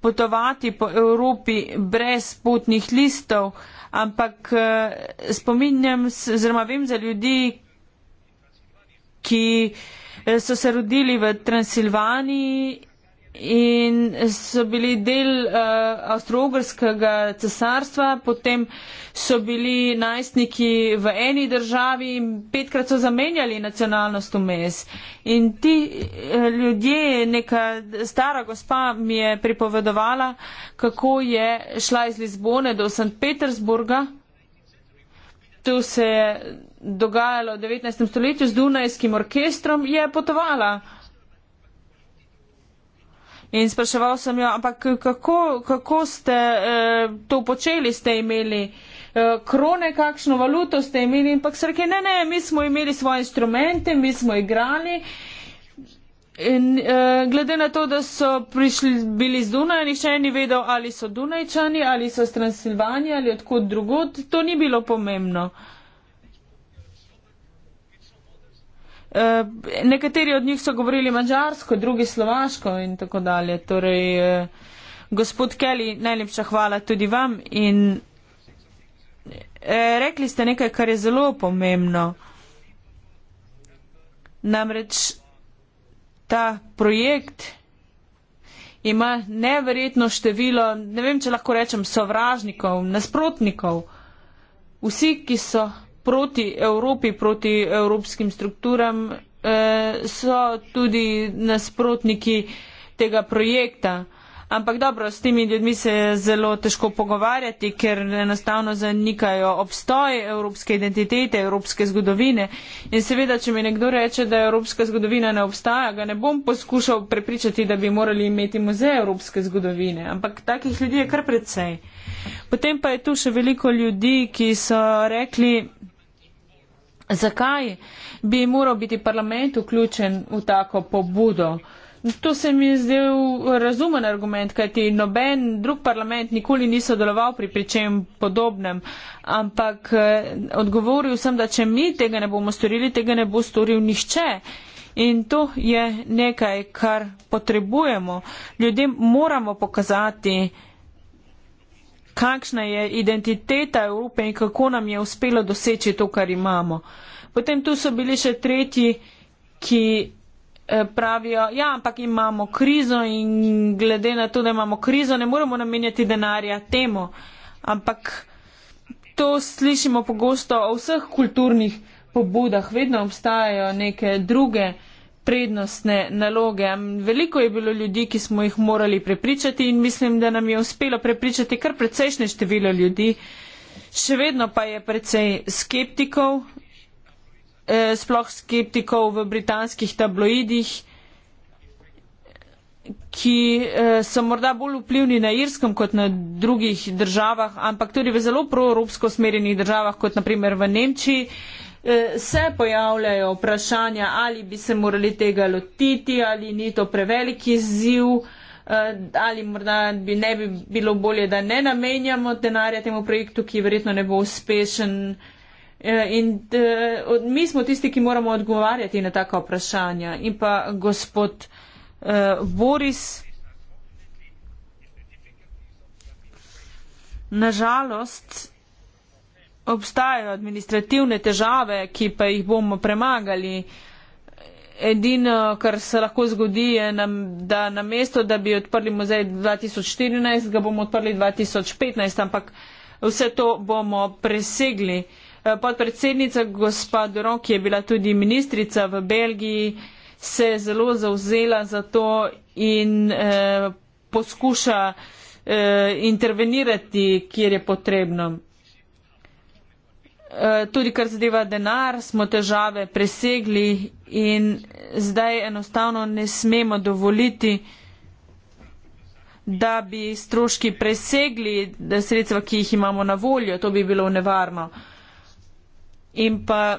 Speaker 2: potovati po Evropi brez potnih listov, ampak eh, spominjam, oziroma vem za ljudi, ki uh, so se rodili v Transilvaniji in so bili del uh, eh, Avstro-Ugrskega cesarstva, potem so bili najstniki v eni državi in petkrat so zamenjali nacionalnost v mes. In ti uh, ljudje, neka stara gospa mi je pripovedovala, kako je šla iz Lizbone do St. Petersburga tu se je dogajalo v 19. stoletju z Dunajskim orkestrom, je potovala. In spraševal sem jo, ampak kako, kako ste eh, to počeli, ste imeli eh, krone, kakšno valuto ste imeli, ampak se reke, ne, ne, mi smo imeli svoje instrumente, mi smo igrali, eh, In uh, glede na to, da so prišli, bili z Dunaja, nišče ni vedel, ali so Dunajčani, ali so iz Transilvanije, ali odkud drugod, to ni bilo pomembno. Uh, nekateri od njih so govorili mađarsko, drugi slovaško in tako dalje. Torej, uh, gospod Kelly, najlepša hvala tudi vam. In uh, rekli ste nekaj, kar je zelo pomembno. Namreč ta projekt ima neverjetno število, ne vem, če lahko rečem, sovražnikov, nasprotnikov. Vsi, ki so proti Evropi, proti evropskim strukturam, eh, so tudi nasprotniki tega projekta. Ampak dobro, s temi ljudmi se je zelo težko pogovarjati, ker enostavno zanikajo obstoj evropske identitete, evropske zgodovine. In seveda, če mi nekdo reče, da evropska zgodovina ne obstaja, ga ne bom poskušal prepričati, da bi morali imeti muzej evropske zgodovine. Ampak takih ljudi je kar precej. Potem pa je tu še veliko ljudi, ki so rekli. Zakaj bi moral biti parlament vključen v tako pobudo? To se mi je zdel razumen argument, kajti noben drug parlament nikoli ni sodeloval pri pričem podobnem, ampak eh, odgovoril sem, da če mi tega ne bomo storili, tega ne bo storil nihče. In to je nekaj, kar potrebujemo. Ljudem moramo pokazati, kakšna je identiteta Evrope in kako nam je uspelo doseči to, kar imamo. Potem tu so bili še tretji, ki Eh, pravijo, ja, ampak imamo krizo in glede na to, da imamo krizo, ne moremo namenjati denarja temu. Ampak to slišimo pogosto o vseh kulturnih pobudah, vedno obstajajo neke druge prednostne naloge. Veliko je bilo ljudi, ki smo jih morali prepričati in mislim, da nam je uspelo prepričati kar precejšne število ljudi. Še vedno pa je precej skeptikov Eh, sploh skeptikov v britanskih tabloidih, ki eh, so morda bolj vplivni na Irskem kot na drugih državah, ampak tudi v zelo proevropsko smerenih državah, kot naprimer v Nemčiji, eh, se pojavljajo vprašanja, ali bi se morali tega lotiti, ali ni to prevelik izziv ali morda bi, ne bi bilo bolje, da ne namenjamo denarja temu projektu, ki verjetno ne bo uspešen, E, in de, od, mi smo tisti, ki moramo odgovarjati na taka vprašanja. In pa gospod eh, Boris, nažalost, obstajajo administrativne težave, ki pa jih bomo premagali. Edino, kar se lahko zgodi, je, nam, da na mesto, da bi odprli muzej 2014, ga bomo odprli 2015, ampak vse to bomo presegli. Eh, podpredsednica gospa Durok, ki je bila tudi ministrica v Belgiji, se je zelo zauzela za to in eh, poskuša eh, intervenirati, kjer je potrebno. Eh, tudi kar zadeva denar, smo težave presegli in zdaj enostavno ne smemo dovoliti, da bi stroški presegli sredstva, ki jih imamo na voljo. To bi bilo nevarno. Eh, In pa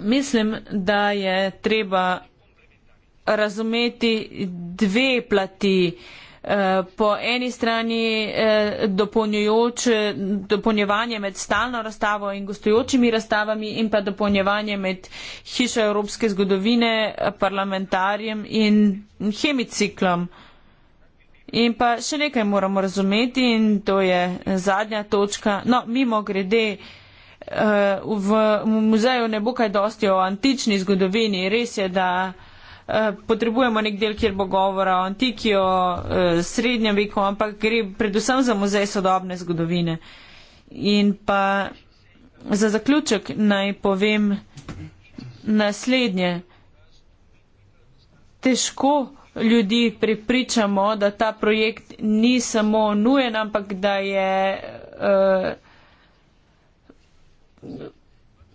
Speaker 2: mislim, da je treba razumeti dve plati. Eh, po eni strani eh, dopolnjevanje med stalno razstavo in gostujočimi razstavami in pa dopolnjevanje med hišo Evropske zgodovine, parlamentarjem in hemiciklom. In pa še nekaj moramo razumeti in to je zadnja točka. No, mimo grede. Uh, Eh, v muzeju ne bo kaj dosti o antični zgodovini. Res je, da eh, potrebujemo nek del, kjer bo govora o antiki, o eh, srednjem veku, ampak gre predvsem za muzej sodobne zgodovine. In pa za zaključek naj povem naslednje. Težko ljudi prepričamo, da ta projekt ni samo nujen, ampak da je. Uh,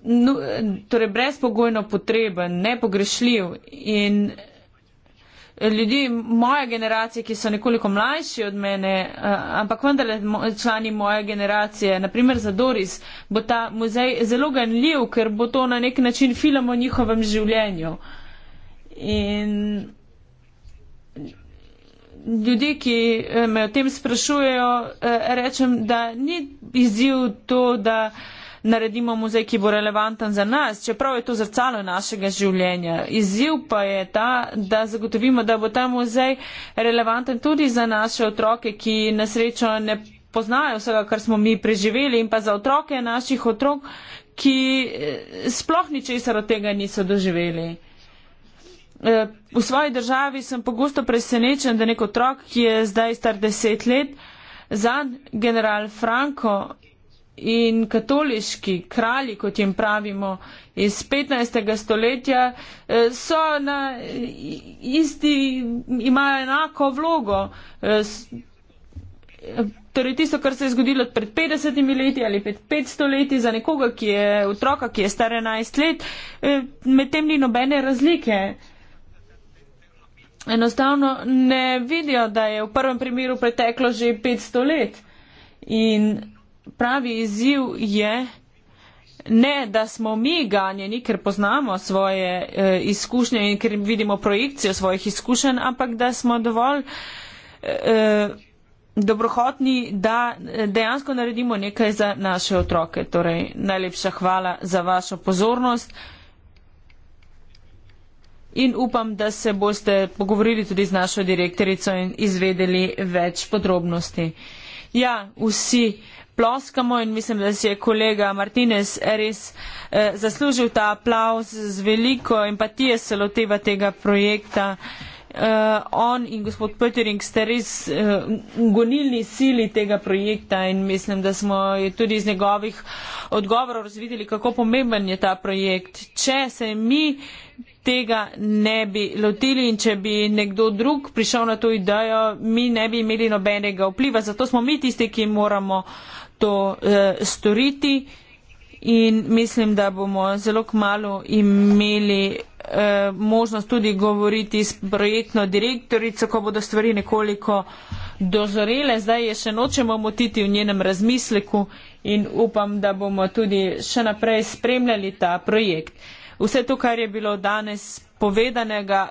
Speaker 2: no, torej brezpogojno potreben, nepogrešljiv in ljudi moje generacije, ki so nekoliko mlajši od mene, eh, ampak vendar člani moje generacije, naprimer za Doris, bo ta muzej zelo ganljiv, ker bo to na nek način film o njihovem življenju. In ljudi, ki eh, me o tem sprašujejo, eh, rečem, da ni izziv to, da naredimo muzej, ki bo relevanten za nas, čeprav je to zrcalo našega življenja. Izziv pa je ta, da zagotovimo, da bo ta muzej relevanten tudi za naše otroke, ki na srečo ne poznajo vsega, kar smo mi preživeli in pa za otroke naših otrok, ki eh, sploh ničesar od tega niso doživeli. Eh, v svoji državi sem pogosto presenečen, da nek otrok, ki je zdaj star deset let, zanj general Franco in katoliški kralji, kot jim pravimo, iz 15. stoletja eh, so na isti, imajo enako vlogo. Eh, eh, torej tisto, kar se je zgodilo pred 50 leti ali pred 500 leti za nekoga, ki je otroka, ki je star 11 let, med tem ni nobene razlike. Enostavno ne vidijo, da je v prvem primeru preteklo že 500 let. In pravi izziv je ne, da smo mi ganjeni, ker poznamo svoje e, izkušnje in ker vidimo projekcijo svojih izkušenj, ampak da smo dovolj e, dobrohotni, da eh, dejansko naredimo nekaj za naše otroke. Torej, najlepša hvala za vašo pozornost. In upam, da se boste pogovorili tudi z našo direktorico in izvedeli več podrobnosti. Ja, vsi ploskamo in mislim, da si je kolega Martinez res eh, zaslužil ta aplauz z veliko empatije se loteva tega projekta. Uh, on in gospod Petering ste res uh, gonilni sili tega projekta in mislim, da smo tudi iz njegovih odgovorov razvideli, kako pomemben je ta projekt. Če se mi tega ne bi lotili in če bi nekdo drug prišel na to idejo, mi ne bi imeli nobenega vpliva. Zato smo mi tisti, ki moramo uh, to eh, storiti in mislim, da bomo zelo kmalo imeli eh, možnost tudi govoriti s projektno direktorico, ko bodo stvari nekoliko dozorele. Zdaj je še nočemo motiti v njenem razmisleku in upam, da bomo tudi še naprej spremljali ta projekt. Vse to, kar je bilo danes povedanega,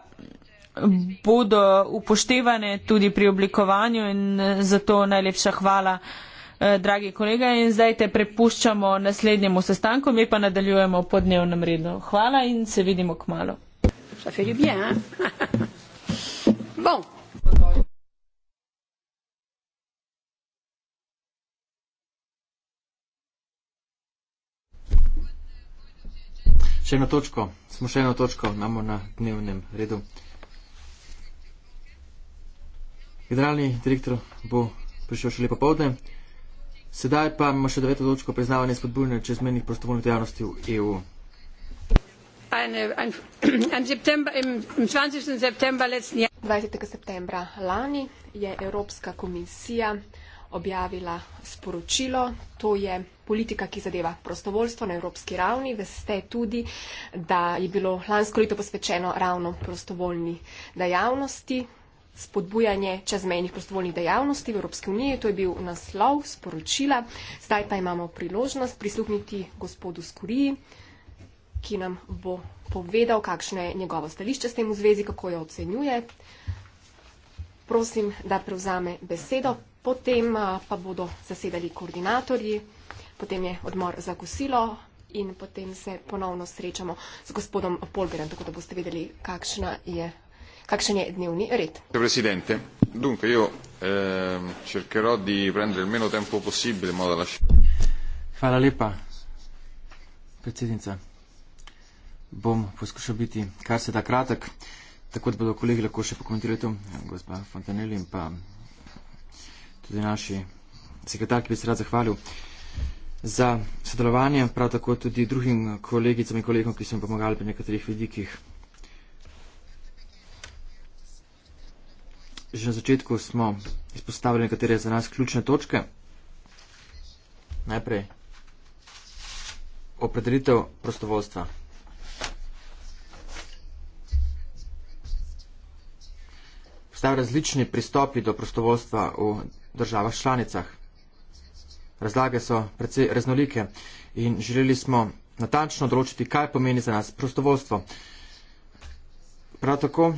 Speaker 2: bodo upoštevane tudi pri oblikovanju in eh, zato najlepša hvala. Eh, dragi kolega. In zdaj te prepuščamo naslednjemu sestanku, mi pa nadaljujemo po dnevnem redu. Hvala in se vidimo k malu.
Speaker 3: Še eno točko, smo še eno točko, imamo na dnevnem redu. Generalni direktor bo prišel šele popovdne. Sedaj pa imamo še deveto točko priznavanje spodbujanja čezmenih prostovoljnih dejavnosti v EU.
Speaker 4: Septembra lani je Evropska komisija objavila sporočilo, to je politika, ki zadeva prostovoljstvo na evropski ravni. Veste tudi, da je bilo lansko leto posvečeno ravno prostovoljni dejavnosti, spodbujanje čezmejnih prostovoljnih dejavnosti v Evropski uniji. To je bil naslov sporočila. Zdaj pa imamo priložnost prisluhniti gospodu Skuriji, ki nam bo povedal, kakšno je njegovo stališče s tem v zvezi, kako jo ocenjuje. Prosim, da prevzame besedo, potem pa bodo zasedali koordinatorji, potem je odmor za kosilo in potem se ponovno srečamo z gospodom Polgerem, tako da boste vedeli, kakšna je kakšen je dnevni red.
Speaker 3: Presidente, dunque io ehm, cercherò di prendere il meno tempo possibile in modo da lasciare. Hvala lepa, predsednica. Bom poskušal biti kar se da kratek, tako da bodo kolegi lahko še pokomentirali to, ja, gospa Fontanelli in pa tudi naši sekretar, ki bi se rad zahvalil za sodelovanje, prav tako tudi drugim kolegicam in kolegom, ki so mi pomagali pri nekaterih vidikih. že na začetku smo izpostavili nekatere za nas ključne točke. Najprej opredelitev prostovoljstva. Postavljajo različni pristopi do prostovoljstva v državah članicah. Razlage so precej raznolike in želeli smo natančno določiti, kaj pomeni za nas prostovoljstvo. Prav tako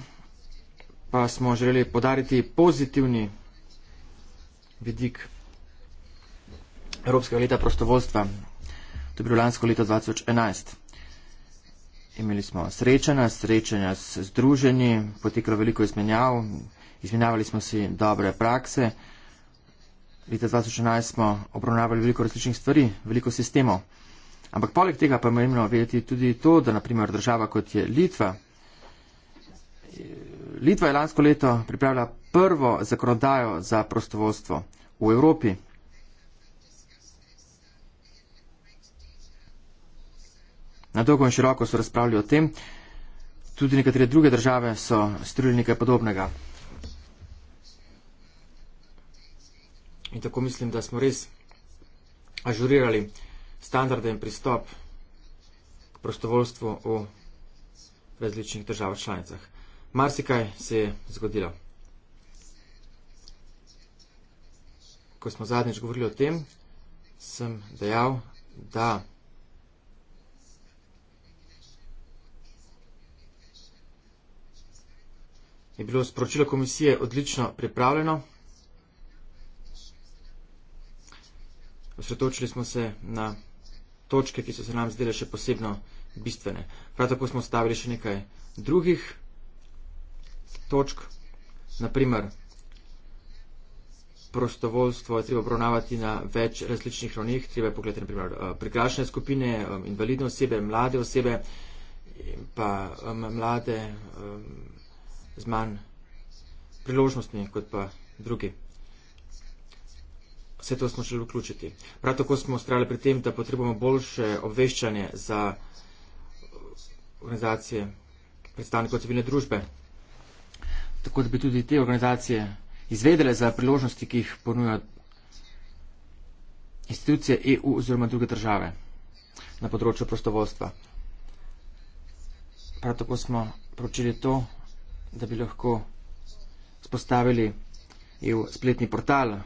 Speaker 3: pa smo želeli podariti pozitivni vidik Evropskega leta prostovoljstva. To je bilo lansko leto 2011. Imeli smo srečanja, srečanja s združenji, potekalo veliko izmenjav, izmenjavali smo si dobre prakse. Leta 2011 smo obravnavali veliko različnih stvari, veliko sistemov. Ampak poleg tega pa je pomembno vedeti tudi to, da naprimer država kot je Litva, Litva je lansko leto pripravila prvo zakonodajo za prostovoljstvo v Evropi. Na dolgo in široko so razpravljali o tem, tudi nekatere druge države so storili nekaj podobnega. In tako mislim, da smo res ažurirali standarde in pristop k prostovoljstvu v različnih državah članicah marsikaj se je zgodilo. Ko smo zadnjič govorili o tem, sem dejal, da je bilo sporočilo komisije odlično pripravljeno. Osredotočili smo se na točke, ki so se nam zdele še posebno bistvene. Prav tako smo stavili še nekaj drugih točk. Naprimer, prostovoljstvo je treba obravnavati na več različnih ravnih. Treba je pogledati naprimer eh, prikrašene skupine, eh, invalidne osebe, mlade osebe in pa eh, mlade z manj priložnostmi kot pa drugi. Vse to smo želeli vključiti. Prav tako smo ustrajali pri tem, da potrebujemo boljše obveščanje za organizacije predstavnikov civilne družbe tako da bi tudi te organizacije izvedele za priložnosti, ki jih ponuja institucije EU oziroma druge države na področju prostovoljstva. Prav tako smo pročili to, da bi lahko spostavili EU spletni portal,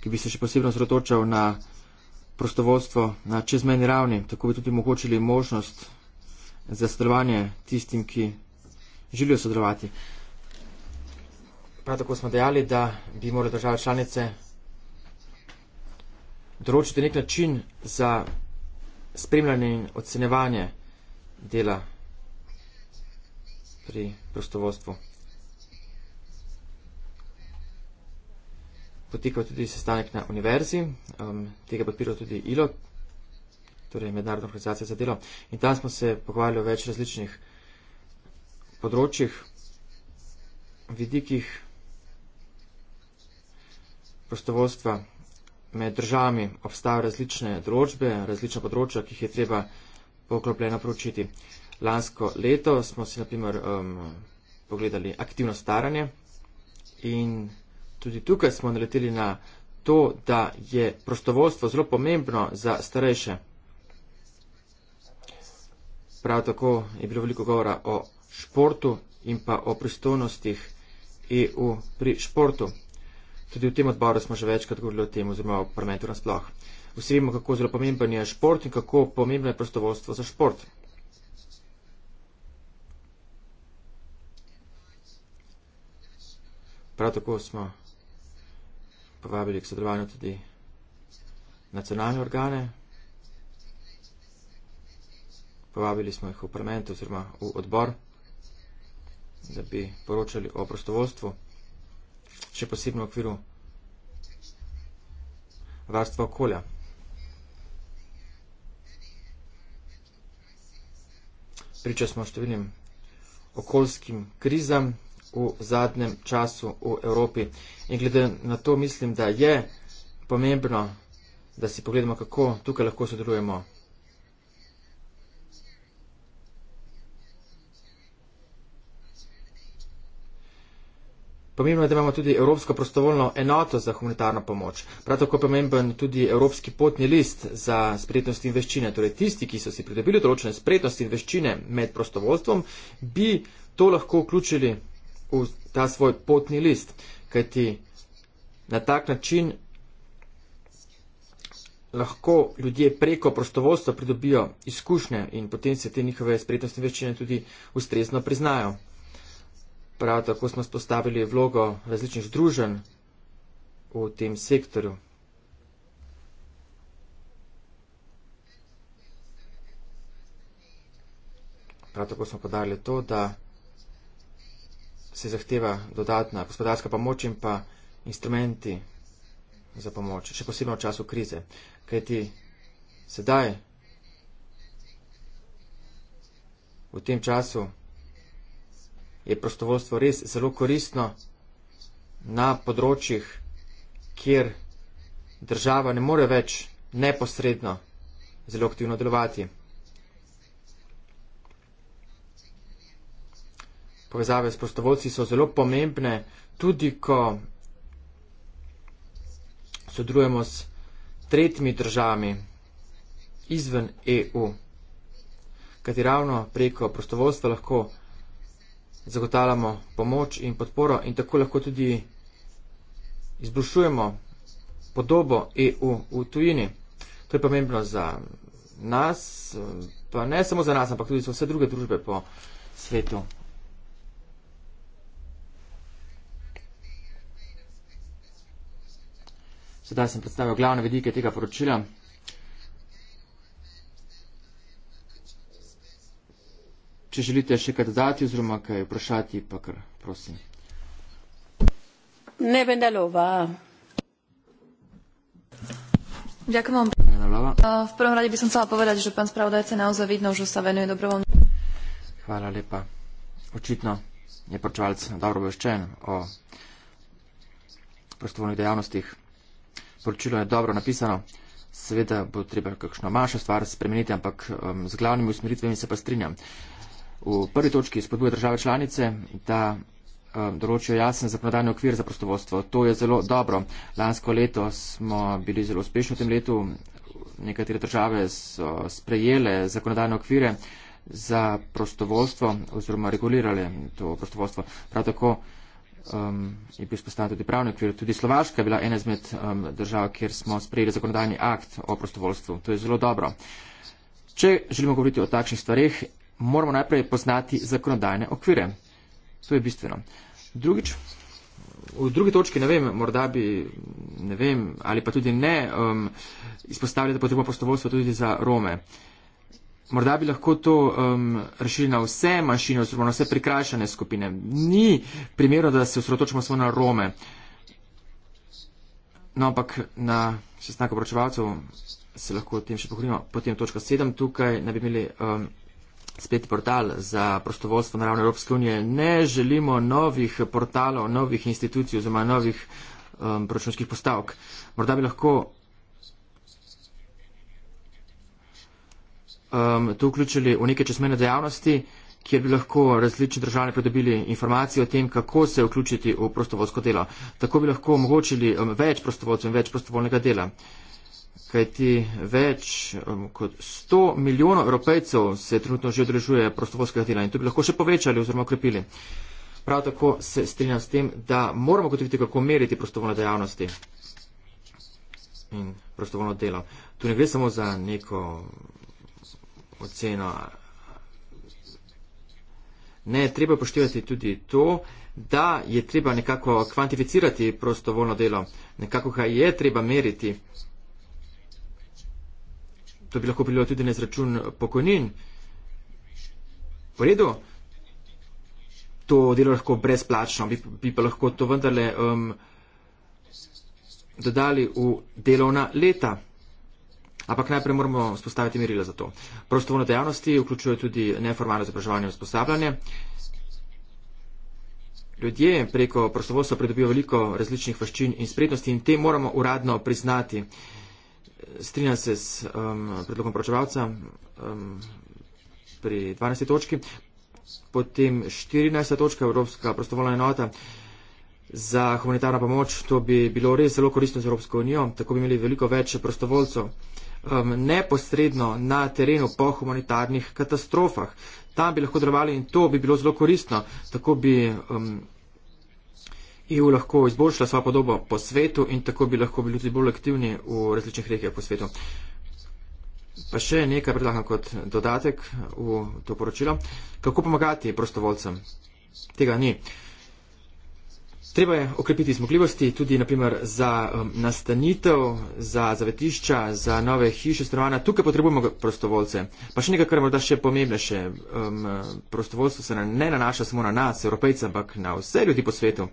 Speaker 3: ki bi se še posebno zrotočal na prostovoljstvo na čezmeni ravni, tako bi tudi omogočili možnost za sodelovanje tistim, ki želijo sodelovati. Prav tako smo dejali, da bi morali države članice določiti nek način za spremljanje in ocenevanje dela pri prostovoljstvu. Potekal je tudi sestanek na univerzi, um, tega podpiral tudi ILO, torej Mednarodna organizacija za delo. In tam smo se pogovarjali o več različnih področjih, vidikih prostovoljstva med državami obstajajo različne določbe, različna področja, ki jih je treba poklopljeno proučiti. Lansko leto smo si naprimer um, pogledali aktivno staranje in tudi tukaj smo naleteli na to, da je prostovoljstvo zelo pomembno za starejše. Prav tako je bilo veliko govora o športu in pa o pristojnostih EU pri športu. Tudi v tem odboru smo že večkrat govorili o tem, oziroma o parlamentu nasploh. Vsi vemo, kako zelo pomemben je šport in kako pomembno je prostovoljstvo za šport. Prav tako smo povabili k sodelovanju tudi nacionalne organe. Povabili smo jih v parlament oziroma v odbor da bi poročali o prostovoljstvu, še posebno v okviru varstva okolja. Priča smo številnim okoljskim krizam v zadnjem času v Evropi in glede na to mislim, da je pomembno, da si pogledamo, kako tukaj lahko sodelujemo. Pomembno je, da imamo tudi Evropsko prostovoljno enoto za humanitarno pomoč. Prav tako pomemben tudi Evropski potni list za spretnosti in veščine. Torej tisti, ki so si pridobili določene spretnosti in veščine med prostovoljstvom, bi to lahko vključili v ta svoj potni list. Kajti na tak način lahko ljudje preko prostovoljstva pridobijo izkušnje in potem se te njihove spretnosti in veščine tudi ustrezno priznajo. Prav tako smo spostavili vlogo različnih združenj v tem sektorju. Prav tako smo podarili to, da se zahteva dodatna gospodarska pomoč in pa instrumenti za pomoč, še posebej v času krize. Kajti sedaj, v tem času, je prostovoljstvo res zelo koristno na področjih, kjer država ne more več neposredno zelo aktivno delovati. Povezave s prostovoljci so zelo pomembne, tudi ko sodelujemo s tretjimi državami izven EU, kateri ravno preko prostovoljstva lahko zagotavljamo pomoč in podporo in tako lahko tudi izboljšujemo podobo EU v tujini. To je pomembno za nas, pa ne samo za nas, ampak tudi za vse druge družbe po svetu. Sedaj sem predstavil glavne vidike tega poročila. Če želite še kaj dodati oziroma kaj vprašati, pa kar prosim.
Speaker 2: Ne
Speaker 4: vendalova. Ďakujem vám. V prvom rade by som chcela povedať, že pán spravodajca naozaj vidno, že sa venuje dobrovoľne.
Speaker 3: Hvala lepa. Očitno je počúvalec dobro obveščen o prostovoľných dejavnostih. Poročilo je dobro napisano. Seveda bo treba kakšno manjšo stvar spremeniti, ampak um, z glavnimi usmeritvami se pa strinjam. Uh, v prvi točki spodbuja države članice, da um, določijo jasen zakonodajni okvir za prostovoljstvo. To je zelo dobro. Lansko leto smo bili zelo uspešni v tem letu. Nekatere države so sprejele zakonodajne okvire za prostovoljstvo oziroma regulirale to prostovoljstvo. Prav tako um, je bil spostavljen tudi pravni okvir. Tudi Slovaška je bila ena izmed um, držav, kjer smo sprejeli zakonodajni akt o prostovoljstvu. To je zelo dobro. Če želimo govoriti o takšnih stvarih, moramo najprej poznati zakonodajne okvire. To je bistveno. Drugič, v drugi točki, ne vem, morda bi, ne vem, ali pa tudi ne, um, izpostavljati potrebo prostovoljstva tudi za Rome. Morda bi lahko to um, rešili na vse manjšine oziroma na vse prikrajšane skupine. Ni primero, da se osredotočimo samo na Rome. No, ampak na sestanku obročevalcev se lahko o tem še pogovorimo. Potem točka sedem tukaj ne bi imeli. Um, spet portal za prostovoljstvo na ravni Evropske unije. Ne želimo novih portalov, novih institucij oziroma novih um, proračunskih postavk. Morda bi lahko um, to vključili v neke čezmene dejavnosti, kjer bi lahko različni državljani pridobili informacije o tem, kako se vključiti v prostovoljsko delo. Tako bi lahko omogočili um, več prostovoljcev in več prostovoljnega dela kajti več um, kot 100 milijonov evropejcev se trenutno že odrežuje prostovoljskega dela in to bi lahko še povečali oziroma okrepili. Prav tako se strinjam s tem, da moramo gotoviti, kako meriti prostovoljne dejavnosti in prostovoljno delo. Tu ne gre samo za neko oceno. Ne, treba poštevati tudi to, da je treba nekako kvantificirati prostovoljno delo, nekako ga je treba meriti. To bi lahko bilo tudi na izračun pokojnin. V redu, to delo lahko brezplačno, bi, bi pa lahko to vendarle um, dodali v delovna leta. Ampak najprej moramo spostaviti merila za to. Prostovoljne dejavnosti vključujejo tudi neformalno izobraževanje in usposabljanje. Ljudje preko prostovoljstva pridobijo veliko različnih veščin in spretnosti in te moramo uradno priznati. Uh, strinjam se s um, predlogom poročevalca um, pri 12. točki. Potem 14. točka Evropska prostovoljna enota za humanitarno pomoč. To bi bilo res zelo koristno za Evropsko unijo. Tako bi imeli veliko več prostovoljcev um, neposredno na terenu po humanitarnih katastrofah. Tam bi lahko drvali in to bi bilo zelo koristno. Tako bi. Um, EU lahko izboljšala svojo podobo po svetu in tako bi lahko bili tudi bolj aktivni v različnih regijah po svetu. Pa še nekaj predlagam kot dodatek v to poročilo. Kako pomagati prostovoljcem? Tega ni. Treba je okrepiti zmogljivosti tudi naprimer za um, nastanitev, za zavetišča, za nove hiše, stanovanja. Tukaj potrebujemo prostovoljce. Pa še nekaj, kar je morda še pomembnejše. Um, prostovoljstvo se ne nanaša samo na nas, evropejce, ampak na vse ljudi po svetu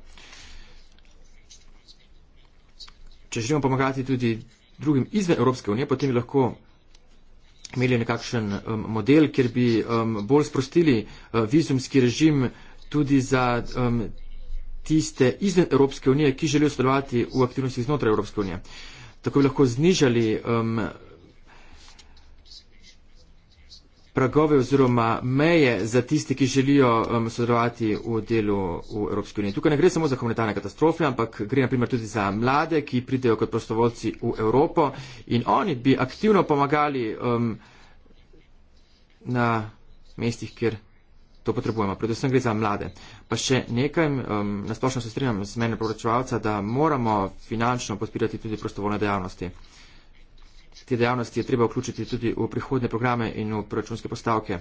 Speaker 3: če želimo pomagati tudi drugim izven Evropske unije, potem bi lahko imeli nekakšen um, model, kjer bi um, bolj sprostili uh, vizumski režim tudi za um, tiste izven Evropske unije, ki želijo sodelovati v aktivnostih znotraj Evropske unije. Tako bi lahko znižali um, pragove oziroma meje za tisti, ki želijo um, sodelovati v delu v Evropski uniji. Tukaj ne gre samo za humanitarne katastrofe, ampak gre naprimer tudi za mlade, ki pridejo kot prostovoljci v Evropo in oni bi aktivno pomagali um, na mestih, kjer to potrebujemo. Predvsem gre za mlade. Pa še nekaj, um, nasplošno se strinjam z menem proračevalca, da moramo finančno podpirati tudi prostovoljne dejavnosti te dejavnosti je treba vključiti tudi v prihodne programe in v proračunske postavke.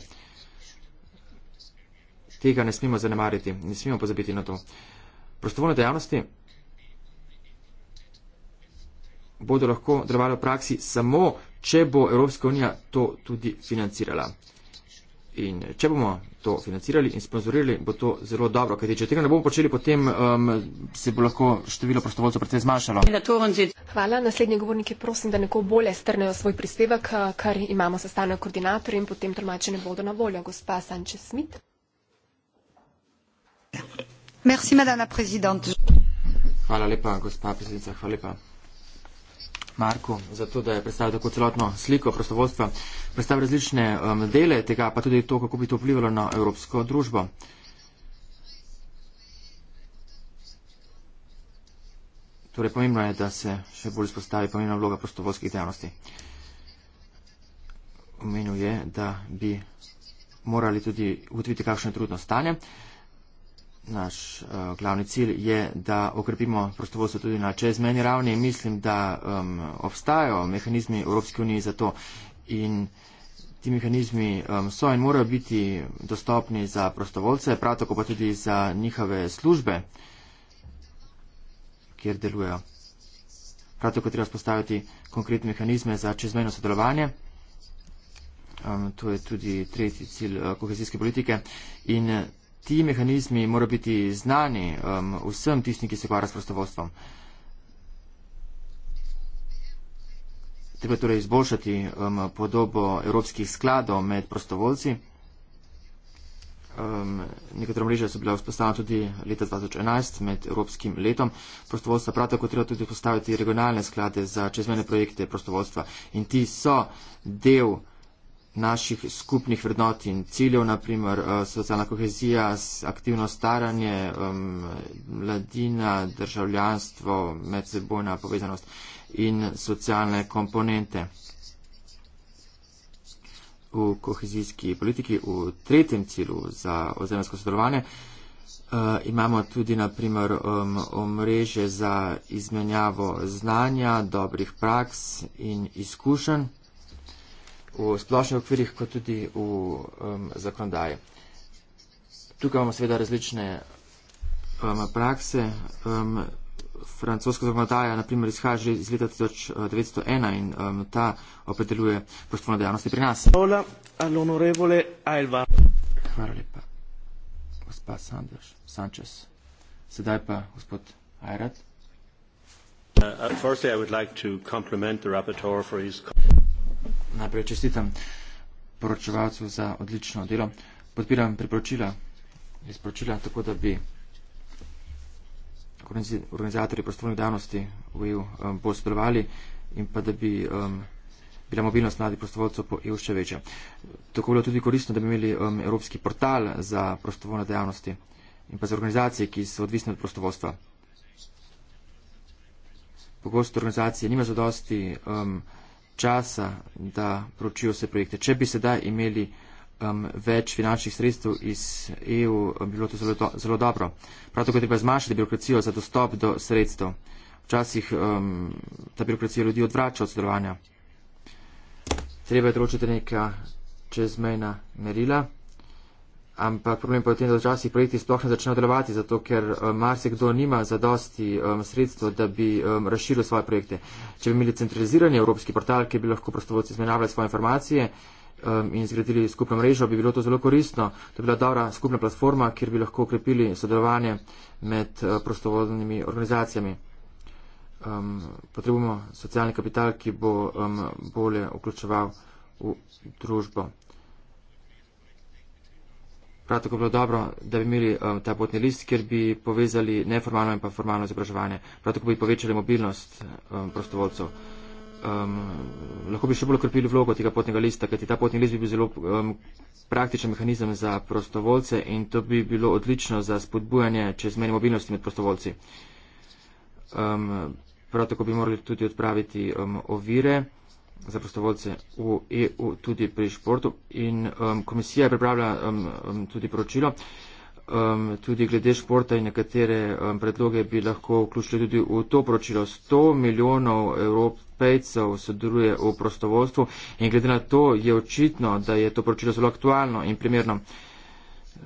Speaker 3: Tega ne smemo zanemariti, ne smemo pozabiti na to. Prostovoljne dejavnosti bodo lahko delovali v praksi samo, če bo Evropska unija to tudi financirala. In če bomo to financirali in sponzorirali, bo to zelo dobro, kajti če tega ne bomo počeli, potem um, se bo lahko število prostovoljcev predvsej zmanjšalo.
Speaker 4: Hvala. Naslednji govorniki prosim, da neko bolje strnejo svoj prispevek, uh, kar imamo sestanek koordinatorja in potem tolmačene bodo na voljo. Gospa Sanchez Smith.
Speaker 3: Hvala lepa, gospa predsednica. Hvala lepa. Marku, zato da je predstavil tako celotno sliko prostovoljstva, predstavil različne um, dele tega, pa tudi to, kako bi to vplivalo na evropsko družbo. Torej, pomembno je, da se še bolj spostavi pomembna vloga prostovoljskih dejavnosti. Omenil je, da bi morali tudi ugotoviti, kakšno je trudno stanje. Uh, naš uh, glavni cilj je, da okrepimo prostovoljstvo tudi na čezmeni ravni. Mislim, da um, obstajajo mehanizmi Evropske unije za to in ti mehanizmi um, so in morajo biti dostopni za prostovoljce, prav tako pa tudi za njihove službe, kjer delujejo. Prav tako treba spostaviti konkretne mehanizme za čezmeno sodelovanje. Um, to je tudi tretji cilj uh, kohezijske politike. In, uh, ti mehanizmi morajo biti znani um, vsem tistim, ki se ukvarjajo s prostovoljstvom. Treba torej izboljšati um, podobo evropskih skladov med prostovoljci. Um, nekatera mreža so bila vzpostavljena tudi leta 2011 med Evropskim letom prostovoljstva. Prav tako treba tudi postaviti regionalne sklade za čezmene projekte prostovoljstva. In ti so del naših skupnih vrednot in ciljev, naprimer eh, socialna kohezija, aktivno staranje, mladina, državljanstvo, medsebojna povezanost in socialne komponente. V kohezijski politiki, v tretjem cilju za ozemljsko sodelovanje, eh, imamo tudi naprimer omreže za izmenjavo znanja, dobrih praks in izkušenj v splošnih okvirih, kot tudi v um, zakonodaji. Tukaj imamo seveda različne um, prakse. Um, francoska zakonodaja, naprimer, izhaja že iz leta 1901 uh, in um, ta opredeljuje prostovoljno dejavnost pri nas. Hvala lepa, gospa Sanders, Sanchez. Sedaj pa gospod Ajrat.
Speaker 1: Uh, uh, firstly, I would like to compliment the rapporteur for his comments.
Speaker 3: Najprej čestitam poročevalcu za odlično delo. Podpiram priporočila iz poročila, tako da bi organizatorji prostovoljne dejavnosti v EU um, bolj sodelovali in pa da bi um, bila mobilnost mladih prostovoljcev po EU še večja. Tako je bilo tudi koristno, da bi imeli um, evropski portal za prostovoljne dejavnosti in pa za organizacije, ki so odvisne od prostovoljstva. Pogosto organizacije nima zadosti. Um, časa, da pročijo vse projekte. Če bi sedaj imeli um, več finančnih sredstev iz EU, bi bilo to zelo, do, zelo dobro. Prav tako treba zmanjšati birokracijo za dostop do sredstev. Včasih um, ta birokracija ljudi odvrača od sodelovanja. Treba je določiti neka čezmejna merila ampak problem pa je v tem, da včasih projekti sploh ne začnejo delovati, zato ker eh, marsikdo nima zadosti um, eh, sredstva, da bi um, razširil svoje projekte. Če bi imeli centralizirani evropski portal, ki bi lahko prostovoljci izmenjavali svoje informacije um, in zgradili skupno mrežo, bi bilo to zelo koristno. To bi bila dobra skupna platforma, kjer bi lahko ukrepili sodelovanje med uh, prostovoljnimi organizacijami. Um, potrebujemo socialni kapital, ki bo um, bolje vključeval v družbo. Prav tako bi bilo dobro, da bi imeli um, ta potni list, kjer bi povezali neformalno in pa formalno izobraževanje. Prav tako bi povečali mobilnost um, prostovoljcev. Um, lahko bi še bolj okrepili vlogo tega potnega lista, kajti ta potni list bi bil zelo um, praktičen mehanizem za prostovoljce in to bi bilo odlično za spodbujanje čezmejne mobilnosti med prostovoljci. Um, prav tako bi morali tudi odpraviti um, ovire za prostovoljce v EU tudi pri športu in um, komisija je pripravila um, um, tudi poročilo, um, tudi glede športa in nekatere um, predloge bi lahko vključili tudi v to poročilo. 100 milijonov evropejcev sodeluje v prostovoljstvu in glede na to je očitno, da je to poročilo zelo aktualno in primerno.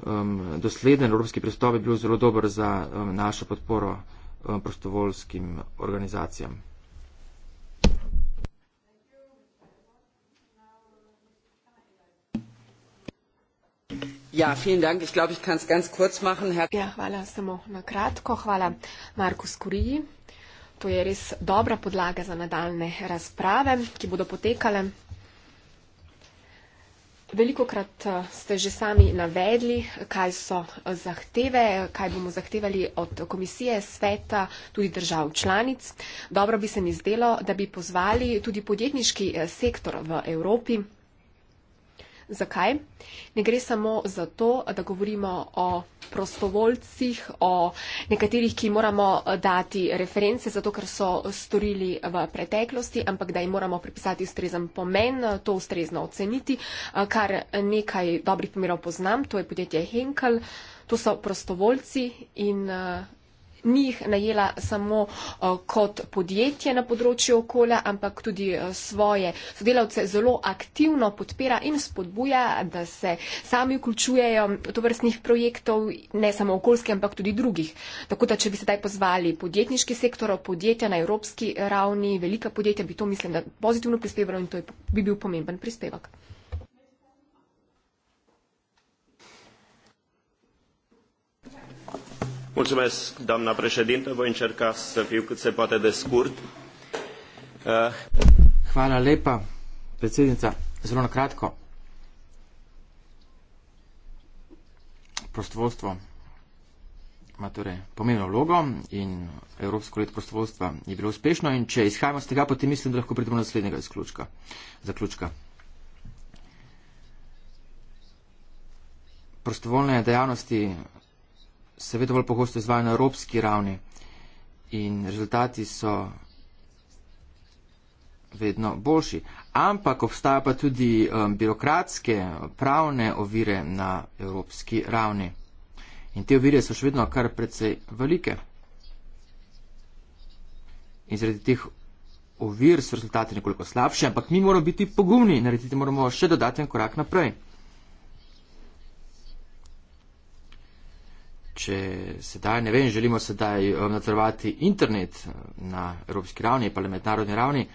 Speaker 3: Um, dosleden evropski pristop je bil zelo dober za um, našo podporo um, prostovoljskim organizacijam.
Speaker 1: Ja, vielen Dank. Ich glaube, ich kann es
Speaker 4: ganz kurz machen. Herr ja, hvala samo na kratko. Hvala Markus Kuriji. To je res dobra podlaga za nadaljne razprave, ki bodo potekale. Veliko krat eh, ste že sami navedli, kaj so eh, zahteve, kaj bomo zahtevali od komisije, sveta, tudi držav članic. Dobro bi se mi zdelo, da bi pozvali tudi podjetniški eh, sektor v Evropi Zakaj? Ne gre samo za to, da govorimo o prostovoljcih, o nekaterih, ki moramo eh, dati reference za to, kar so storili v preteklosti, ampak da jim moramo pripisati ustrezen pomen, eh, to ustrezno oceniti, eh, kar nekaj dobrih primerov poznam, to je podjetje Henkel, to so prostovoljci in ni jih najela samo eh, kot podjetje na področju okolja, ampak tudi eh, svoje sodelavce zelo aktivno podpira in spodbuja, da se sami vključujejo to vrstnih projektov, ne samo okoljske, ampak tudi drugih. Tako da, če bi sedaj pozvali podjetniški sektor, podjetja na evropski ravni, velika podjetja, bi to, mislim, da pozitivno prispevalo in to bi bil pomemben prispevek.
Speaker 3: voi încerca să fiu cât se poate de scurt. Uh. Hvala lepa, predsednica. Zelo na kratko. Prostovoljstvo ima torej pomembno vlogo in Evropsko leto prostovoljstva je bilo uspešno in če izhajamo z tega, potem mislim, da lahko pridemo do naslednjega izključka, zaključka. Prostovoljne dejavnosti seveda bolj pogosto izvaja na evropski ravni in rezultati so vedno boljši. Ampak obstaja pa tudi um, birokratske pravne ovire na evropski ravni. In te ovire so še vedno kar precej velike. In zaradi teh ovir so rezultati nekoliko slabši, ampak mi moramo biti pogumni in narediti moramo še dodaten korak naprej. če sedaj, ne vem, želimo sedaj eh, nadzorovati internet eh, na evropski ravni ali mednarodni ravni,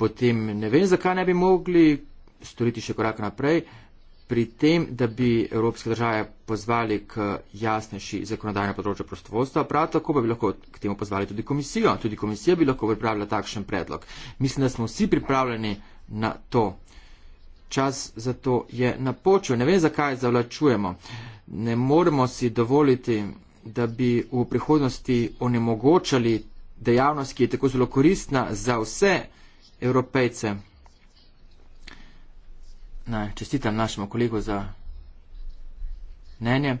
Speaker 3: potem ne vem, zakaj ne bi mogli storiti še korak naprej pri tem, da bi evropske države pozvali k jasnejši zakonodajno področje prostovoljstva, prav tako pa bi lahko k temu pozvali tudi komisijo. Tudi komisija bi lahko pripravila takšen predlog. Mislim, da smo vsi pripravljeni na to čas za to je napočil. Ne vem, zakaj zavlačujemo. Ne moremo si dovoliti, da bi v prihodnosti onemogočali dejavnost, ki je tako zelo koristna za vse evropejce. Naj, čestitam našemu kolegu za mnenje.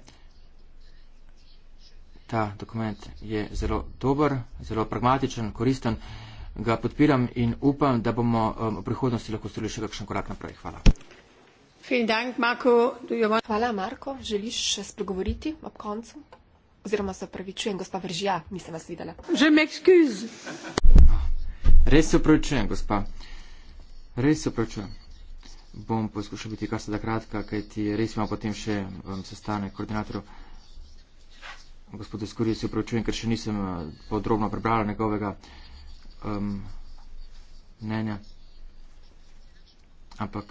Speaker 3: Ta dokument je zelo dober, zelo pragmatičen, koristen ga podpiram in upam, da bomo um, v prihodnosti lahko storili še kakšen korak naprej.
Speaker 4: Hvala. Dank, Marko. Want... Hvala, Marko. Želiš še spregovoriti ob koncu? Oziroma se opravičujem, gospa Vržija, nisem vas videla.
Speaker 2: Že me ekskuz.
Speaker 3: Res se opravičujem, gospa. Res se opravičujem. Bom poskušal biti kar se da kratka, kaj ti res imamo potem še um, sestane koordinatorjev. Gospod Skurje, se opravičujem, ker še nisem uh, podrobno prebrala njegovega um, mnenja. Ampak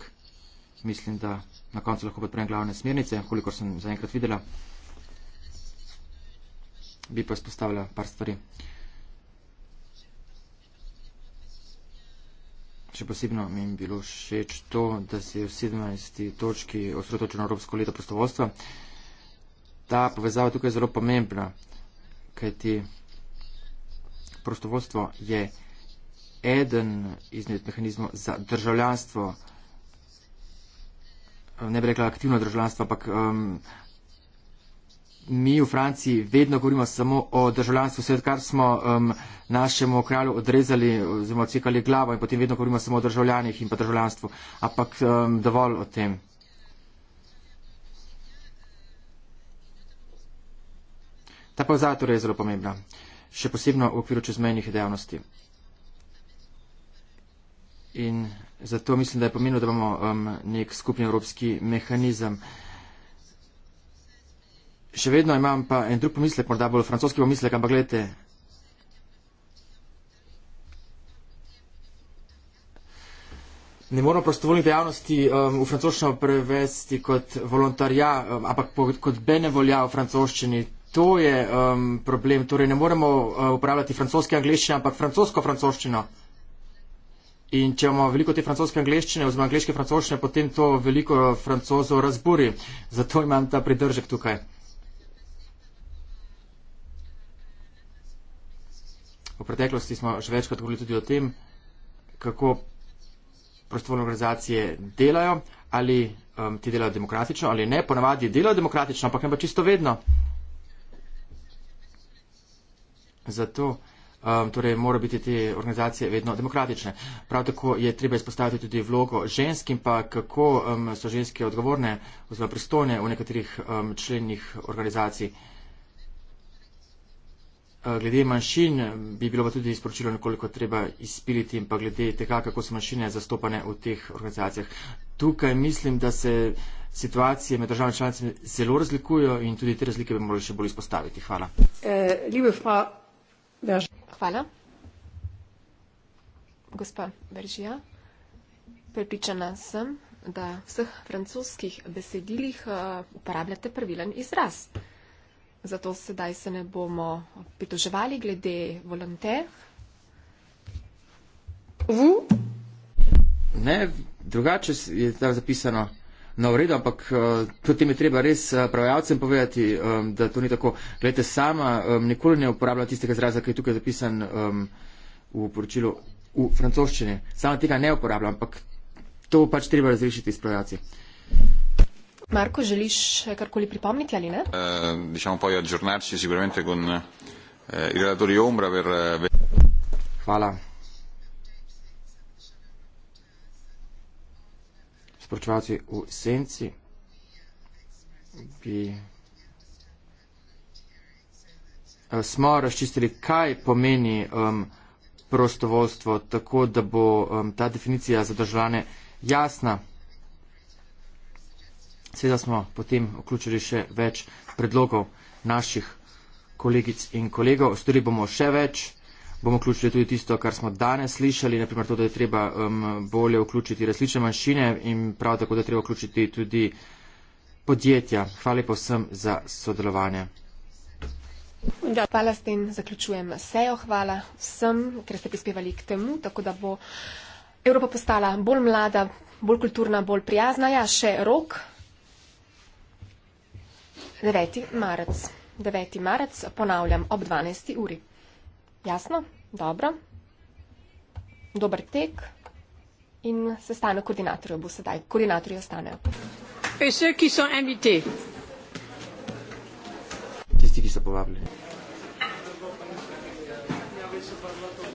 Speaker 3: mislim, da na koncu lahko podprem glavne smernice, kolikor sem zaenkrat videla. Bi pa spostavila par stvari. Še posebno mi je bilo všeč to, da se je v 17. točki osredotočeno Evropsko leto prostovoljstva. Ta povezava tukaj je zelo pomembna, kajti. ti prostovoljstvo je eden izmed mehanizmov za državljanstvo. Ne bi rekla aktivno državljanstvo, ampak um, mi v Franciji vedno govorimo samo o državljanstvu, vse odkar smo um, našemu kralju odrezali oziroma odsekali glavo in potem vedno govorimo samo o državljanih in pa državljanstvu. Ampak um, dovolj o tem. Ta povzata torej je zelo pomembna še posebno v okviru čezmejnih dejavnosti. In zato mislim, da je pomenilo, da imamo um, nek skupni evropski mehanizem. Še vedno imam pa en drug pomislek, morda bolj francoski pomislek, ampak gledajte, ne moramo prostovoljnih dejavnosti um, v francoščino prevesti kot volontarja, um, ampak po, kot benevolja v francoščini, To je um, problem. Torej, ne moremo uh, uporabljati francoske angliščine, ampak francosko francoščino. In če imamo veliko te francoske angliščine oziroma angliške francoščine, potem to veliko francozo razburi. Zato imam ta pridržek tukaj. V preteklosti smo že večkrat govorili tudi o tem, kako prostovoljne organizacije delajo, ali um, ti delajo demokratično ali ne. Ponavadi delajo demokratično, ampak ne pa čisto vedno. zato um, torej mora biti te organizacije vedno demokratične. Prav tako je treba izpostaviti tudi vlogo žensk in pa kako um, so ženske odgovorne oziroma pristojne v nekaterih um, členih organizacij. Uh, glede manjšin bi bilo pa tudi izporočilo nekoliko treba izpiliti in pa glede tega, kako so manjšine zastopane v teh organizacijah. Tukaj mislim, da se situacije med državami članicami zelo razlikujo in tudi te razlike bi morali še bolj izpostaviti. Hvala.
Speaker 4: Eh, Ja. Hvala. Gospa Beržija, prepričana sem, da v vseh francoskih besedilih eh, uporabljate pravilen izraz. Zato sedaj se ne bomo pritoževali glede volonter.
Speaker 3: Ne, drugače je tam zapisano na no, uredu, ampak uh, eh, potem je treba res uh, eh, pravajalcem povedati, um, da to ni tako. Glede sama, um, nikoli ne uporabljam tistega izraza, ki je tukaj zapisan um, v poročilu v francoščini. Sama tega ne uporabljam, ampak to pač treba razrešiti s pravajalci.
Speaker 4: Marko, želiš karkoli pripomniti ali ne?
Speaker 3: Hvala. spročevati v senci, bi eh, smo razčistili, kaj pomeni um, prostovoljstvo, tako da bo um, ta definicija za državljane jasna. Seveda smo potem vključili še več predlogov naših kolegic in kolegov. Storili bomo še več bomo vključili tudi tisto, kar smo danes slišali, naprimer to, da je treba um, bolje vključiti različne manjšine in prav tako, da je treba vključiti tudi podjetja. Hvala pa vsem za sodelovanje.
Speaker 4: Da, hvala s tem, zaključujem sejo. Hvala vsem, ker ste prispevali k temu, tako da bo Evropa postala bolj mlada, bolj kulturna, bolj prijazna. Ja, še rok. 9. marec. 9. marec ponavljam ob 12. uri. Jasno, dobro. Dober tek. In se stane koordinatorja, bo sedaj. Koordinatorji ostanejo. Vse, ki so MIT.
Speaker 3: Tisti, ki so povabljeni.